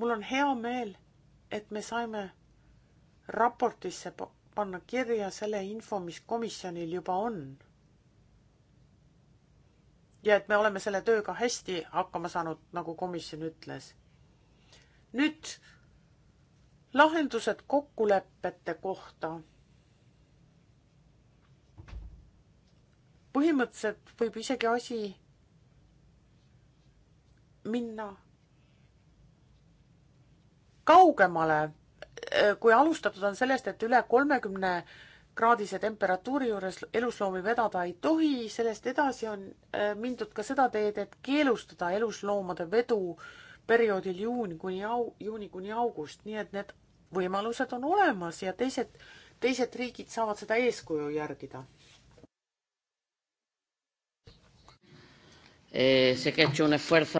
mul on hea meel, et me saime raportisse panna kirja selle info, mis komisjonil juba on ja et me oleme selle tööga hästi hakkama saanud, nagu komisjon ütles. nüüd lahendused kokkulepete kohta. põhimõtteliselt võib isegi asi minna kaugemale, kui alustatud on sellest, et üle kolmekümne kraadise temperatuuri juures elusloomi vedada ei tohi, sellest edasi on eh, mindud ka seda teed, et keelustada elusloomade vedu äh, perioodil juuni kuni au-, juuni kuni august, nii et need võimalused on olemas ja teised, teised riigid saavad seda eeskuju järgida. Eh,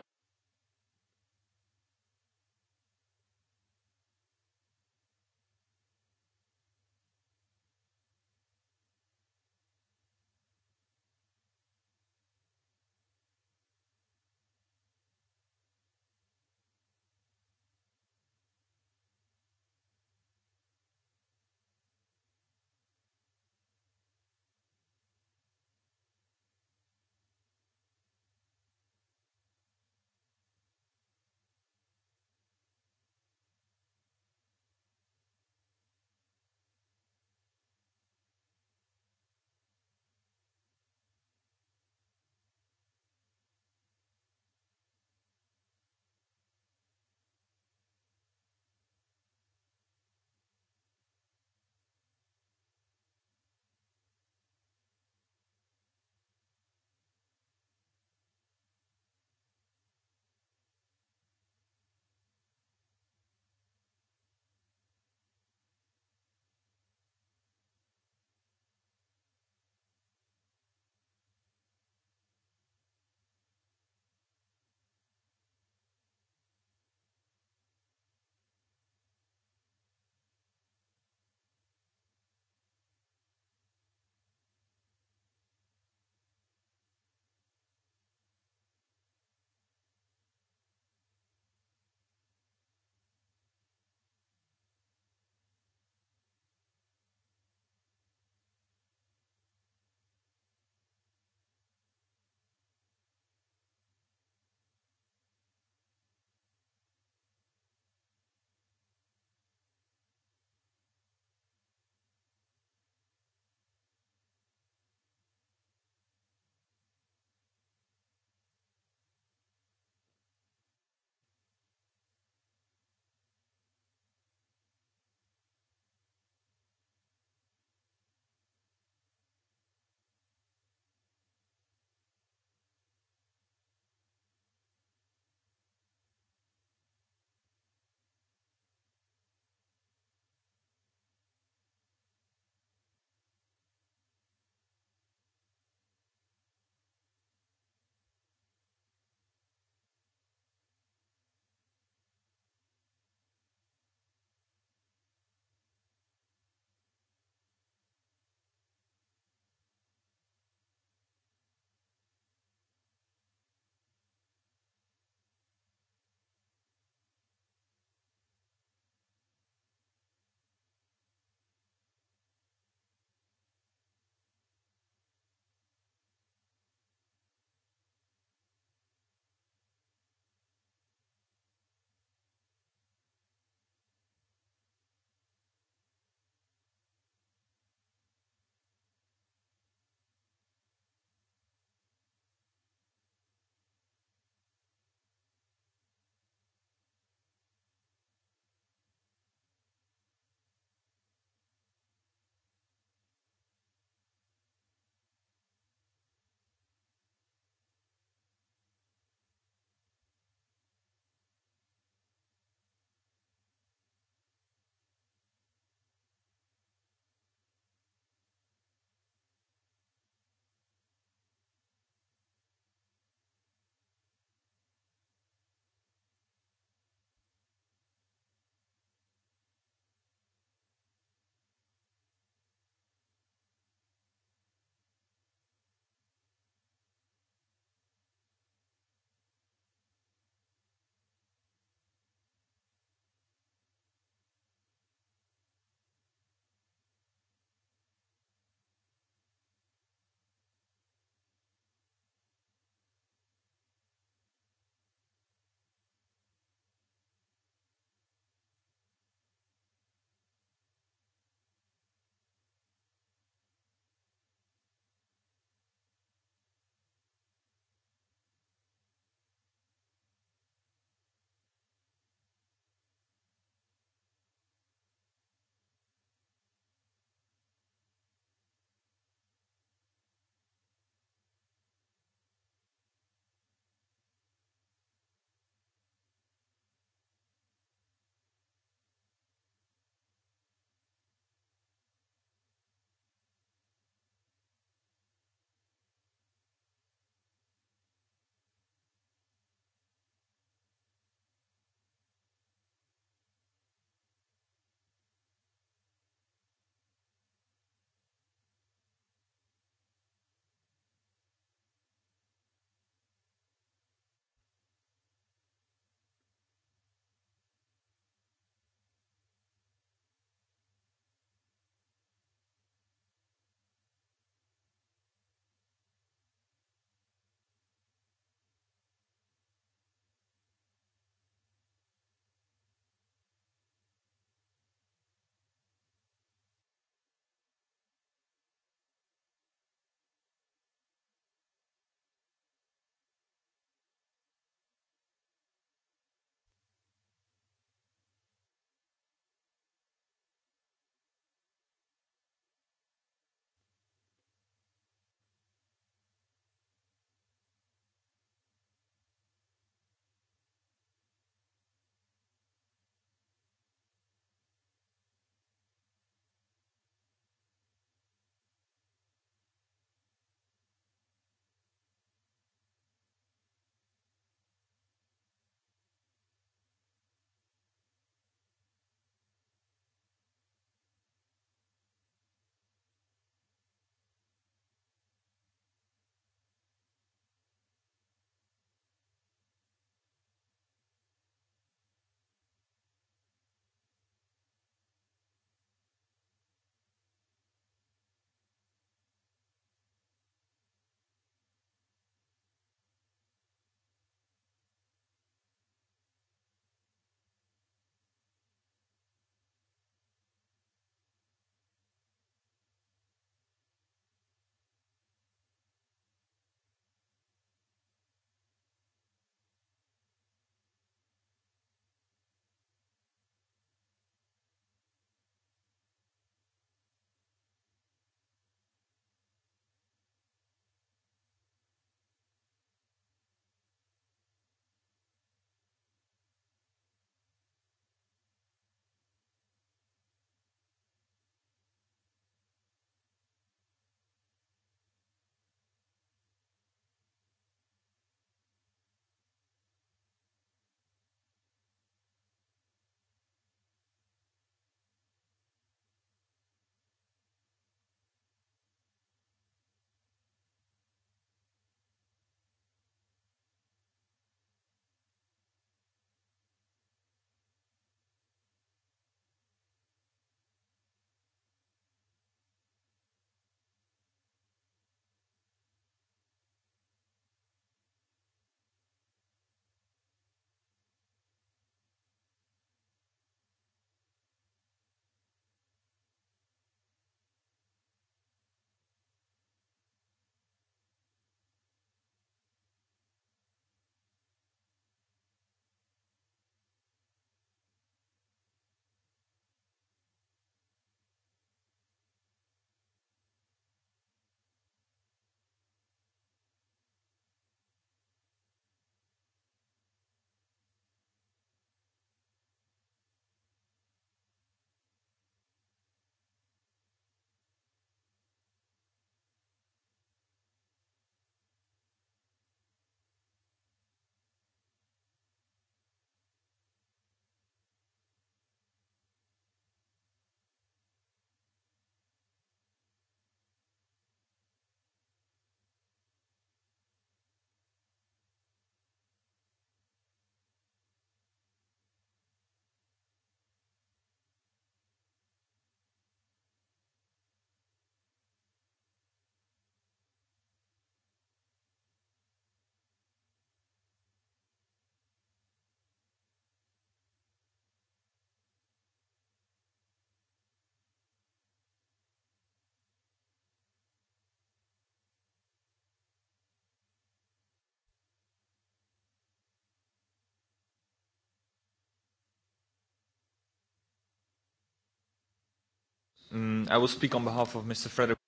Mm, I will speak on behalf of Mr. Frederick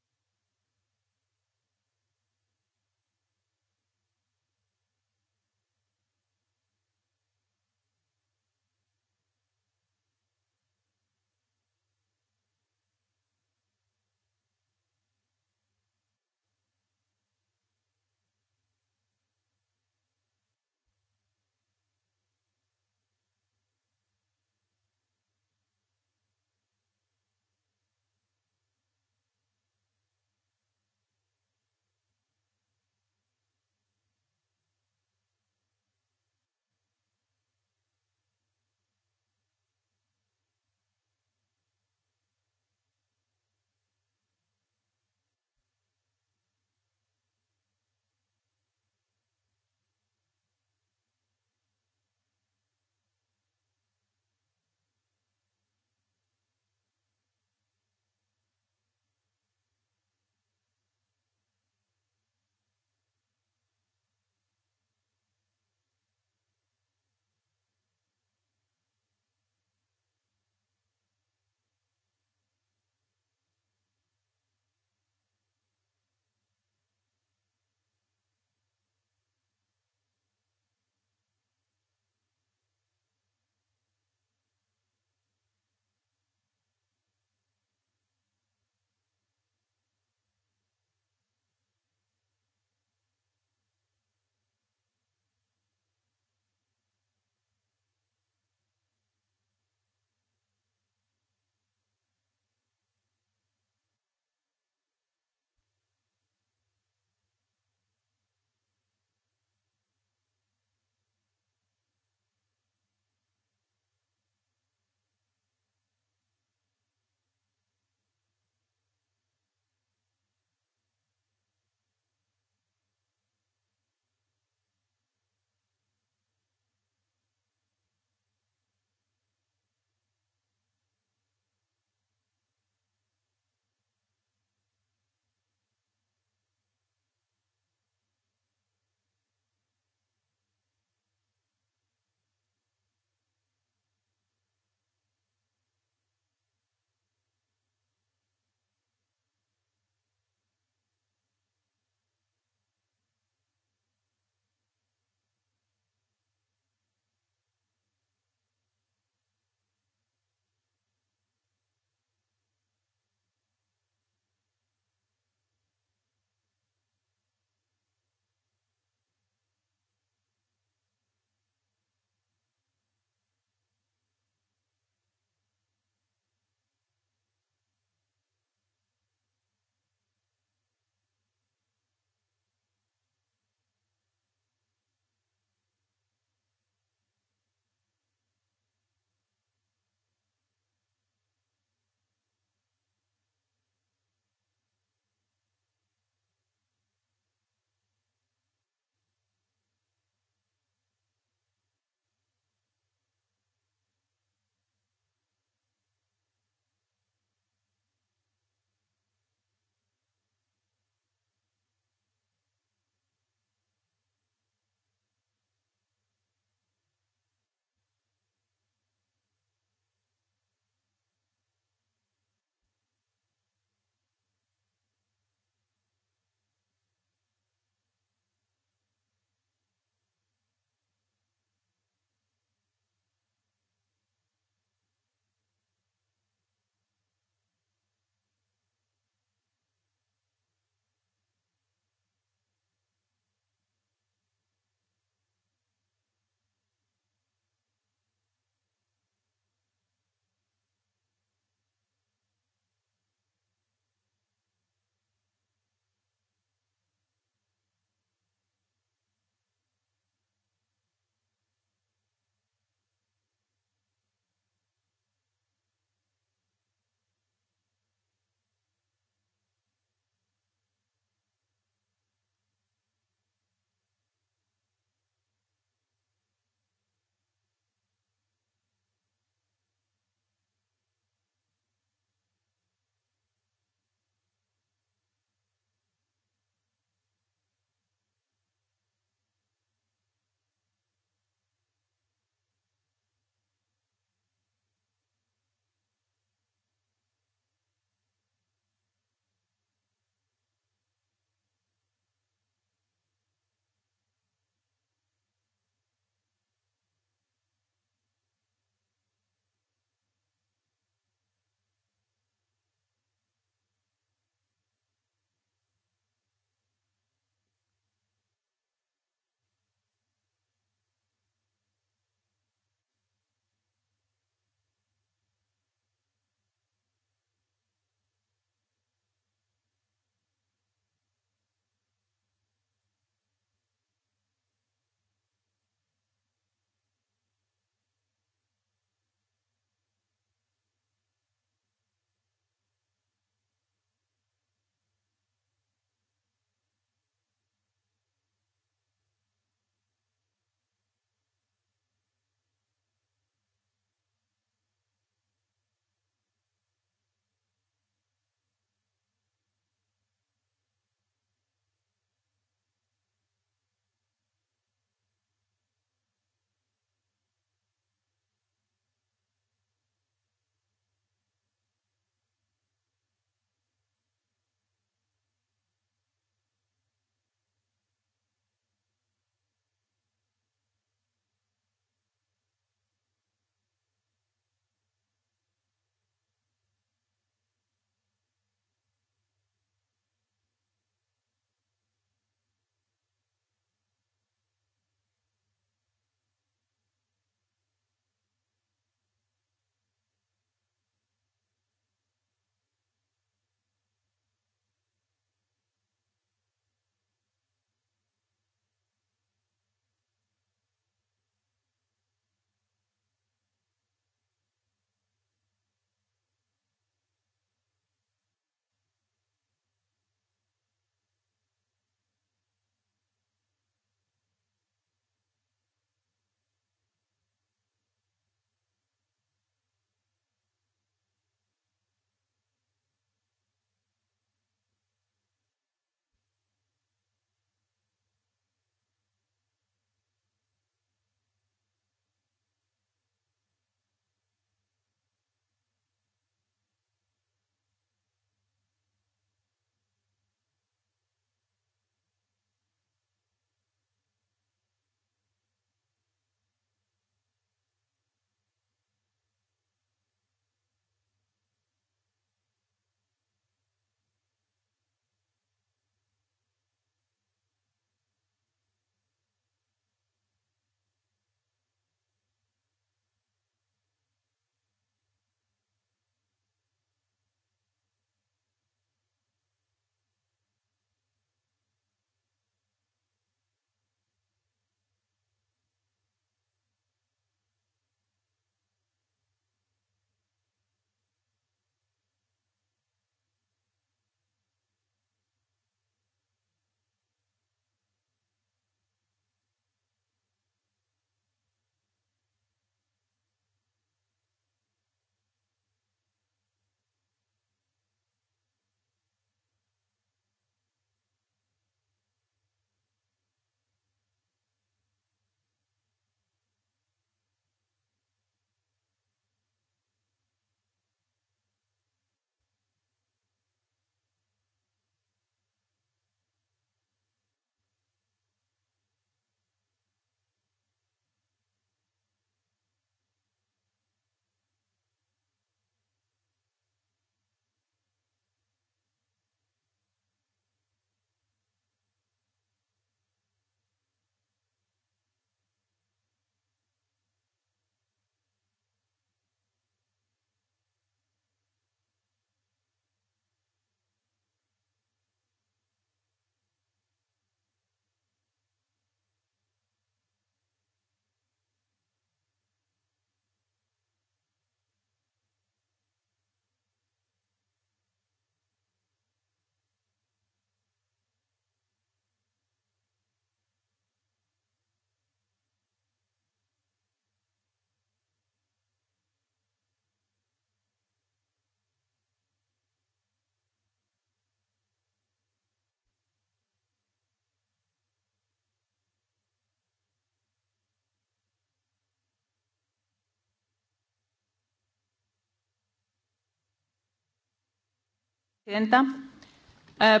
Äh,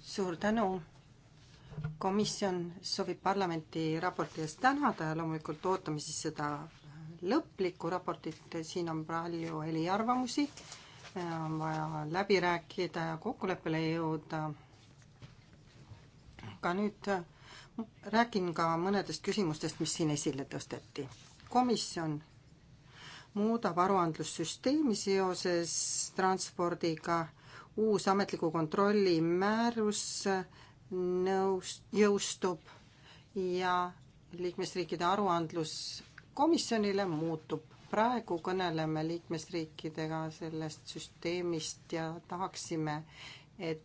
suur tänu. komisjon soovib parlamenti raporti eest tänada ja loomulikult ootame siis seda lõplikku raportit, siin on palju eriarvamusi, äh, on vaja läbi rääkida ja kokkuleppele jõuda. aga nüüd äh, räägin ka mõnedest küsimustest, mis siin esile tõsteti. komisjon muudab aruandlussüsteemi seoses transpordiga uus ametliku kontrolli määrus nõus, jõustub ja liikmesriikide aruandlus komisjonile muutub. praegu kõneleme liikmesriikidega sellest süsteemist ja tahaksime, et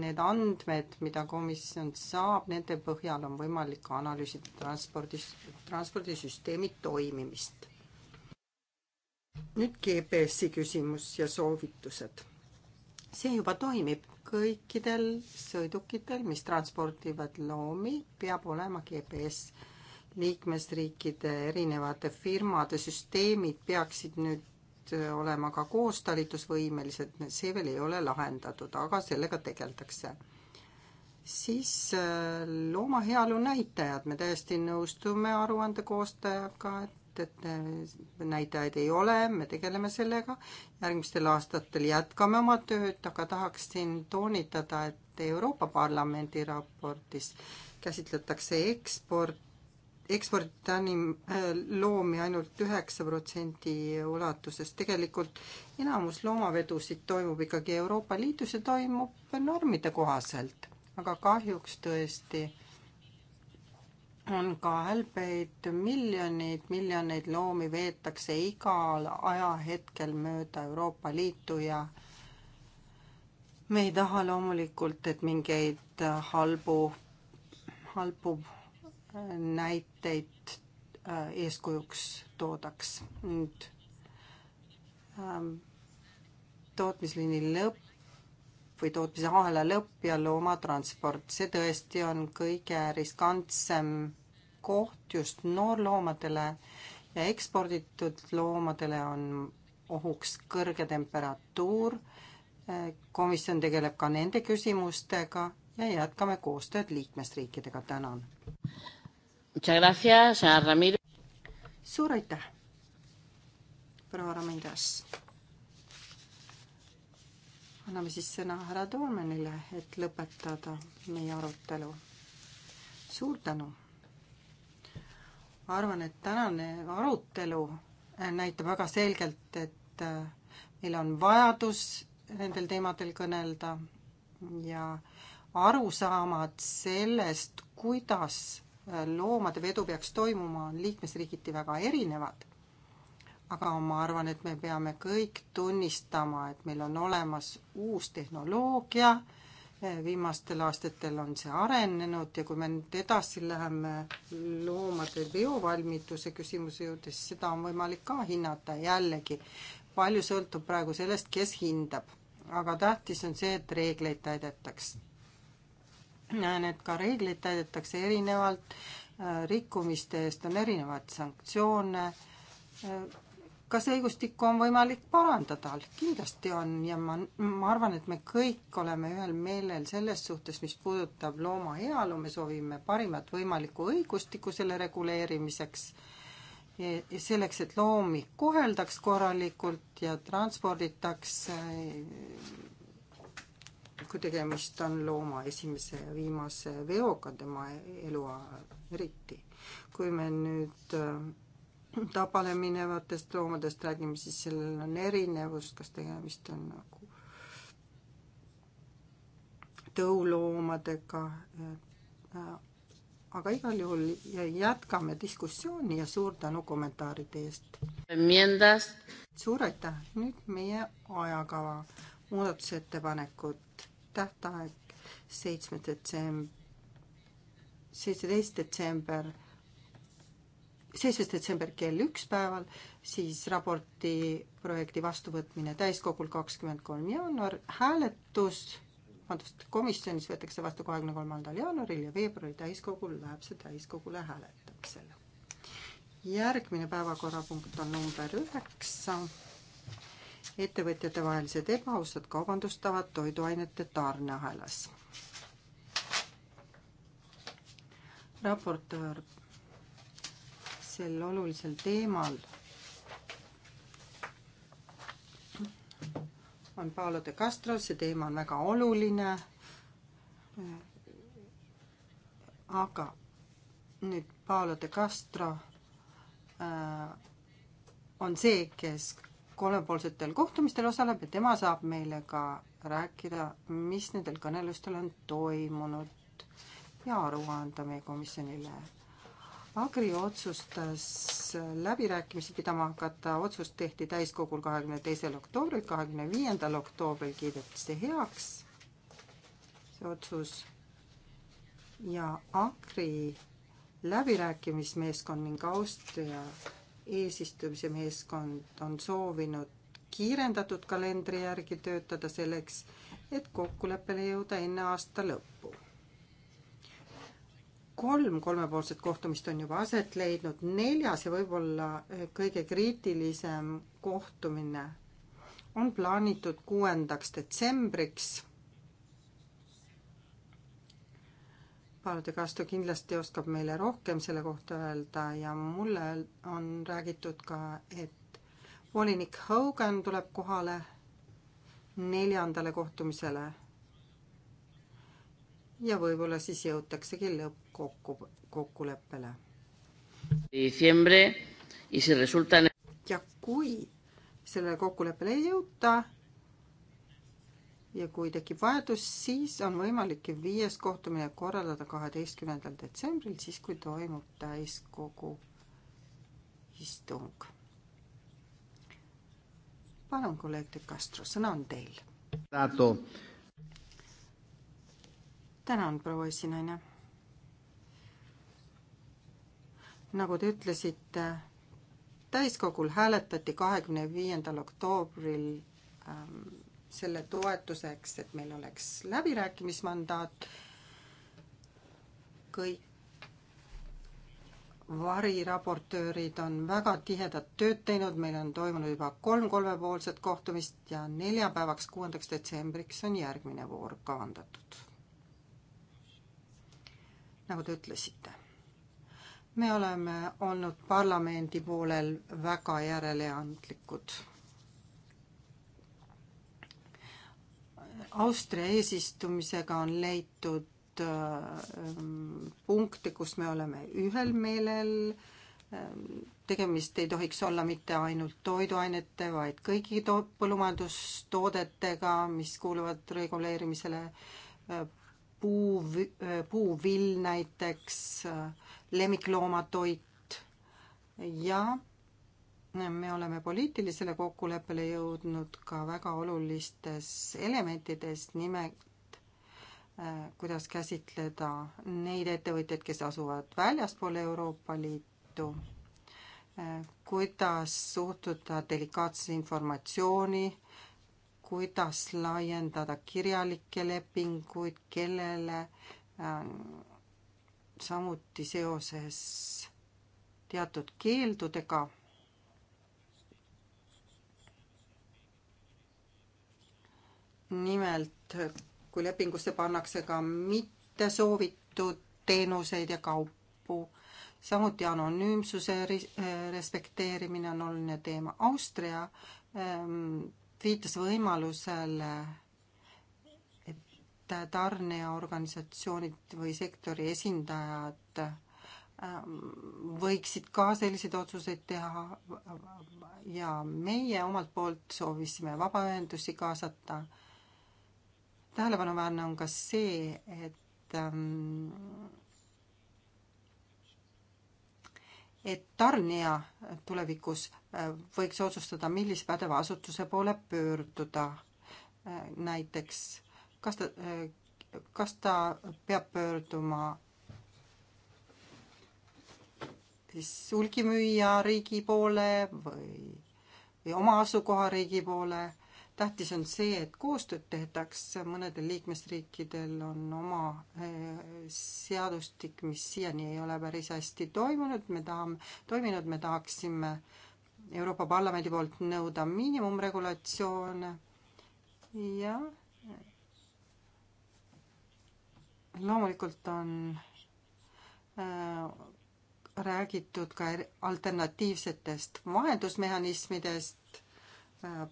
need andmed, mida komisjon saab, nende põhjal on võimalik analüüsida transpordis, transpordisüsteemi toimimist. nüüd GPS-i küsimus ja soovitused see juba toimib kõikidel sõidukitel, mis transpordivad loomi, peab olema GPS. liikmesriikide erinevate firmade süsteemid peaksid nüüd olema ka koostalitusvõimelised, see veel ei ole lahendatud, aga sellega tegeldakse. siis äh, looma heaolu näitajad, me täiesti nõustume aruande koostajaga, et näitajate, näitajaid ei ole, me tegeleme sellega, järgmistel aastatel jätkame oma tööd, aga tahaksin toonitada, et Euroopa Parlamendi raportis käsitletakse eksport, eksporditani äh, loomi ainult üheksa protsendi ulatuses, tegelikult enamus loomavedusid toimub ikkagi Euroopa Liidus ja toimub normide kohaselt, aga kahjuks tõesti on ka hälbeid miljoneid, miljoneid loomi veetakse igal ajahetkel mööda Euroopa Liitu ja me ei taha loomulikult, et mingeid halbu, halbu äh, näiteid äh, eeskujuks toodaks. nüüd ähm, tootmisliini lõpp lõpp või tootmise ahela lõpp ja loomatransport. see tõesti on kõige riskantsem koht just noorloomadele ja eksporditud loomadele on ohuks kõrge temperatuur. komisjon tegeleb ka nende küsimustega ja jätkame koostööd liikmesriikidega, tänan. suur aitäh, proua Ramindas anname siis sõna härra Toormanile, et lõpetada meie arutelu. suur tänu! ma arvan, et tänane arutelu äh, näitab väga selgelt, et äh, meil on vajadus nendel teemadel kõnelda ja arusaamad sellest, kuidas äh, loomade vedu peaks toimuma, on liikmesriigiti väga erinevad aga ma arvan, et me peame kõik tunnistama, et meil on olemas uus tehnoloogia, viimastel aastatel on see arenenud ja kui me nüüd edasi läheme loomade biovalmiduse küsimuse juurde, siis seda on võimalik ka hinnata jällegi. palju sõltub praegu sellest, kes hindab, aga tähtis on see, et reegleid täidetaks. näen, et ka reegleid täidetakse erinevalt, rikkumiste eest on erinevaid sanktsioone kas õigustikku on võimalik parandada? kindlasti on ja ma, ma arvan, et me kõik oleme ühel meelel selles suhtes, mis puudutab looma heaolu, me soovime parimat võimalikku õigustikku selle reguleerimiseks, selleks, et loomi koheldaks korralikult ja transporditaks, eh, kui tegemist on looma esimese ja viimase veoga tema eluajal eriti. kui me nüüd eh, tapale minevatest loomadest räägime, siis sellel on erinevus, kas tegemist on nagu tõuloomadega. Äh, aga igal juhul jätkame diskussiooni ja suur tänu kommentaaride eest. suur aitäh, nüüd meie ajakava, muudatusettepanekud, tähtaeg seitsmes detsember, seitseteist detsember seitsmes detsember kell üks päeval, siis raporti projekti vastuvõtmine täiskogul kakskümmend kolm jaanuar, hääletus, vabandust, komisjonis võetakse vastu kahekümne kolmandal jaanuaril ja veebruari täiskogul läheb see täiskogule hääletamisele. järgmine päevakorrapunkt on number üheksa, ettevõtjatevahelised ebaausad kaubandustavad toiduainete tarneahelas. raportöör sel olulisel teemal on Paolo de Castro, see teema on väga oluline. aga nüüd Paolo de Castro äh, on see, kes kolmepoolsetel kohtumistel osaleb ja tema saab meile ka rääkida, mis nendel kõnelustel on toimunud ja aru anda meie komisjonile Agri otsustas läbirääkimisi pidama hakata, otsus tehti täiskogul kahekümne teisel oktoobril, kahekümne viiendal oktoobril kiideti see heaks, see otsus, ja Agri läbirääkimismeeskond ning Austria eesistumise meeskond on soovinud kiirendatud kalendri järgi töötada selleks, et kokkuleppele jõuda enne aasta lõppu kolm kolmepoolset kohtumist on juba aset leidnud, neljas ja võib-olla eh, kõige kriitilisem kohtumine on plaanitud kuuendaks detsembriks. Paolo de Castro kindlasti oskab meile rohkem selle kohta öelda ja mulle on räägitud ka, et volinik Hogan tuleb kohale neljandale kohtumisele ja võib-olla siis jõutaksegi lõppkokku, kokkuleppele. ja kui sellele kokkuleppele ei jõuta ja kui tekib vajadus, siis on võimalik viies kohtumine korraldada kaheteistkümnendal detsembril, siis kui toimub täiskogu istung. palun, kolleeg De Castro, sõna on teil tänan, proua esinaine. nagu te ütlesite, täiskogul hääletati kahekümne viiendal oktoobril ähm, selle toetuseks, et meil oleks läbirääkimismandaat. kõik variraportöörid on väga tihedat tööd teinud, meil on toimunud juba kolm kolmepoolset kohtumist ja neljapäevaks, kuuendaks detsembriks on järgmine voor kavandatud nagu te ütlesite. me oleme olnud parlamendi poolel väga järeleandlikud. Austria eesistumisega on leitud äh, punkte, kus me oleme ühel meelel, äh, tegemist ei tohiks olla mitte ainult toiduainete, vaid kõigi to-, põllumajandustoodetega, mis kuuluvad reguleerimisele, äh, puu, puuvill näiteks, lemmikloomatoit ja me oleme poliitilisele kokkuleppele jõudnud ka väga olulistes elementides, nimelt äh, kuidas käsitleda neid ettevõtjaid, kes asuvad väljaspool Euroopa Liitu, äh, kuidas suhtuda delikaatse informatsiooni äh, kuidas laiendada kirjalikke lepinguid, kellele äh, samuti seoses teatud keeldudega. nimelt, kui lepingusse pannakse ka mitte soovitud teenuseid ja kaupu, samuti anonüümsuse äh, respekteerimine on oluline teema. Austria ähm, viitas võimalusele, et tarneorganisatsioonid või sektori esindajad ähm, võiksid ka selliseid otsuseid teha ja meie omalt poolt soovisime vabaühendusi kaasata. tähelepanuväärne on ka see, et ähm, et tarnija tulevikus äh, võiks otsustada, millise pädeva asutuse poole pöörduda. Äh, näiteks kas ta, äh, kas ta peab pöörduma siis hulgimüüja riigi poole või, või oma asukohariigi poole tähtis on see, et koostööd tehtaks, mõnedel liikmesriikidel on oma eh, seadustik, mis siiani ei ole päris hästi toimunud, me tahame, toiminud, me tahaksime Euroopa Parlamendi poolt nõuda miinimumregulatsioone ja loomulikult on äh, räägitud ka alternatiivsetest vahendusmehhanismidest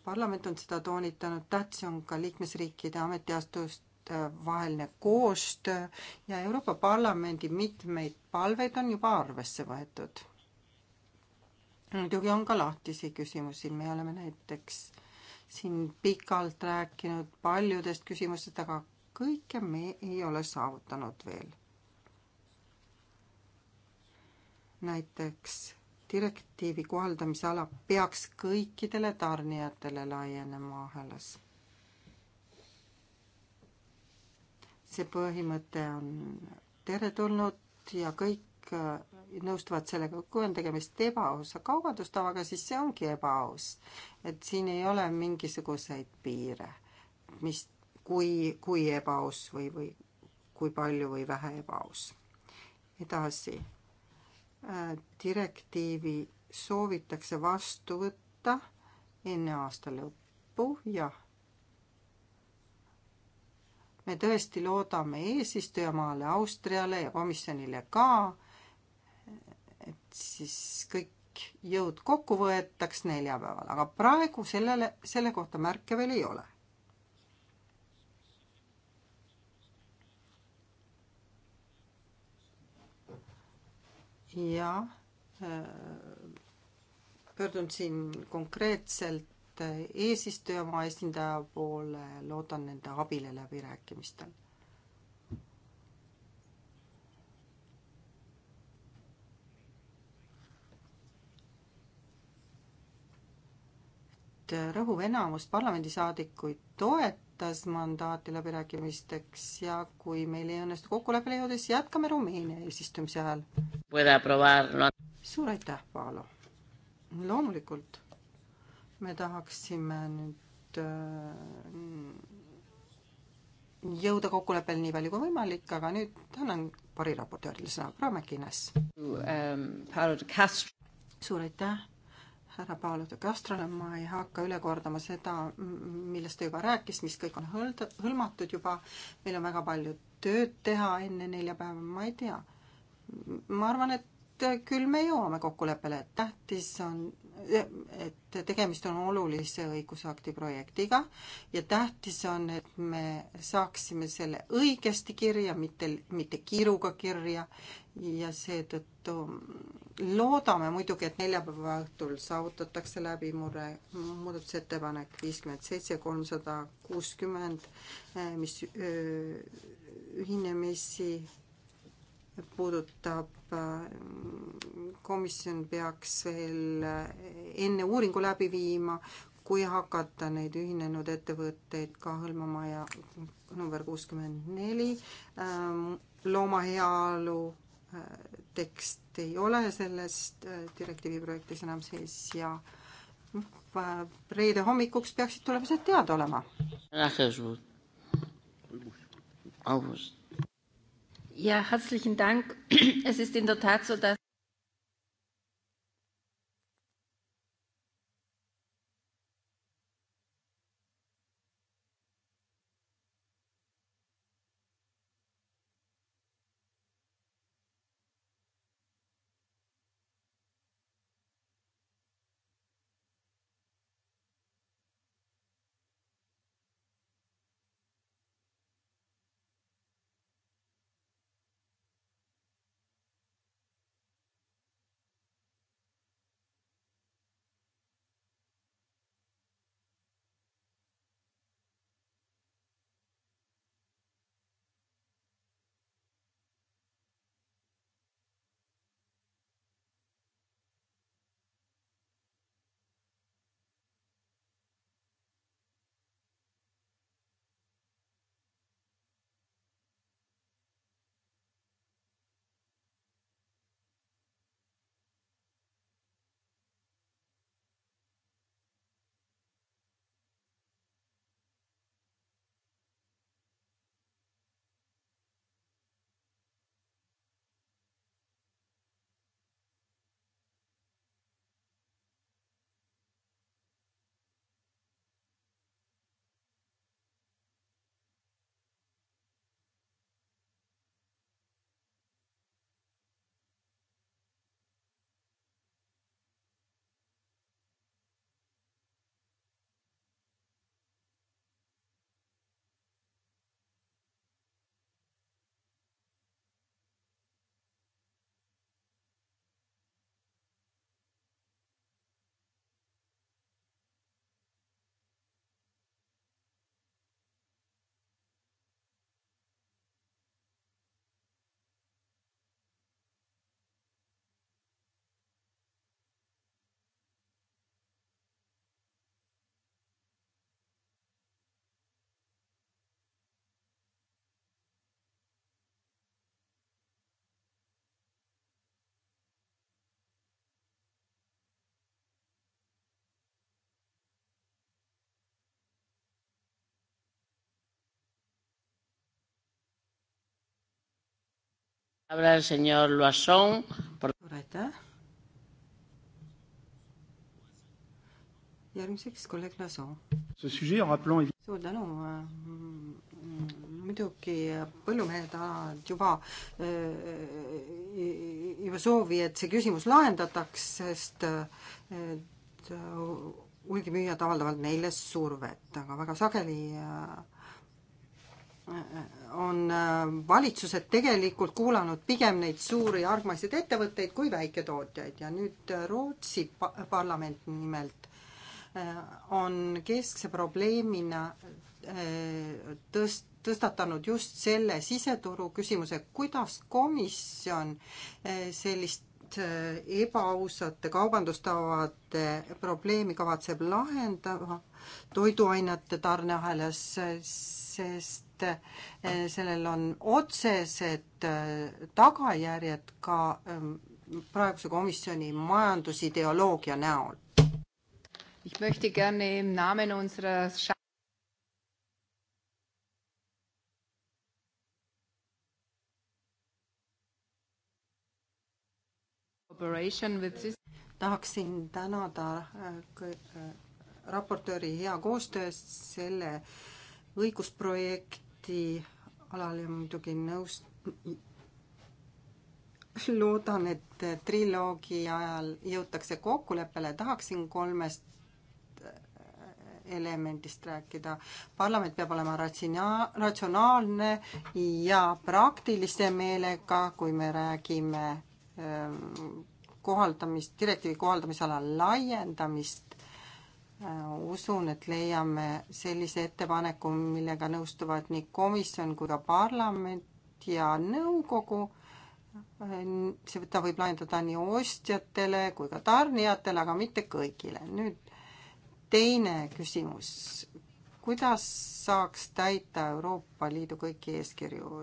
parlament on seda toonitanud, tähtis on ka liikmesriikide ametiastuste vaheline koostöö ja Euroopa Parlamendi mitmeid palveid on juba arvesse võetud. muidugi on ka lahtisi küsimusi, me oleme näiteks siin pikalt rääkinud paljudest küsimustest, aga kõike me ei ole saavutanud veel. näiteks direktiivi kohaldamise ala peaks kõikidele tarnijatele laienema ahelas. see põhimõte on teretulnud ja kõik äh, nõustuvad sellega, kui on tegemist ebaausa kaubandustavaga, siis see ongi ebaaus. et siin ei ole mingisuguseid piire, mis, kui, kui ebaaus või, või kui palju või vähe ebaaus. edasi Äh, direktiivi soovitakse vastu võtta enne aasta lõppu, jah. me tõesti loodame eesistujamaale, Austriale ja komisjonile ka, et siis kõik jõud kokku võetaks neljapäeval, aga praegu sellele, selle kohta märke veel ei ole ja äh, pöördun siin konkreetselt äh, eesistuja oma esindaja poole, loodan nende abile läbirääkimistel. et äh, rõhuv enamus parlamendisaadikuid toetab lõpetas mandaati läbirääkimisteks ja kui meil ei õnnestu kokkuleppele jõuda, siis jätkame Rumeenia eesistumise ajal. suur aitäh, Paolo! loomulikult me tahaksime nüüd äh, jõuda kokkuleppele nii palju kui võimalik, aga nüüd annan variraportöörile sõna, Raamäki Ines. Um, suur aitäh härra Paolo de Castrole, ma ei hakka üle kordama seda, millest ta juba rääkis, mis kõik on hõld-, hõlmatud juba, meil on väga palju tööd teha enne neljapäeva, ma ei tea. ma arvan, et küll me jõuame kokkuleppele, et tähtis on, et tegemist on olulise õigusakti projektiga ja tähtis on, et me saaksime selle õigesti kirja, mitte, mitte kiiruga kirja ja seetõttu loodame muidugi, et neljapäeva õhtul saavutatakse läbimurre, muudatusettepanek viiskümmend seitse, kolmsada kuuskümmend, eh, mis eh, ühinemisi puudutab, eh, komisjon peaks veel enne uuringu läbi viima, kui hakata neid ühinenud ettevõtteid ka hõlmama ja number kuuskümmend neli, looma heaolu tekst ei ole selles äh, direktiivi projektis enam sees ja äh, reede hommikuks peaksid tulemused teada olema. Ja, herzlichen Dank. Es ist in der Tat so, dass suur aitäh. järgmiseks kolleeg Lasso. suur tänu. muidugi põllumehed alanud juba, äh, juba soovi, et see küsimus lahendataks, sest et äh, hulgimüüjad avaldavad neile survet, aga väga sageli äh, on äh, valitsused tegelikult kuulanud pigem neid suuri argmasid ettevõtteid kui väiketootjaid ja nüüd äh, Rootsi parlament nimelt äh, on keskse probleemina tõst-, tõstatanud just selle siseturu küsimuse, kuidas komisjon sellist ebaausate kaubandustavade probleemi kavatseb lahendada toiduainete tarneahelas, sest Eh, sellel on otsesed eh, tagajärjed ka ehm, praeguse komisjoni majandusideoloogia näol. Ich möchte gerne im Namen unserer Operation with this tahaksin tänada eh, raportööri hea koostöö eest selle õigusprojekti ametialal ja muidugi nõus, loodan, et triloogi ajal jõutakse kokkuleppele, tahaksin kolmest äh, elemendist rääkida. parlament peab olema ratsiona-, ratsionaalne ja praktilise meelega, kui me räägime ähm, kohaldamist, direktiivi kohaldamisala laiendamist Äh, usun, et leiame sellise ettepaneku, millega nõustuvad nii komisjon kui ka parlament ja nõukogu. Äh, see, ta võib laiendada nii ostjatele kui ka tarnijatele, aga mitte kõigile. nüüd teine küsimus. kuidas saaks täita Euroopa Liidu kõiki eeskirju?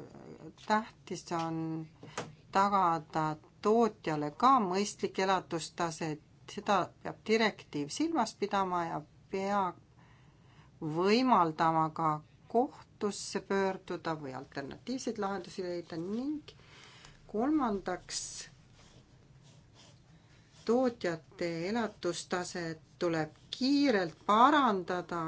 tähtis on tagada tootjale ka mõistlik elatustase, seda peab direktiiv silmas pidama ja peab võimaldama ka kohtusse pöörduda või alternatiivseid lahendusi leida ning kolmandaks, tootjate elatustaset tuleb kiirelt parandada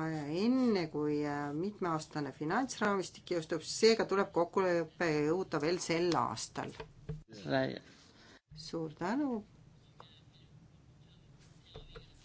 enne, kui äh, mitmeaastane finantsraamistik jõustub, seega tuleb kokkulepe jõuda veel sel aastal. suur tänu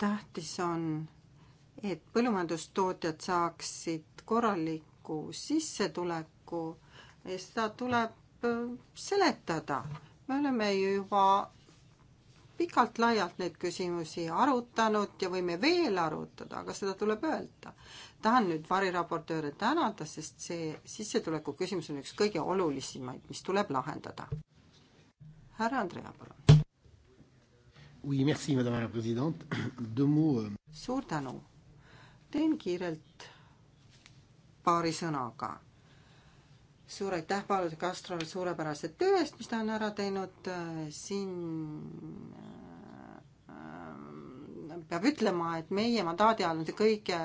tähtis on, et põllumajandustootjad saaksid korraliku sissetuleku ja seda tuleb äh, seletada. me oleme ju juba pikalt-laialt neid küsimusi arutanud ja võime veel arutada, aga seda tuleb öelda. tahan nüüd variraportööre tänada, sest see sissetuleku küsimus on üks kõige olulisemaid, mis tuleb lahendada härra Andrea, palun. Oui, merci, madame la president. De mu. suur tänu. teen kiirelt paari sõnaga. suur aitäh Paul Castrole suurepärase töö eest, mis ta on ära teinud äh, siin äh, äh, peab ütlema, et meie mandaadi all on see kõige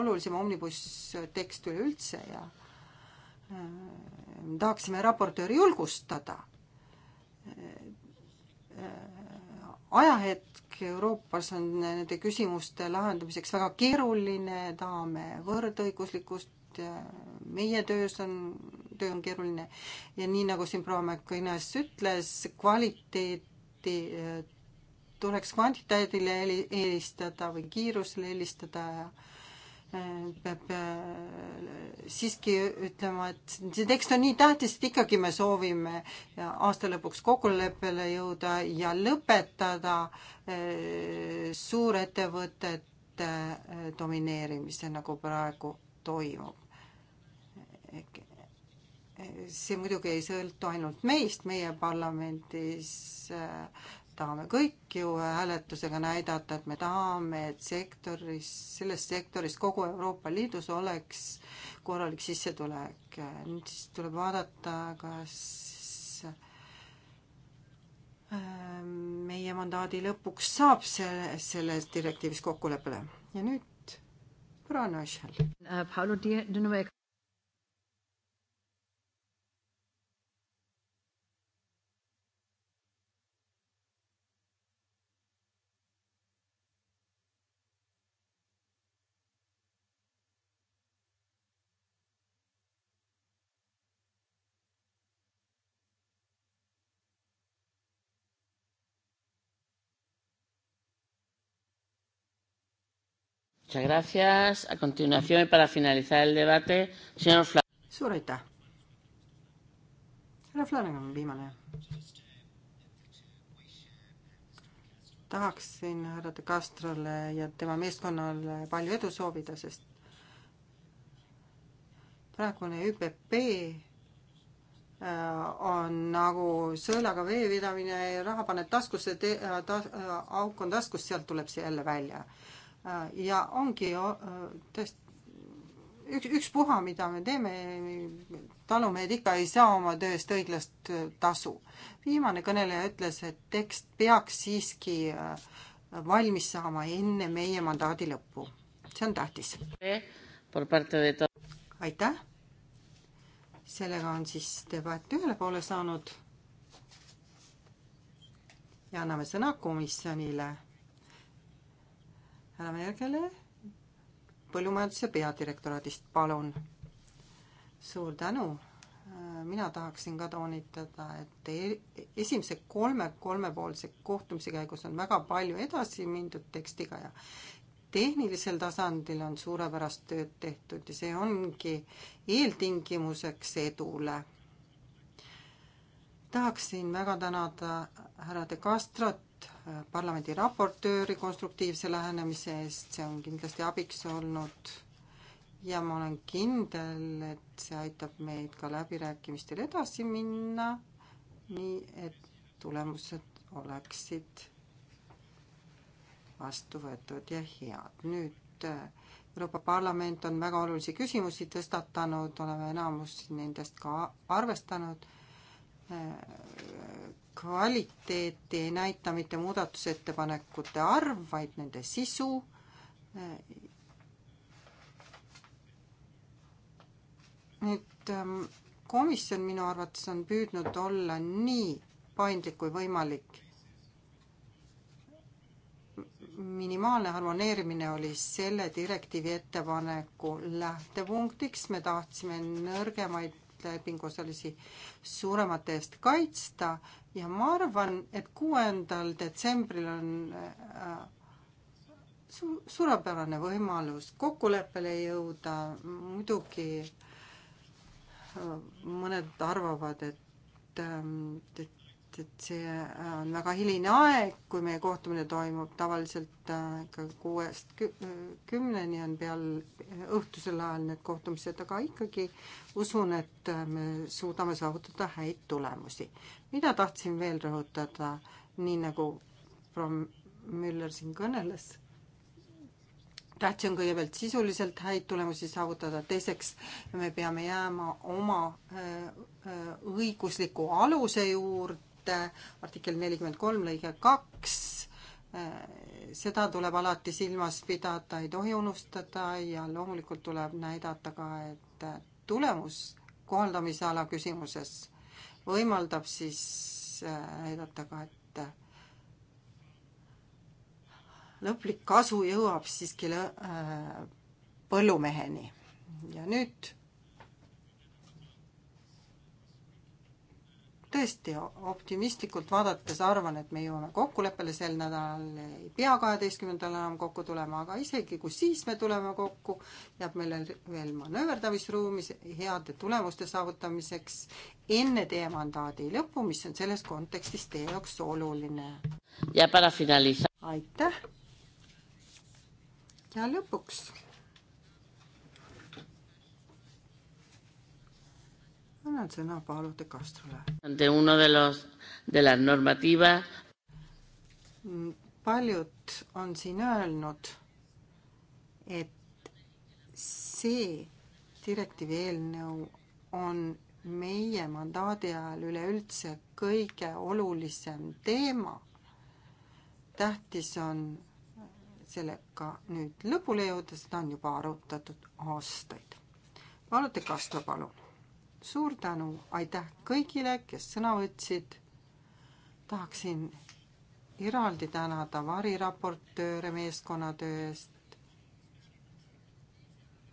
olulisem omnibus tekst üleüldse ja tahaksime raportööri julgustada ajahetk Euroopas on nende küsimuste lahendamiseks väga keeruline, tahame võrdõiguslikkust, meie töös on, töö on keeruline ja nii, nagu siin proua McInnes ütles, kvaliteeti eh, tuleks kvantiteedile eelistada või kiirusele eelistada ja peab äh, siiski ütlema, et see tekst on nii tähtis, et ikkagi me soovime aasta lõpuks kokkuleppele jõuda ja lõpetada äh, suurettevõtete äh, domineerimise, nagu praegu toimub see muidugi ei sõltu ainult meist meie parlamendis, tahame kõik ju hääletusega näidata, et me tahame, et sektoris, selles sektoris kogu Euroopa Liidus oleks korralik sissetulek. nüüd siis tuleb vaadata, kas ähm, meie mandaadi lõpuks saab selle, selles direktiivis kokkuleppele. ja nüüd Bruno Schall. Äh, Paolo, Muchas gracias. A continuación y para finalizar el debate, señor Flanagan. suur aitäh. härra Flanagan on viimane. tahaksin härra De Castrole ja tema meeskonnale palju edu soovida, sest praegune ÜPP äh, on nagu sõelaga vee pidamine, raha paned taskusse, äh, ta, äh, auk on taskus, sealt tuleb see jälle välja Äh, ja ongi äh, tõesti üks, ükspuha, mida me teeme, talumehed ikka ei saa oma töö eest õiglast äh, tasu. viimane kõneleja ütles, et tekst peaks siiski valmis saama enne meie mandaadi lõppu. see on tähtis. aitäh. sellega on siis debatt ühele poole saanud. ja anname sõna komisjonile härra Mergele põllumajanduse peadirektoraadist, palun. suur tänu. mina tahaksin ka toonitada, et e-, esimese kolme kolmepoolse kohtumise käigus on väga palju edasi mindud tekstiga ja tehnilisel tasandil on suurepärast tööd tehtud ja see ongi eeltingimuseks edule tahaksin väga tänada härra De Castrot parlamendi raportööri konstruktiivse lähenemise eest, see on kindlasti abiks olnud ja ma olen kindel, et see aitab meid ka läbirääkimistel edasi minna, nii et tulemused oleksid vastu võetud ja head. nüüd Euroopa Parlament on väga olulisi küsimusi tõstatanud, oleme enamus nendest ka arvestanud kvaliteeti ei näita mitte muudatusettepanekute arv, vaid nende sisu. nüüd ähm, komisjon minu arvates on püüdnud olla nii paindlik kui võimalik. minimaalne harmoneerimine oli selle direktiivi ettepaneku lähtepunktiks, me tahtsime nõrgemaid lepinguosalisi suuremate eest kaitsta ja ma arvan, et kuuendal detsembril on äh, su-, suurepärane võimalus kokkuleppele jõuda, muidugi äh, mõned arvavad, et, ähm, et sest et see äh, on väga hiline aeg, kui meie kohtumine toimub, tavaliselt äh, ikka kuuest äh, kümneni on peal õhtusel ajal need kohtumised, aga ikkagi usun, et me suudame saavutada häid tulemusi. mida tahtsin veel rõhutada, nii nagu proua Müller siin kõneles tähtis on kõigepealt sisuliselt häid tulemusi saavutada, teiseks me peame jääma oma õigusliku aluse juurde, säte, äh, artikkel nelikümmend kolm lõige kaks, äh, seda tuleb alati silmas pidada, ei tohi unustada ja loomulikult tuleb näidata ka, et äh, tulemus kohaldamise ala küsimuses võimaldab siis näidata ka, et lõplik kasu jõuab siiski põllumeheni. ja nüüd tõesti optimistlikult vaadates arvan, et me jõuame kokkuleppele sel nädalal, ei pea kaheteistkümnendal enam kokku tulema, aga isegi kui siis me tuleme kokku, jääb meile veel manööverdamisruumi heade tulemuste saavutamiseks enne teie mandaadi lõppu, mis on selles kontekstis teie jaoks oluline. aitäh! ja lõpuks annan sõna Paolo de Castrole. Mm, paljud on siin öelnud, et see direktiivi eelnõu on meie mandaadi ajal üleüldse kõige olulisem teema. tähtis on sellega nüüd lõpule jõuda, seda on juba arutatud aastaid. Paolo de Castro, palun suur tänu, aitäh kõigile, kes sõna võtsid. tahaksin eraldi tänada variraportööre meeskonnatöö eest.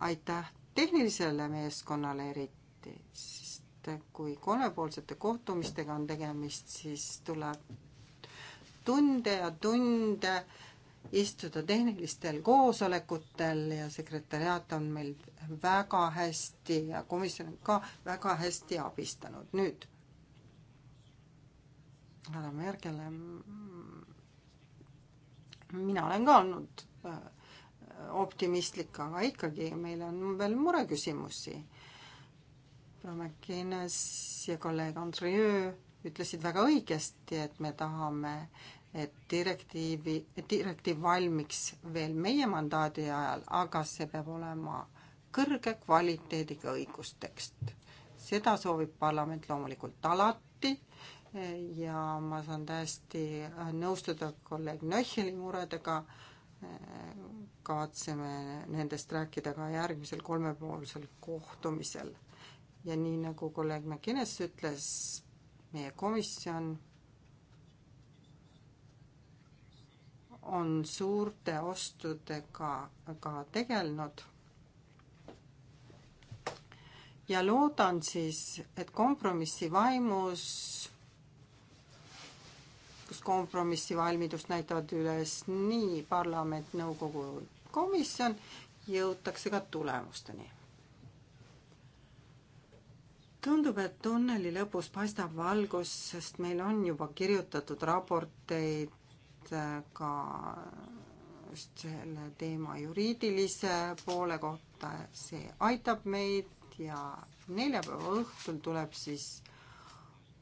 aitäh tehnilisele meeskonnale eriti, sest kui kolmepoolsete kohtumistega on tegemist, siis tuleb tunde ja tunde istuda tehnilistel koosolekutel ja sekretäriaat on meil väga hästi ja komisjon on ka väga hästi abistanud. nüüd härra Merkele, mina olen ka olnud äh, optimistlik, aga ikkagi meil on veel mureküsimusi. Promekines ja kolleeg Andrejõ ütlesid väga õigesti, et me tahame et direktiivi, direktiiv valmiks veel meie mandaadi ajal, aga see peab olema kõrge kvaliteediga õigustekst. seda soovib parlament loomulikult alati ja ma saan täiesti nõustuda kolleeg Nöcheli muredega, kavatseme nendest rääkida ka järgmisel kolmepoolsel kohtumisel. ja nii, nagu kolleeg McInnes ütles, meie komisjon on suurte ostudega ka tegelenud. ja loodan siis, et kompromissi vaimus, kus kompromissivalmidust näitavad üles nii parlament, nõukogu, komisjon, jõutakse ka tulemusteni. tundub, et tunneli lõpus paistab valgus, sest meil on juba kirjutatud raporteid Äh, ka just selle teema juriidilise poole kohta, see aitab meid ja neljapäeva õhtul tuleb siis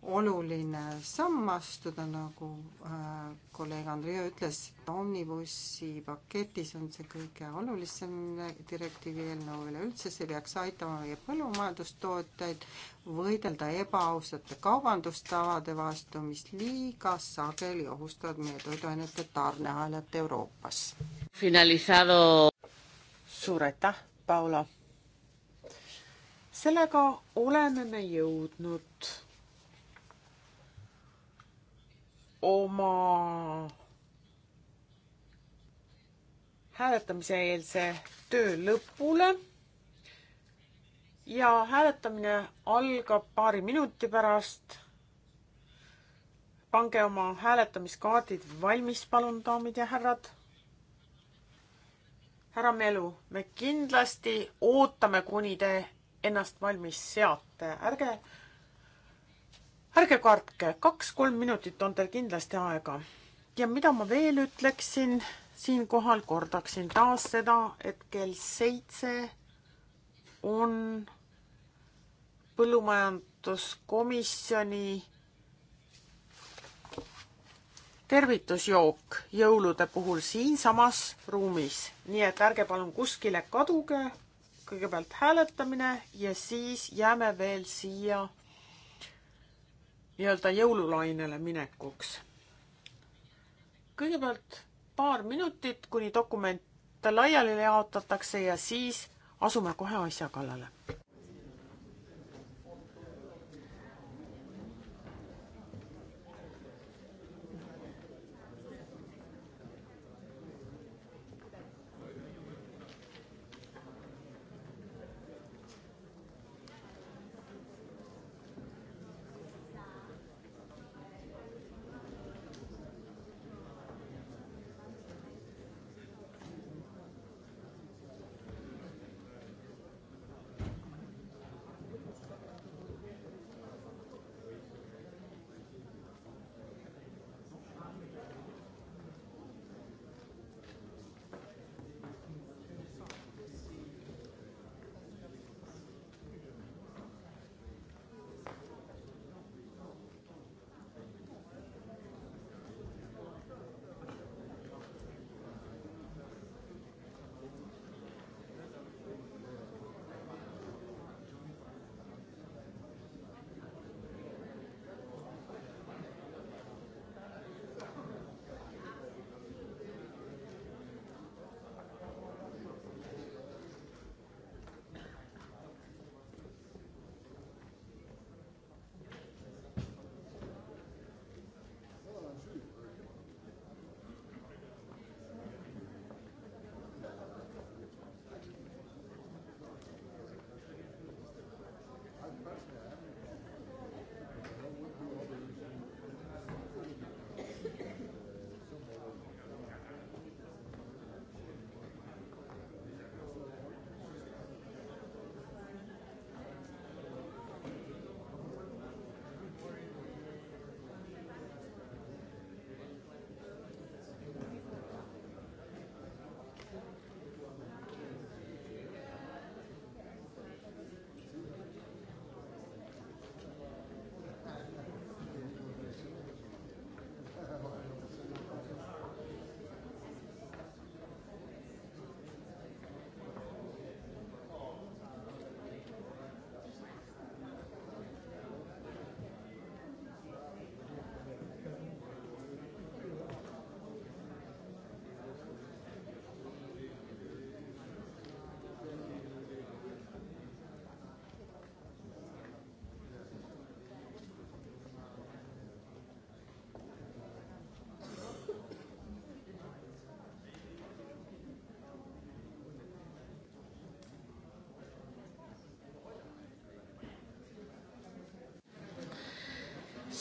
oluline samm astuda, nagu äh, kolleeg Andrea ütles, omnibussi paketis on see kõige olulisem direktiivi eelnõu üleüldse, see peaks aitama meie põllumajandustooteid võidelda ebaausate kaubandustavade vastu, mis liiga sageli ohustavad meie toiduainete tarneahelat Euroopas. Finalizado. suur aitäh, Paula. sellega oleme me jõudnud oma hääletamise eelse töö lõpule ja hääletamine algab paari minuti pärast. pange oma hääletamiskaardid valmis, palun, daamid ja härrad. härra Melu, me kindlasti ootame, kuni te ennast valmis seate, ärge ärge kartke, kaks-kolm minutit on teil kindlasti aega. ja mida ma veel ütleksin, siinkohal kordaksin taas seda, et kell seitse on põllumajanduskomisjoni tervitusjook jõulude puhul siinsamas ruumis, nii et ärge palun kuskile kaduge, kõigepealt hääletamine ja siis jääme veel siia nii-öelda jõululainele minekuks. kõigepealt paar minutit, kuni dokumente laiali jaotatakse ja siis asume kohe asja kallale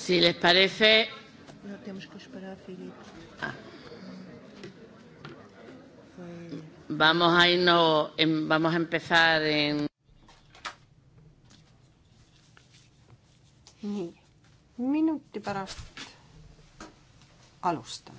Si les parece. No temos que esperar, Filipe. Ah. Foi... Vamos a irnos, en, vamos a empezar en. nii, minuti pärast alustame.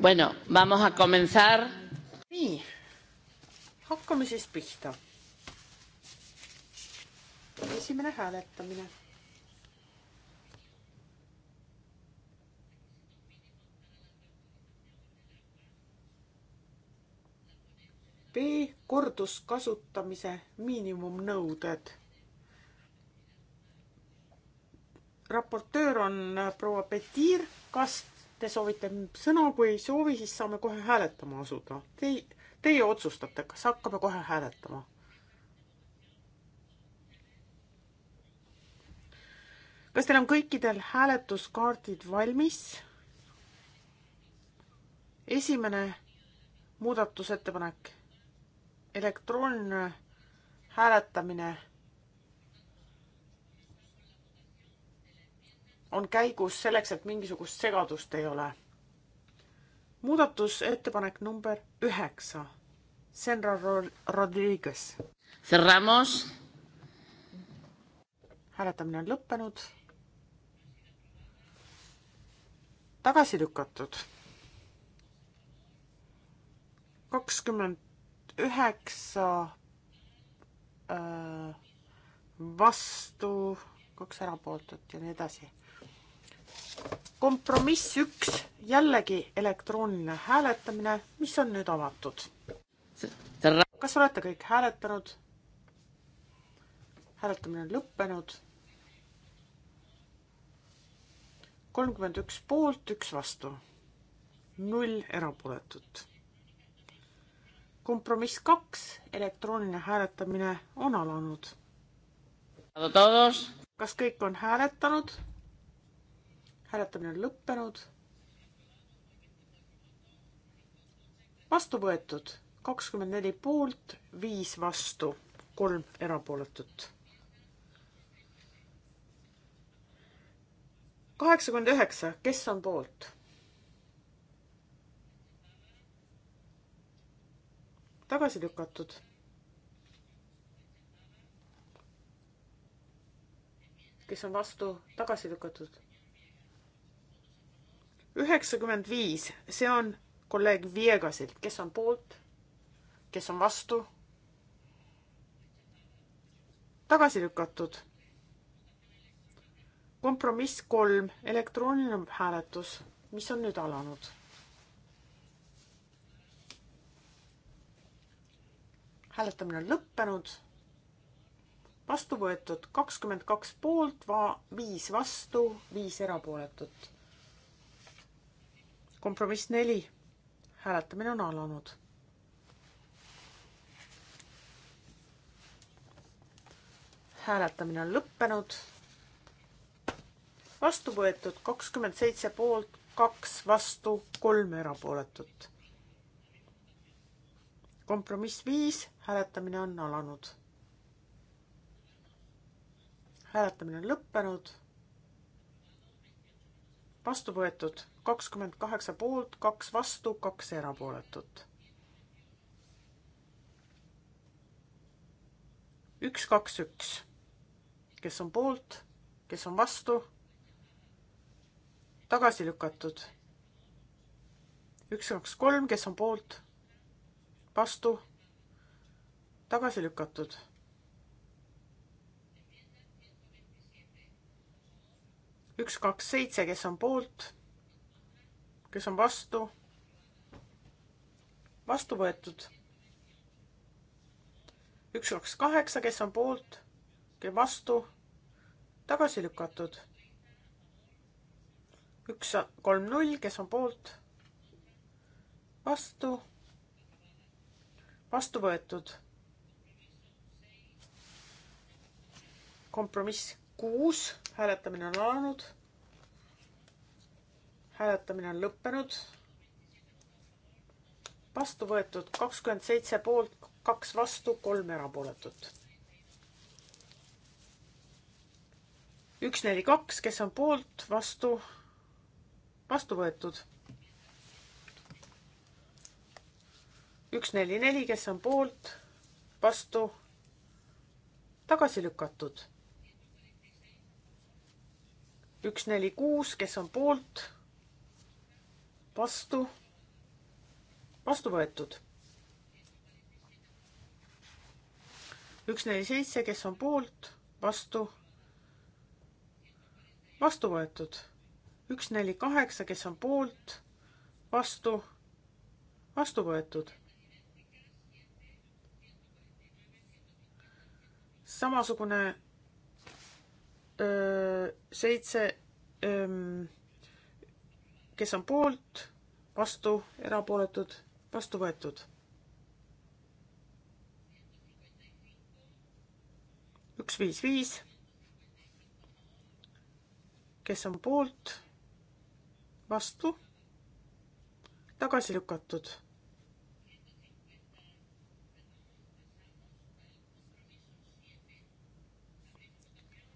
Bueno, vamos a comenzar. nii, hakkame siis pihta. esimene hääletamine. B korduskasutamise miinimumnõuded. raportöör on proua Petir, kas te soovite sõna, kui ei soovi, siis saame kohe hääletama asuda. Te, teie otsustate, kas hakkame kohe hääletama. kas teil on kõikidel hääletuskaardid valmis? esimene muudatusettepanek, elektrooniline hääletamine on käigus selleks, et mingisugust segadust ei ole. muudatusettepanek number üheksa, Senra Rodriguez. Cerramos. hääletamine on lõppenud. tagasi lükatud. kakskümmend üheksa äh, vastu, kaks ärapooltut ja nii edasi kompromiss üks, jällegi elektrooniline hääletamine, mis on nüüd avatud. kas olete kõik hääletanud? hääletamine on lõppenud. kolmkümmend üks poolt, üks vastu, null erapooletut. kompromiss kaks, elektrooniline hääletamine on alanud. kas kõik on hääletanud? hääletamine on lõppenud. vastu võetud kakskümmend neli poolt, viis vastu, kolm erapooletut. kaheksakümmend üheksa, kes on poolt? tagasi lükatud kes on vastu tagasi lükatud üheksakümmend viis, see on kolleeg Viegasilt, kes on poolt, kes on vastu? tagasi lükatud. kompromiss kolm, elektrooniline hääletus, mis on nüüd alanud? hääletamine on lõppenud. vastu võetud kakskümmend kaks poolt, viis vastu, viis erapooletut kompromiss neli, hääletamine on alanud. hääletamine on lõppenud. vastu võetud kakskümmend seitse poolt, kaks vastu, kolm erapooletut. kompromiss viis, hääletamine on alanud. hääletamine on lõppenud. vastu võetud kakskümmend kaheksa poolt, kaks vastu, kaks erapooletut. üks, kaks, üks. kes on poolt, kes on vastu? tagasi lükatud. üks, kaks, kolm, kes on poolt, vastu, tagasi lükatud üks, kaks, seitse, kes on poolt, kes on vastu? vastu võetud. üks, kaks, kaheksa, kes on poolt, kes vastu, tagasi lükatud. üks, kolm, null, kes on poolt, vastu, vastu võetud. kompromiss kuus, hääletamine on alanud hääletamine on lõppenud. vastu võetud kakskümmend seitse poolt, kaks vastu, kolm erapooletut. üks, neli, kaks, kes on poolt, vastu, vastu võetud. üks, neli, neli, kes on poolt, vastu, tagasi lükatud üks, neli, kuus, kes on poolt, vastu, vastu võetud. üks, neli, seitse, kes on poolt, vastu, vastu võetud. üks, neli, kaheksa, kes on poolt, vastu, vastu võetud. samasugune öö, seitse öö, kes on poolt, vastu, erapooletud, vastu võetud. üks, viis, viis. kes on poolt, vastu, tagasi lükatud.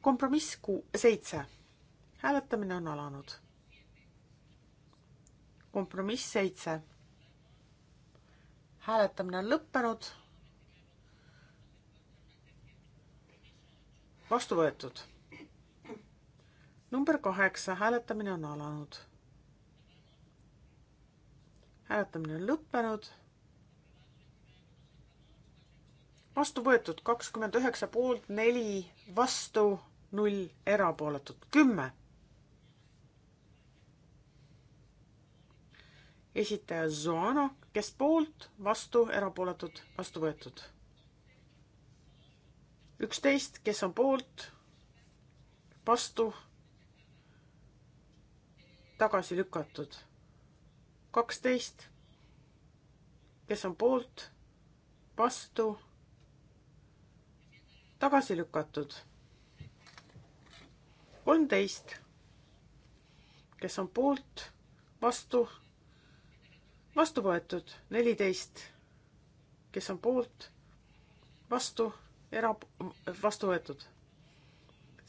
kompromiss ku-, seitse. hääletamine on alanud kompromiss seitse. hääletamine on lõppenud. vastu võetud. number kaheksa, hääletamine on alanud. hääletamine on lõppenud. vastu võetud kakskümmend üheksa poolt, neli vastu, null erapooletut, kümme esitaja Zoano, kes poolt, vastu, erapooletud, vastu võetud. üksteist, kes on poolt, vastu, tagasi lükatud. kaksteist, kes on poolt, vastu, tagasi lükatud. kolmteist, kes on poolt, vastu vastu võetud neliteist, kes on poolt, vastu, era-, vastu võetud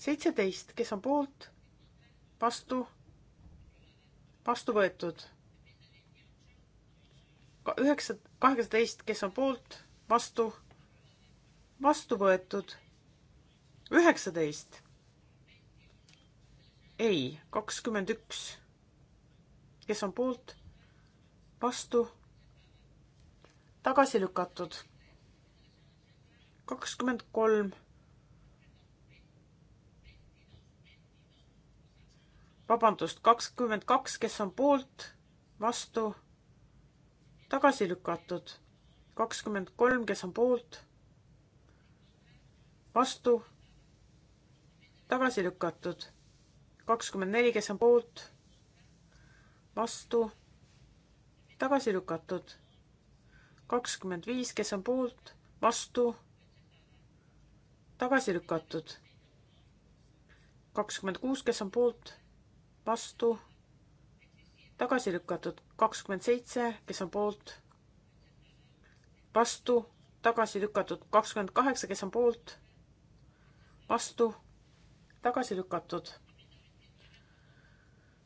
seitseteist, kes on poolt, vastu, vastu võetud. üheksa, kaheksateist, kes on poolt, vastu, vastu võetud. üheksateist. ei, kakskümmend üks. kes on poolt, vastu, tagasi lükatud. kakskümmend kolm. vabandust, kakskümmend kaks, kes on poolt, vastu, tagasi lükatud. kakskümmend kolm, kes on poolt, vastu, tagasi lükatud. kakskümmend neli, kes on poolt, vastu tagasi lükatud. kakskümmend viis, kes on poolt, vastu, tagasi lükatud. kakskümmend kuus, kes on poolt, vastu, tagasi lükatud. kakskümmend seitse, kes on poolt, vastu, tagasi lükatud. kakskümmend kaheksa, kes on poolt, vastu, tagasi lükatud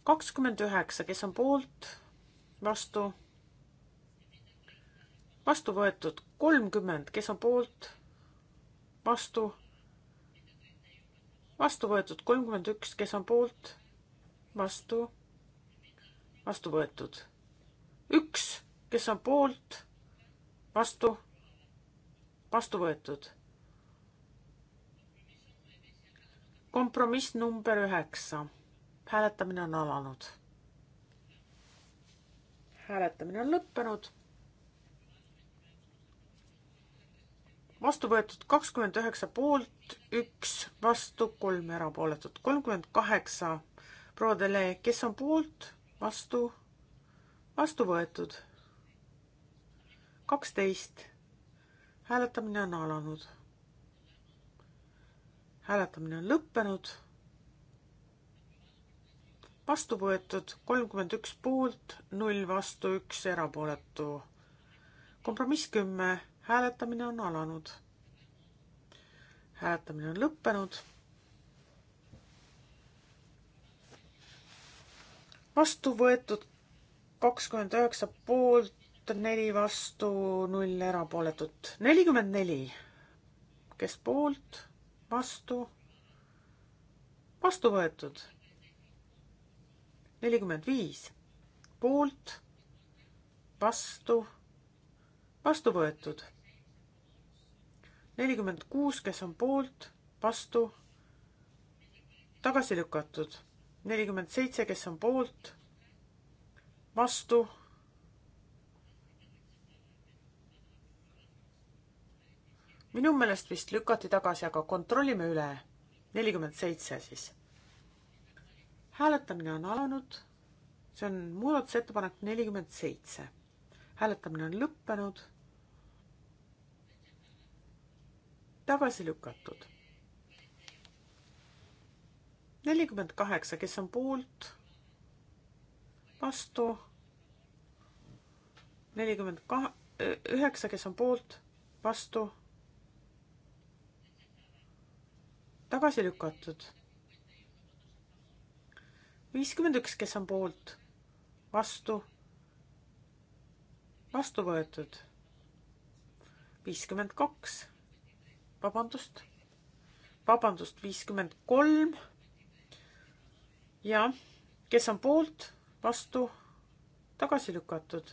kakskümmend üheksa, kes on poolt, vastu, vastu võetud kolmkümmend, kes on poolt, vastu, vastu võetud kolmkümmend üks, kes on poolt, vastu, vastu võetud üks, kes on poolt, vastu, vastu võetud. kompromiss number üheksa, hääletamine on alanud. hääletamine on lõppenud vastu võetud kakskümmend üheksa poolt, üks vastu, kolm erapooletut, kolmkümmend kaheksa proua Dele, kes on poolt, vastu, vastu võetud. kaksteist, hääletamine on alanud. hääletamine on lõppenud vastu võetud kolmkümmend üks poolt, null vastu, üks erapooletu. kompromiss kümme hääletamine on alanud. hääletamine on lõppenud. vastu võetud kakskümmend üheksa poolt, neli vastu, null erapooletut, nelikümmend neli. kes poolt, vastu, vastu võetud. nelikümmend viis poolt, vastu, vastu võetud nelikümmend kuus, kes on poolt, vastu, tagasi lükatud. nelikümmend seitse, kes on poolt, vastu. minu meelest vist lükati tagasi, aga kontrollime üle. nelikümmend seitse siis. hääletamine on alanud. see on muudatusettepanek nelikümmend seitse. hääletamine on lõppenud tagasi lükatud. nelikümmend kaheksa, kes on poolt, vastu, nelikümmend kahe, üheksa, kes on poolt, vastu, tagasi lükatud. viiskümmend üks, kes on poolt, vastu, vastu võetud. viiskümmend kaks vabandust, vabandust, viiskümmend kolm. ja kes on poolt, vastu, tagasi lükatud.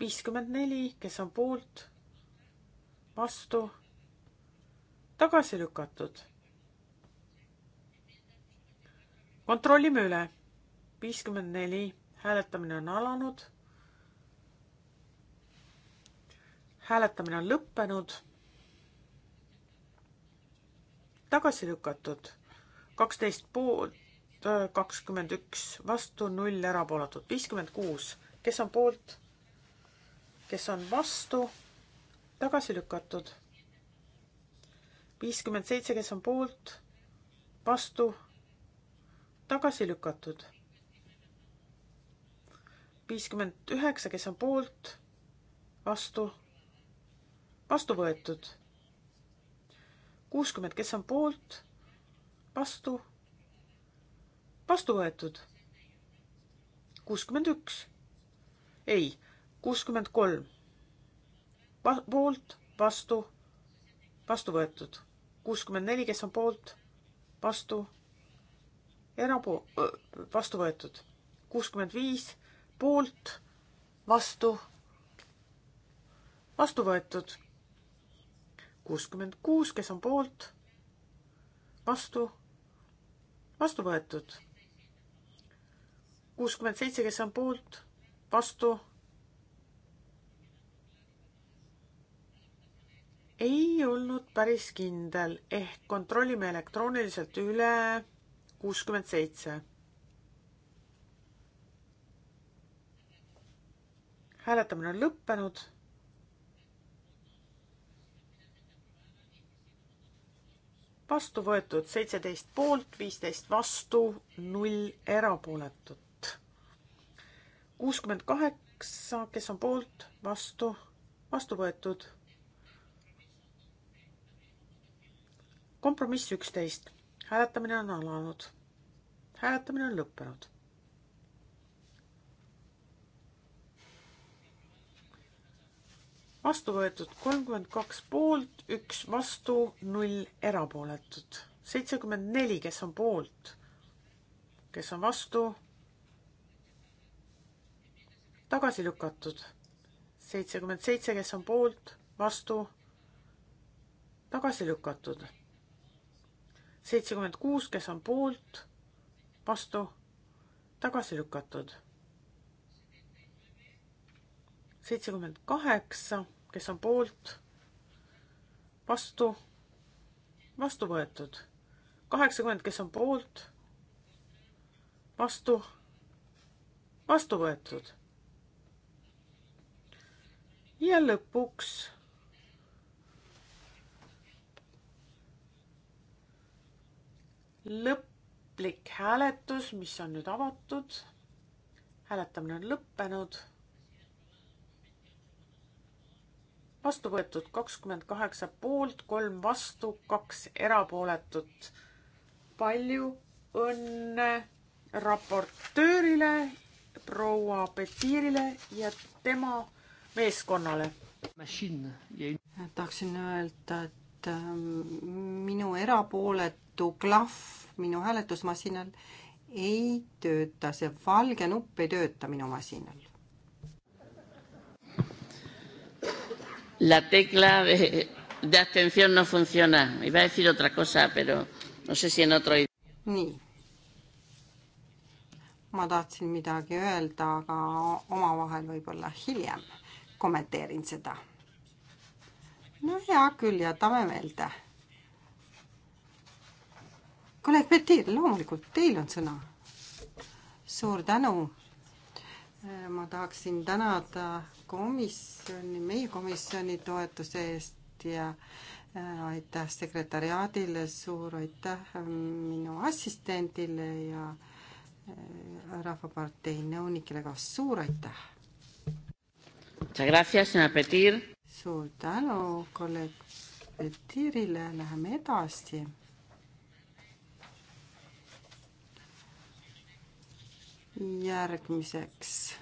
viiskümmend neli, kes on poolt, vastu, tagasi lükatud. kontrollime üle. viiskümmend neli, hääletamine on alanud hääletamine on lõppenud. tagasi lükatud kaksteist poolt, äh, kakskümmend üks vastu, null erapooletut, viiskümmend kuus, kes on poolt, kes on vastu, tagasi lükatud. viiskümmend seitse, kes on poolt, vastu, tagasi lükatud. viiskümmend üheksa, kes on poolt, vastu vastu võetud. kuuskümmend, kes on poolt, vastu, vastu võetud. kuuskümmend üks, ei, kuuskümmend kolm, poolt, vastu, vastu võetud. kuuskümmend neli, kes on poolt, vastu, erapo-, vastu võetud. kuuskümmend viis, poolt, vastu, vastu võetud kuuskümmend kuus, kes on poolt, vastu, vastu võetud. kuuskümmend seitse, kes on poolt, vastu. ei olnud päris kindel, ehk kontrollime elektrooniliselt üle kuuskümmend seitse. hääletamine on lõppenud vastu võetud seitseteist poolt, viisteist vastu, null erapooletut. kuuskümmend kaheksa, kes on poolt, vastu, vastu võetud. kompromiss üksteist, hääletamine on alanud, hääletamine on lõppenud vastu võetud kolmkümmend kaks poolt, üks vastu, null erapooletut. seitsekümmend neli, kes on poolt, kes on vastu, tagasi lükatud. seitsekümmend seitse, kes on poolt, vastu, tagasi lükatud. seitsekümmend kuus, kes on poolt, vastu, tagasi lükatud. seitsekümmend kaheksa kes on poolt, vastu, vastu võetud. kaheksakümmend, kes on poolt, vastu, vastu võetud. ja lõpuks lõplik hääletus, mis on nüüd avatud. hääletamine on lõppenud vastu võetud kakskümmend kaheksa poolt, kolm vastu, kaks erapooletut. palju õnne raportöörile, proua Petirile ja tema meeskonnale. tahaksin öelda, et ähm, minu erapooletu klahv minu hääletusmasinal ei tööta, see valge nupp ei tööta minu masinal la tecla de, de abstención no funciona. Iba a decir otra cosa, pero no sé si en otro idioma. nii. ma tahtsin midagi öelda, aga omavahel võib-olla hiljem kommenteerin seda. no hea küll, jätame meelde. kolleeg Petir, loomulikult teil on sõna. suur tänu ma tahaksin tänada komisjoni, meie komisjoni toetuse eest ja äh, aitäh sekretäriaadile, suur aitäh ähm, minu assistendile ja äh, Rahvapartei nõunikele ka suur aitäh! suur tänu kolleeg Petirile, läheme edasi järgmiseks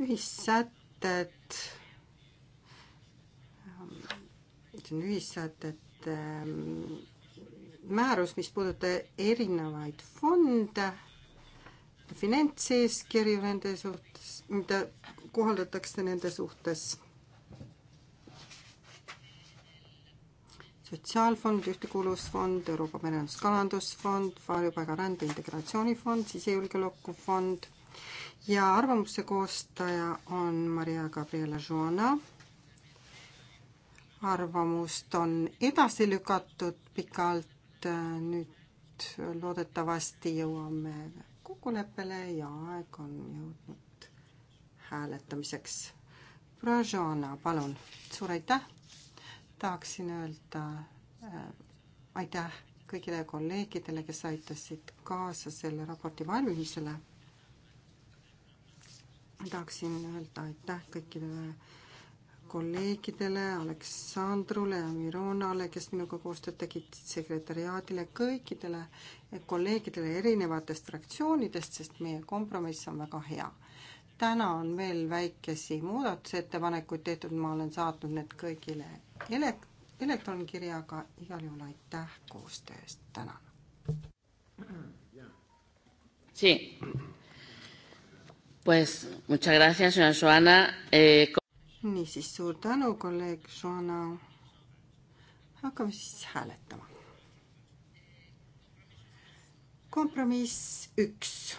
ühissätted, see on ühissätete ähm, määrus, mis puudutab erinevaid fonde, finantseeskirju nende suhtes, mida kohaldatakse nende suhtes Sotsiaalfond, Ühtekuuluvusfond, Euroopa Merendus-Kalandusfond, Varjupaigarände Integratsioonifond, Sisejulgeolekufond ja arvamuse koostaja on Maria Gabriela Joana. arvamust on edasi lükatud pikalt, nüüd loodetavasti jõuame kokkuleppele ja aeg on jõudnud hääletamiseks. Joana, palun, suur aitäh tahaksin öelda äh, aitäh kõigile kolleegidele, kes aitasid kaasa selle raporti valmimisele. tahaksin öelda aitäh kõikidele kolleegidele, Aleksandrule ja Mironale, kes minuga koostööd tegid, sekretäriaadile, kõikidele kolleegidele erinevatest fraktsioonidest, sest meie kompromiss on väga hea. täna on veel väikesi muudatusettepanekuid tehtud, ma olen saatnud need kõigile elek-, elektronkirjaga igal juhul aitäh koostöö eest, tänan. Sí. Pues muchas gracias, señora Joana eh,. niisiis, suur tänu, kolleeg Joana. hakkame siis hääletama. kompromiss üks.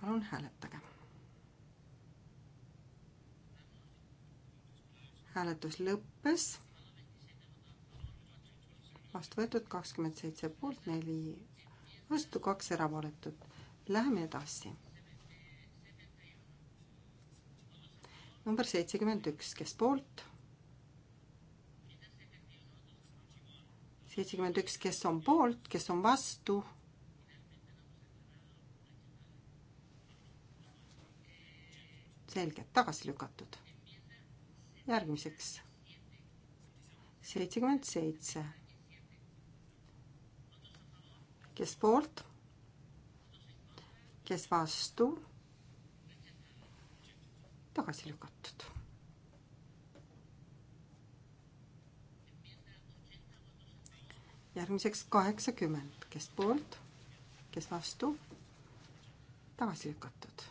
palun hääletage hääletus lõppes. vastu võetud kakskümmend seitse poolt, neli vastu, kaks erapooletut. Läheme edasi. number seitsekümmend üks, kes poolt? seitsekümmend üks, kes on poolt, kes on vastu? selge, tagasi lükatud järgmiseks seitsekümmend seitse. kes poolt, kes vastu, tagasi lükatud. järgmiseks kaheksakümmend, kes poolt, kes vastu, tagasi lükatud.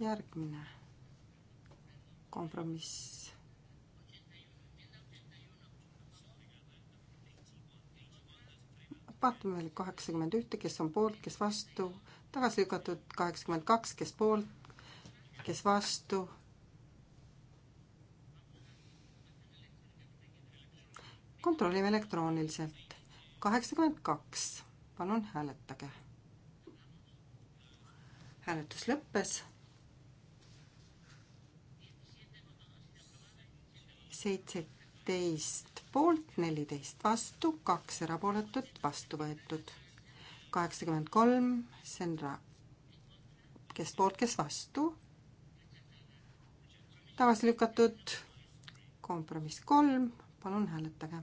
järgmine kompromiss. vaatame veel kaheksakümmend ühte, kes on poolt, kes vastu, tagasi lükatud kaheksakümmend kaks, kes poolt, kes vastu. kontrollime elektrooniliselt. kaheksakümmend kaks, palun hääletage. hääletus lõppes seitseteist poolt, neliteist vastu, kaks erapooletut, vastu võetud. kaheksakümmend kolm, see on ra-, kes poolt, kes vastu, tagasi lükatud, kompromiss kolm, palun hääletage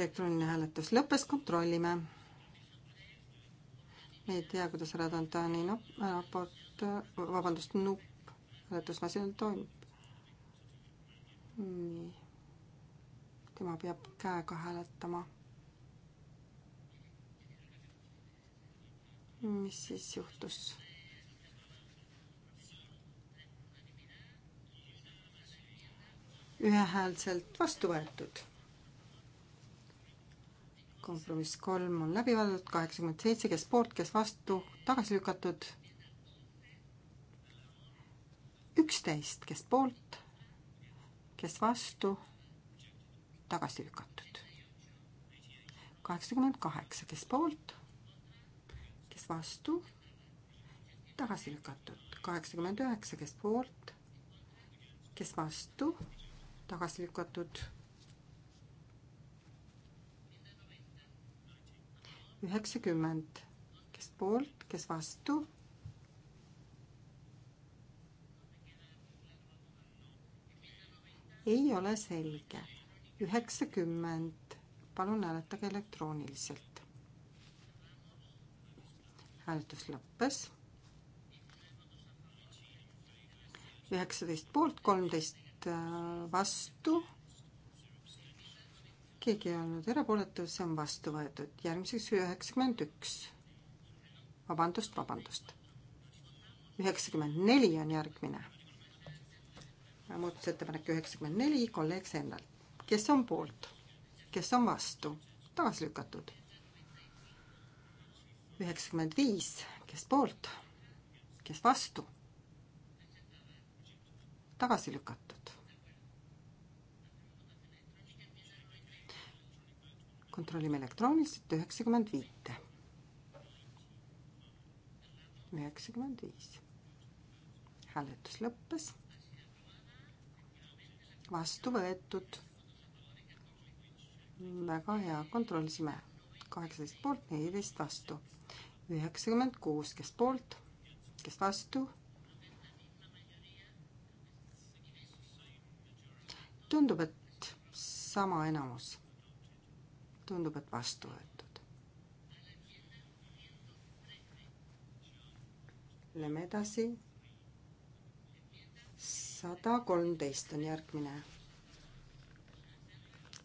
elektrooniline hääletus lõppes, kontrollime ei tea, kuidas radantani nupp, raport, vabandust, nupp hääletusmasinal toimib. nii. tema peab käega hääletama. mis siis juhtus? ühehäälselt vastu võetud kompromiss kolm on läbi vaadatud, kaheksakümmend seitse, kes poolt, kes vastu, tagasi lükatud. üksteist, kes poolt, kes vastu, tagasi lükatud. kaheksakümmend kaheksa, kes poolt, kes vastu, tagasi lükatud. kaheksakümmend üheksa, kes poolt, kes vastu, tagasi lükatud üheksakümmend, kes poolt, kes vastu. ei ole selge. üheksakümmend, palun hääletage elektrooniliselt. hääletus lõppes. üheksateist poolt, kolmteist äh, vastu keegi ei olnud erapooletu, see on vastu võetud. järgmiseks üheksakümmend üks. vabandust, vabandust. üheksakümmend neli on järgmine. muudatusettepanek üheksakümmend neli kolleeg Sennalt. kes on poolt, kes on vastu, tagasi lükatud. üheksakümmend viis, kes poolt, kes vastu, tagasi lükatud kontrollime elektrooniliselt üheksakümmend viite. üheksakümmend viis. hääletus lõppes. vastu võetud. väga hea, kontrollisime. kaheksateist poolt, neliteist vastu. üheksakümmend kuus, kes poolt, kes vastu tundub, et sama enamus tundub, et vastu võetud. Lähme edasi. sada kolmteist on järgmine.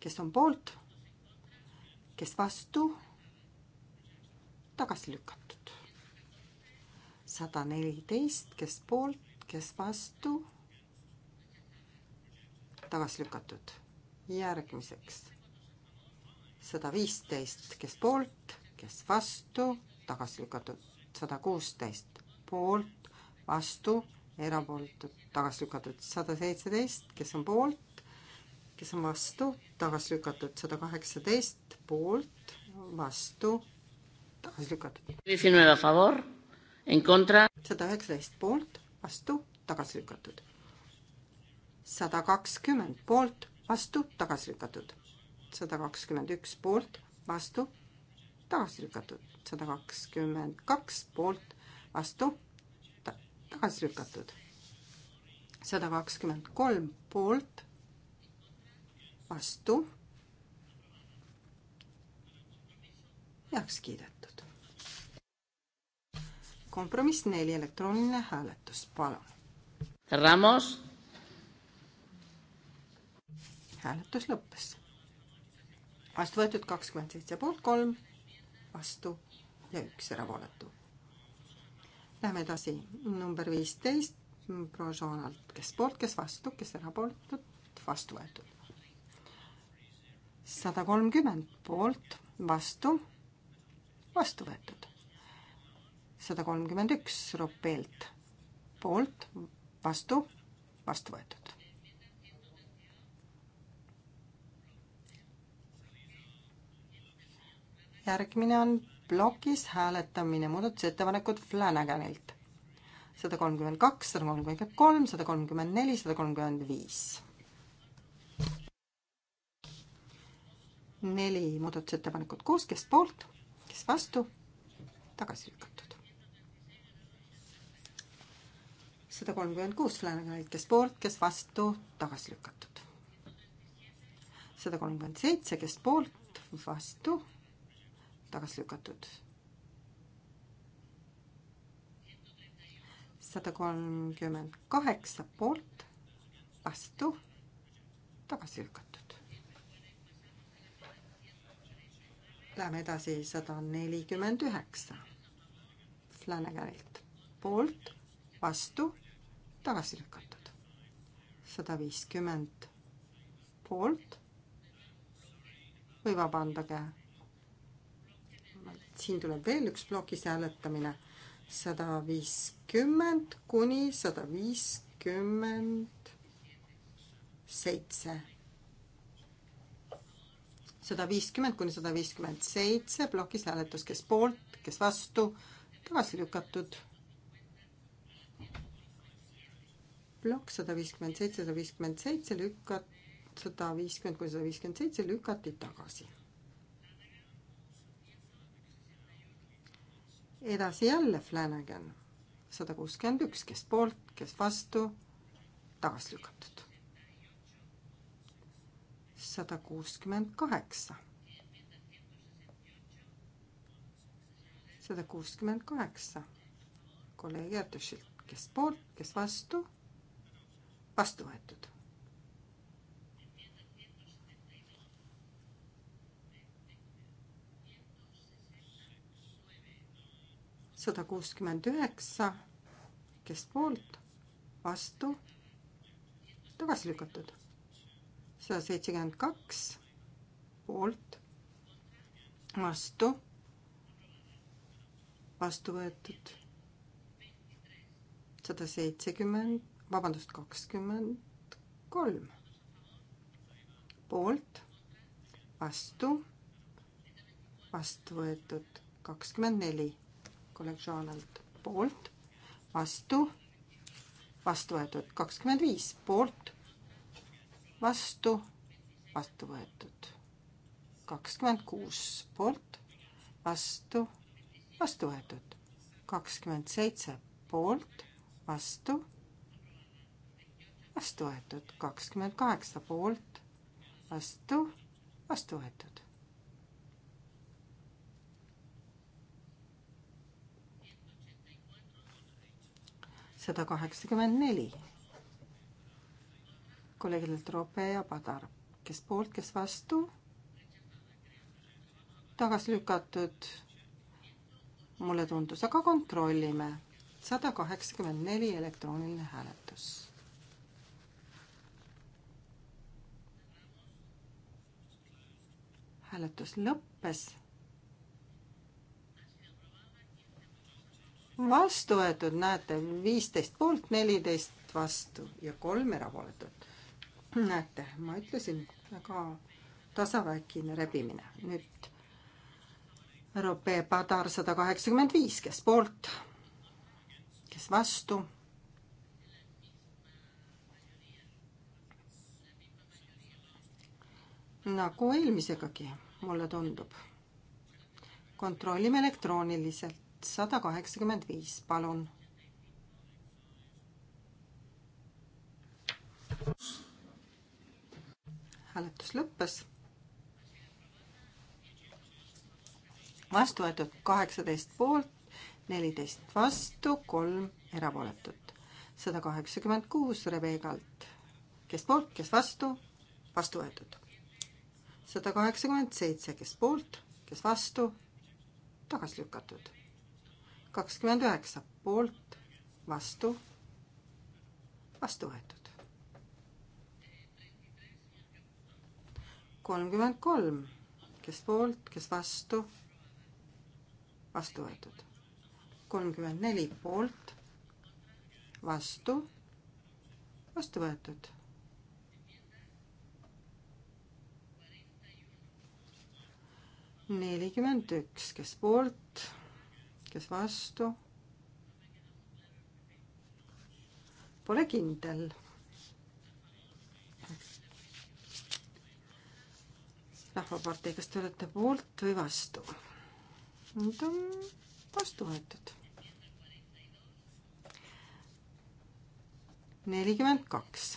kes on poolt? kes vastu? tagasi lükatud. sada neliteist, kes poolt, kes vastu? tagasi lükatud. järgmiseks sada viisteist, kes poolt, kes vastu, tagasi lükatud. sada kuusteist poolt, vastu, erapooletud, tagasi lükatud. sada seitseteist, kes on poolt, kes on vastu, tagasi lükatud. sada kaheksateist poolt, vastu, tagasi lükatud. sada üheksateist poolt, vastu, tagasi lükatud. sada kakskümmend poolt, vastu, tagasi lükatud sada kakskümmend üks poolt, vastu, tagasi lükatud, sada kakskümmend kaks poolt, vastu ta, tagasi lükatud, sada kakskümmend kolm poolt, vastu, heaks kiidetud. kompromiss neli, elektrooniline hääletus, palun. Ramos. hääletus lõppes vastu võetud kakskümmend seitse poolt, kolm vastu ja üks erapooletu. Lähme edasi, number viisteist, proua Joonalt, kes poolt, kes vastu, kes erapooletud, vastu võetud. sada kolmkümmend poolt, vastu, vastu võetud. sada kolmkümmend üks Ropeelt, poolt, vastu, vastu võetud. järgmine on plokis hääletamine, muudatusettepanekud Flanaganilt. sada kolmkümmend kaks, sada kolmkümmend kolm, sada kolmkümmend neli, sada kolmkümmend viis. neli muudatusettepanekut koos, kes poolt, kes vastu, tagasi lükatud. sada kolmkümmend kuus Flanaganilt, kes poolt, kes vastu, tagasi lükatud. sada kolmkümmend seitse, kes poolt, vastu tagasi lükatud. sada kolmkümmend kaheksa poolt, vastu, tagasi lükatud. Läheme edasi sada nelikümmend üheksa Flanaganilt, poolt, vastu, tagasi lükatud. sada viiskümmend poolt või vabandage siin tuleb veel üks plokis hääletamine, sada viiskümmend kuni sada viiskümmend seitse. sada viiskümmend kuni sada viiskümmend seitse plokis hääletus, kes poolt, kes vastu, tagasi lükatud plokk sada viiskümmend seitse, sada viiskümmend seitse lükat-, sada viiskümmend kuni sada viiskümmend seitse lükati tagasi edasi jälle Flanagan, sada kuuskümmend üks, kes poolt, kes vastu, tagasi lükatud. sada kuuskümmend kaheksa. sada kuuskümmend kaheksa kolleeg Järtušilt, kes poolt, kes vastu, vastu võetud sada kuuskümmend üheksa, kes poolt, vastu, tagasi lükatud. sada seitsekümmend kaks, poolt, vastu, vastu võetud. sada seitsekümmend, vabandust, kakskümmend kolm, poolt, vastu, vastu võetud kakskümmend neli kolleeg Joanalt poolt, vastu, vastu võetud kakskümmend viis poolt, vastu, vastu võetud kakskümmend kuus poolt, vastu, vastu võetud kakskümmend seitse poolt, vastu, vastu võetud kakskümmend kaheksa poolt, vastu, vastu võetud sada kaheksakümmend neli. kolleegidelt Rope ja Padar, kes poolt, kes vastu. tagasi lükatud. mulle tundus, aga kontrollime. sada kaheksakümmend neli elektrooniline hääletus. hääletus lõppes vastu võetud, näete, viisteist poolt, neliteist vastu ja kolm erapooletut. näete, ma ütlesin, väga tasaväkine rebimine. nüüd Rope Padar sada kaheksakümmend viis, kes poolt, kes vastu. nagu eelmisegagi, mulle tundub. kontrollime elektrooniliselt sada kaheksakümmend viis, palun. hääletus lõppes. vastu võetud kaheksateist poolt, neliteist vastu, kolm erapooletut. sada kaheksakümmend kuus Rebekalt, kes poolt, kes vastu, vastu võetud. sada kaheksakümmend seitse, kes poolt, kes vastu, tagasi lükatud kakskümmend üheksa poolt, vastu, vastu võetud. kolmkümmend kolm, kes poolt, kes vastu, vastu võetud. kolmkümmend neli poolt, vastu, vastu võetud. nelikümmend üks, kes poolt kes vastu. Pole kindel. rahvapartei, kas te olete poolt või vastu? Nüüd on vastu võetud. nelikümmend kaks.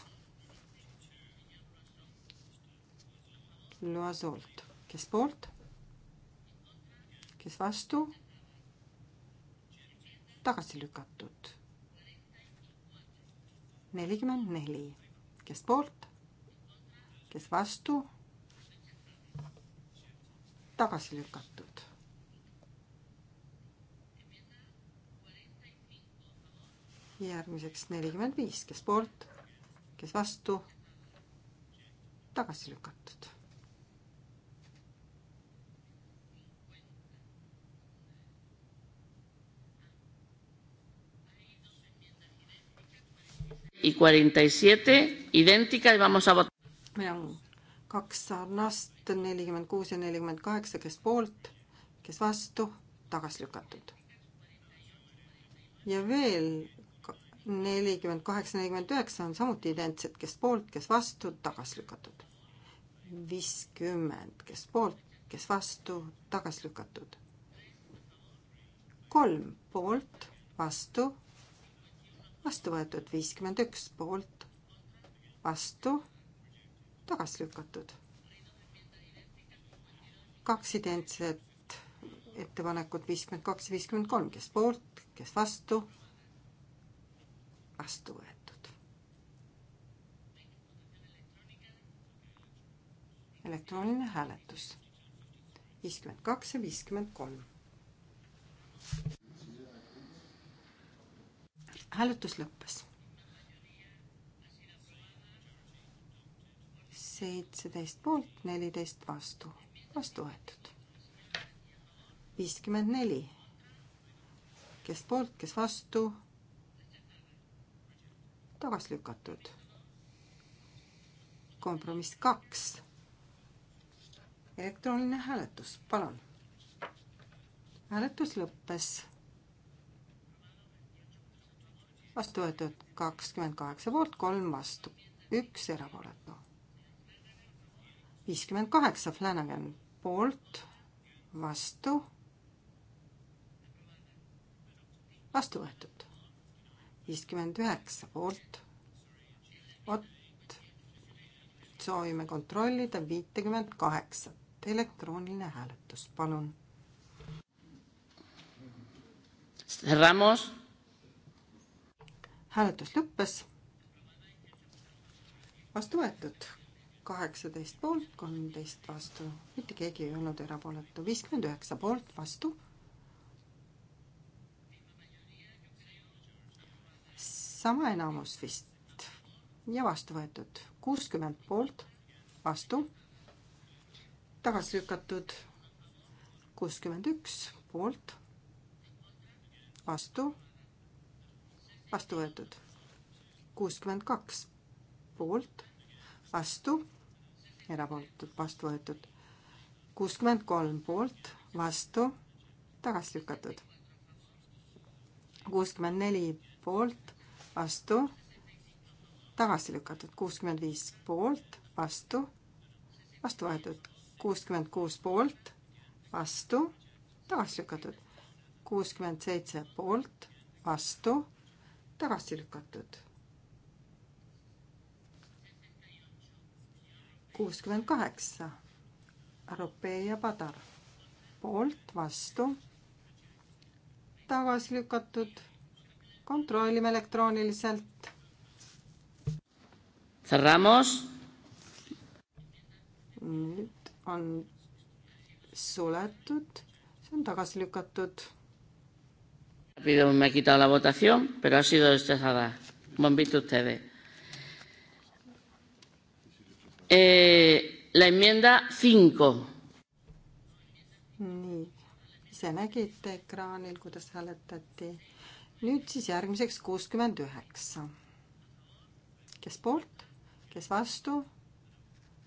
Loasolt, kes poolt? kes vastu? tagasi lükatud. nelikümmend neli, kes poolt, kes vastu, tagasi lükatud. järgmiseks nelikümmend viis, kes poolt, kes vastu, tagasi lükatud y 47 idénticas y vamos a votar. meil on kaks sarnast, nelikümmend kuus ja nelikümmend kaheksa, kes poolt, kes vastu, tagasi lükatud. ja veel nelikümmend kaheksa, nelikümmend üheksa on samuti identsed, kes poolt, kes vastu, tagasi lükatud. viiskümmend, kes poolt, kes vastu, tagasi lükatud. kolm poolt, vastu vastu võetud viiskümmend üks poolt, vastu, tagasi lükatud. kaks identset ettepanekut viiskümmend kaks ja viiskümmend kolm, kes poolt, kes vastu, vastu võetud. elektrooniline hääletus viiskümmend kaks ja viiskümmend kolm hääletus lõppes. seitseteist poolt, neliteist vastu, vastu võetud. viiskümmend neli, kes poolt, kes vastu, tagasi lükatud. kompromiss kaks, elektrooniline hääletus, palun. hääletus lõppes vastu võetud kakskümmend kaheksa poolt, kolm vastu, üks erapooletu. viiskümmend kaheksa Flanagan poolt, vastu, vastu võetud. viiskümmend üheksa poolt, vot, soovime kontrollida viitekümmet kaheksat, elektrooniline hääletus, palun. Cerramos hääletus lõppes. vastu võetud kaheksateist poolt, kolmteist vastu, mitte keegi ei olnud erapooletu, viiskümmend üheksa poolt, vastu. sama enamus vist ja vastu võetud, kuuskümmend poolt, vastu, tagasi lükatud, kuuskümmend üks poolt, vastu vastu võetud. kuuskümmend kaks poolt, vastu, erapooletud, vastu võetud. kuuskümmend kolm poolt, vastu, tagasi lükatud. kuuskümmend neli poolt, vastu, tagasi lükatud. kuuskümmend viis poolt, vastu, vastu võetud. kuuskümmend kuus poolt, vastu, tagasi lükatud. kuuskümmend seitse poolt, vastu tagasi lükatud. kuuskümmend kaheksa, Ropee ja Padar poolt, vastu, tagasi lükatud. kontrollime elektrooniliselt. Cerramos. nüüd on suletud, see on tagasi lükatud Pido, me he quitado la votación, pero ha sido destrozada. Como han visto ustedes. Eh, la enmienda 5. nii, ise nägite ekraanil, kuidas hääletati. nüüd siis järgmiseks kuuskümmend üheksa. kes poolt, kes vastu?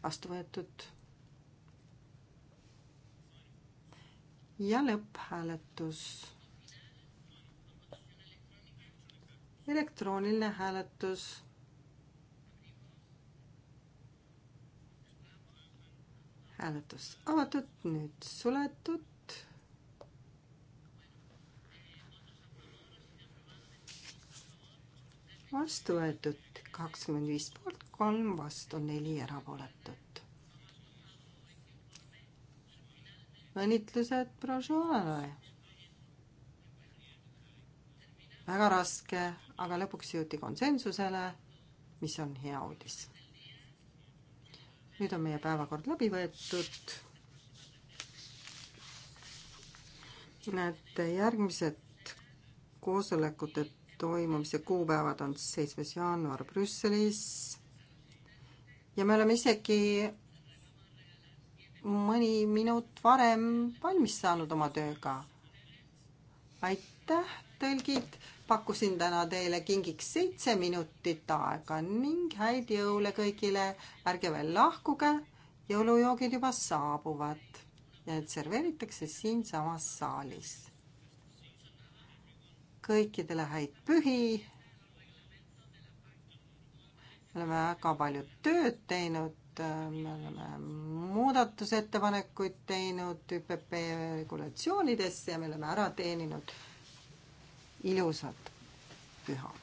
vastu võetud. ja lõpphääletus elektrooniline hääletus. hääletus avatud, nüüd suletud. vastu võetud kakskümmend viis poolt, kolm vastu, neli erapooletut. õnnitlused brošüürile väga raske, aga lõpuks jõuti konsensusele, mis on hea uudis. nüüd on meie päevakord läbi võetud. näete, järgmised koosolekute toimumise kuupäevad on seitsmes jaanuar Brüsselis. ja me oleme isegi mõni minut varem valmis saanud oma tööga. aitäh tõlgid, pakkusin täna teile kingiks seitse minutit aega ning häid jõule kõigile. ärge veel lahkuge, jõulujoogid juba saabuvad ja need serveeritakse siinsamas saalis. kõikidele häid pühi. me oleme väga palju tööd teinud, me oleme muudatusettepanekuid teinud ÜPP regulatsioonidesse ja me oleme ära teeninud ilusat püha!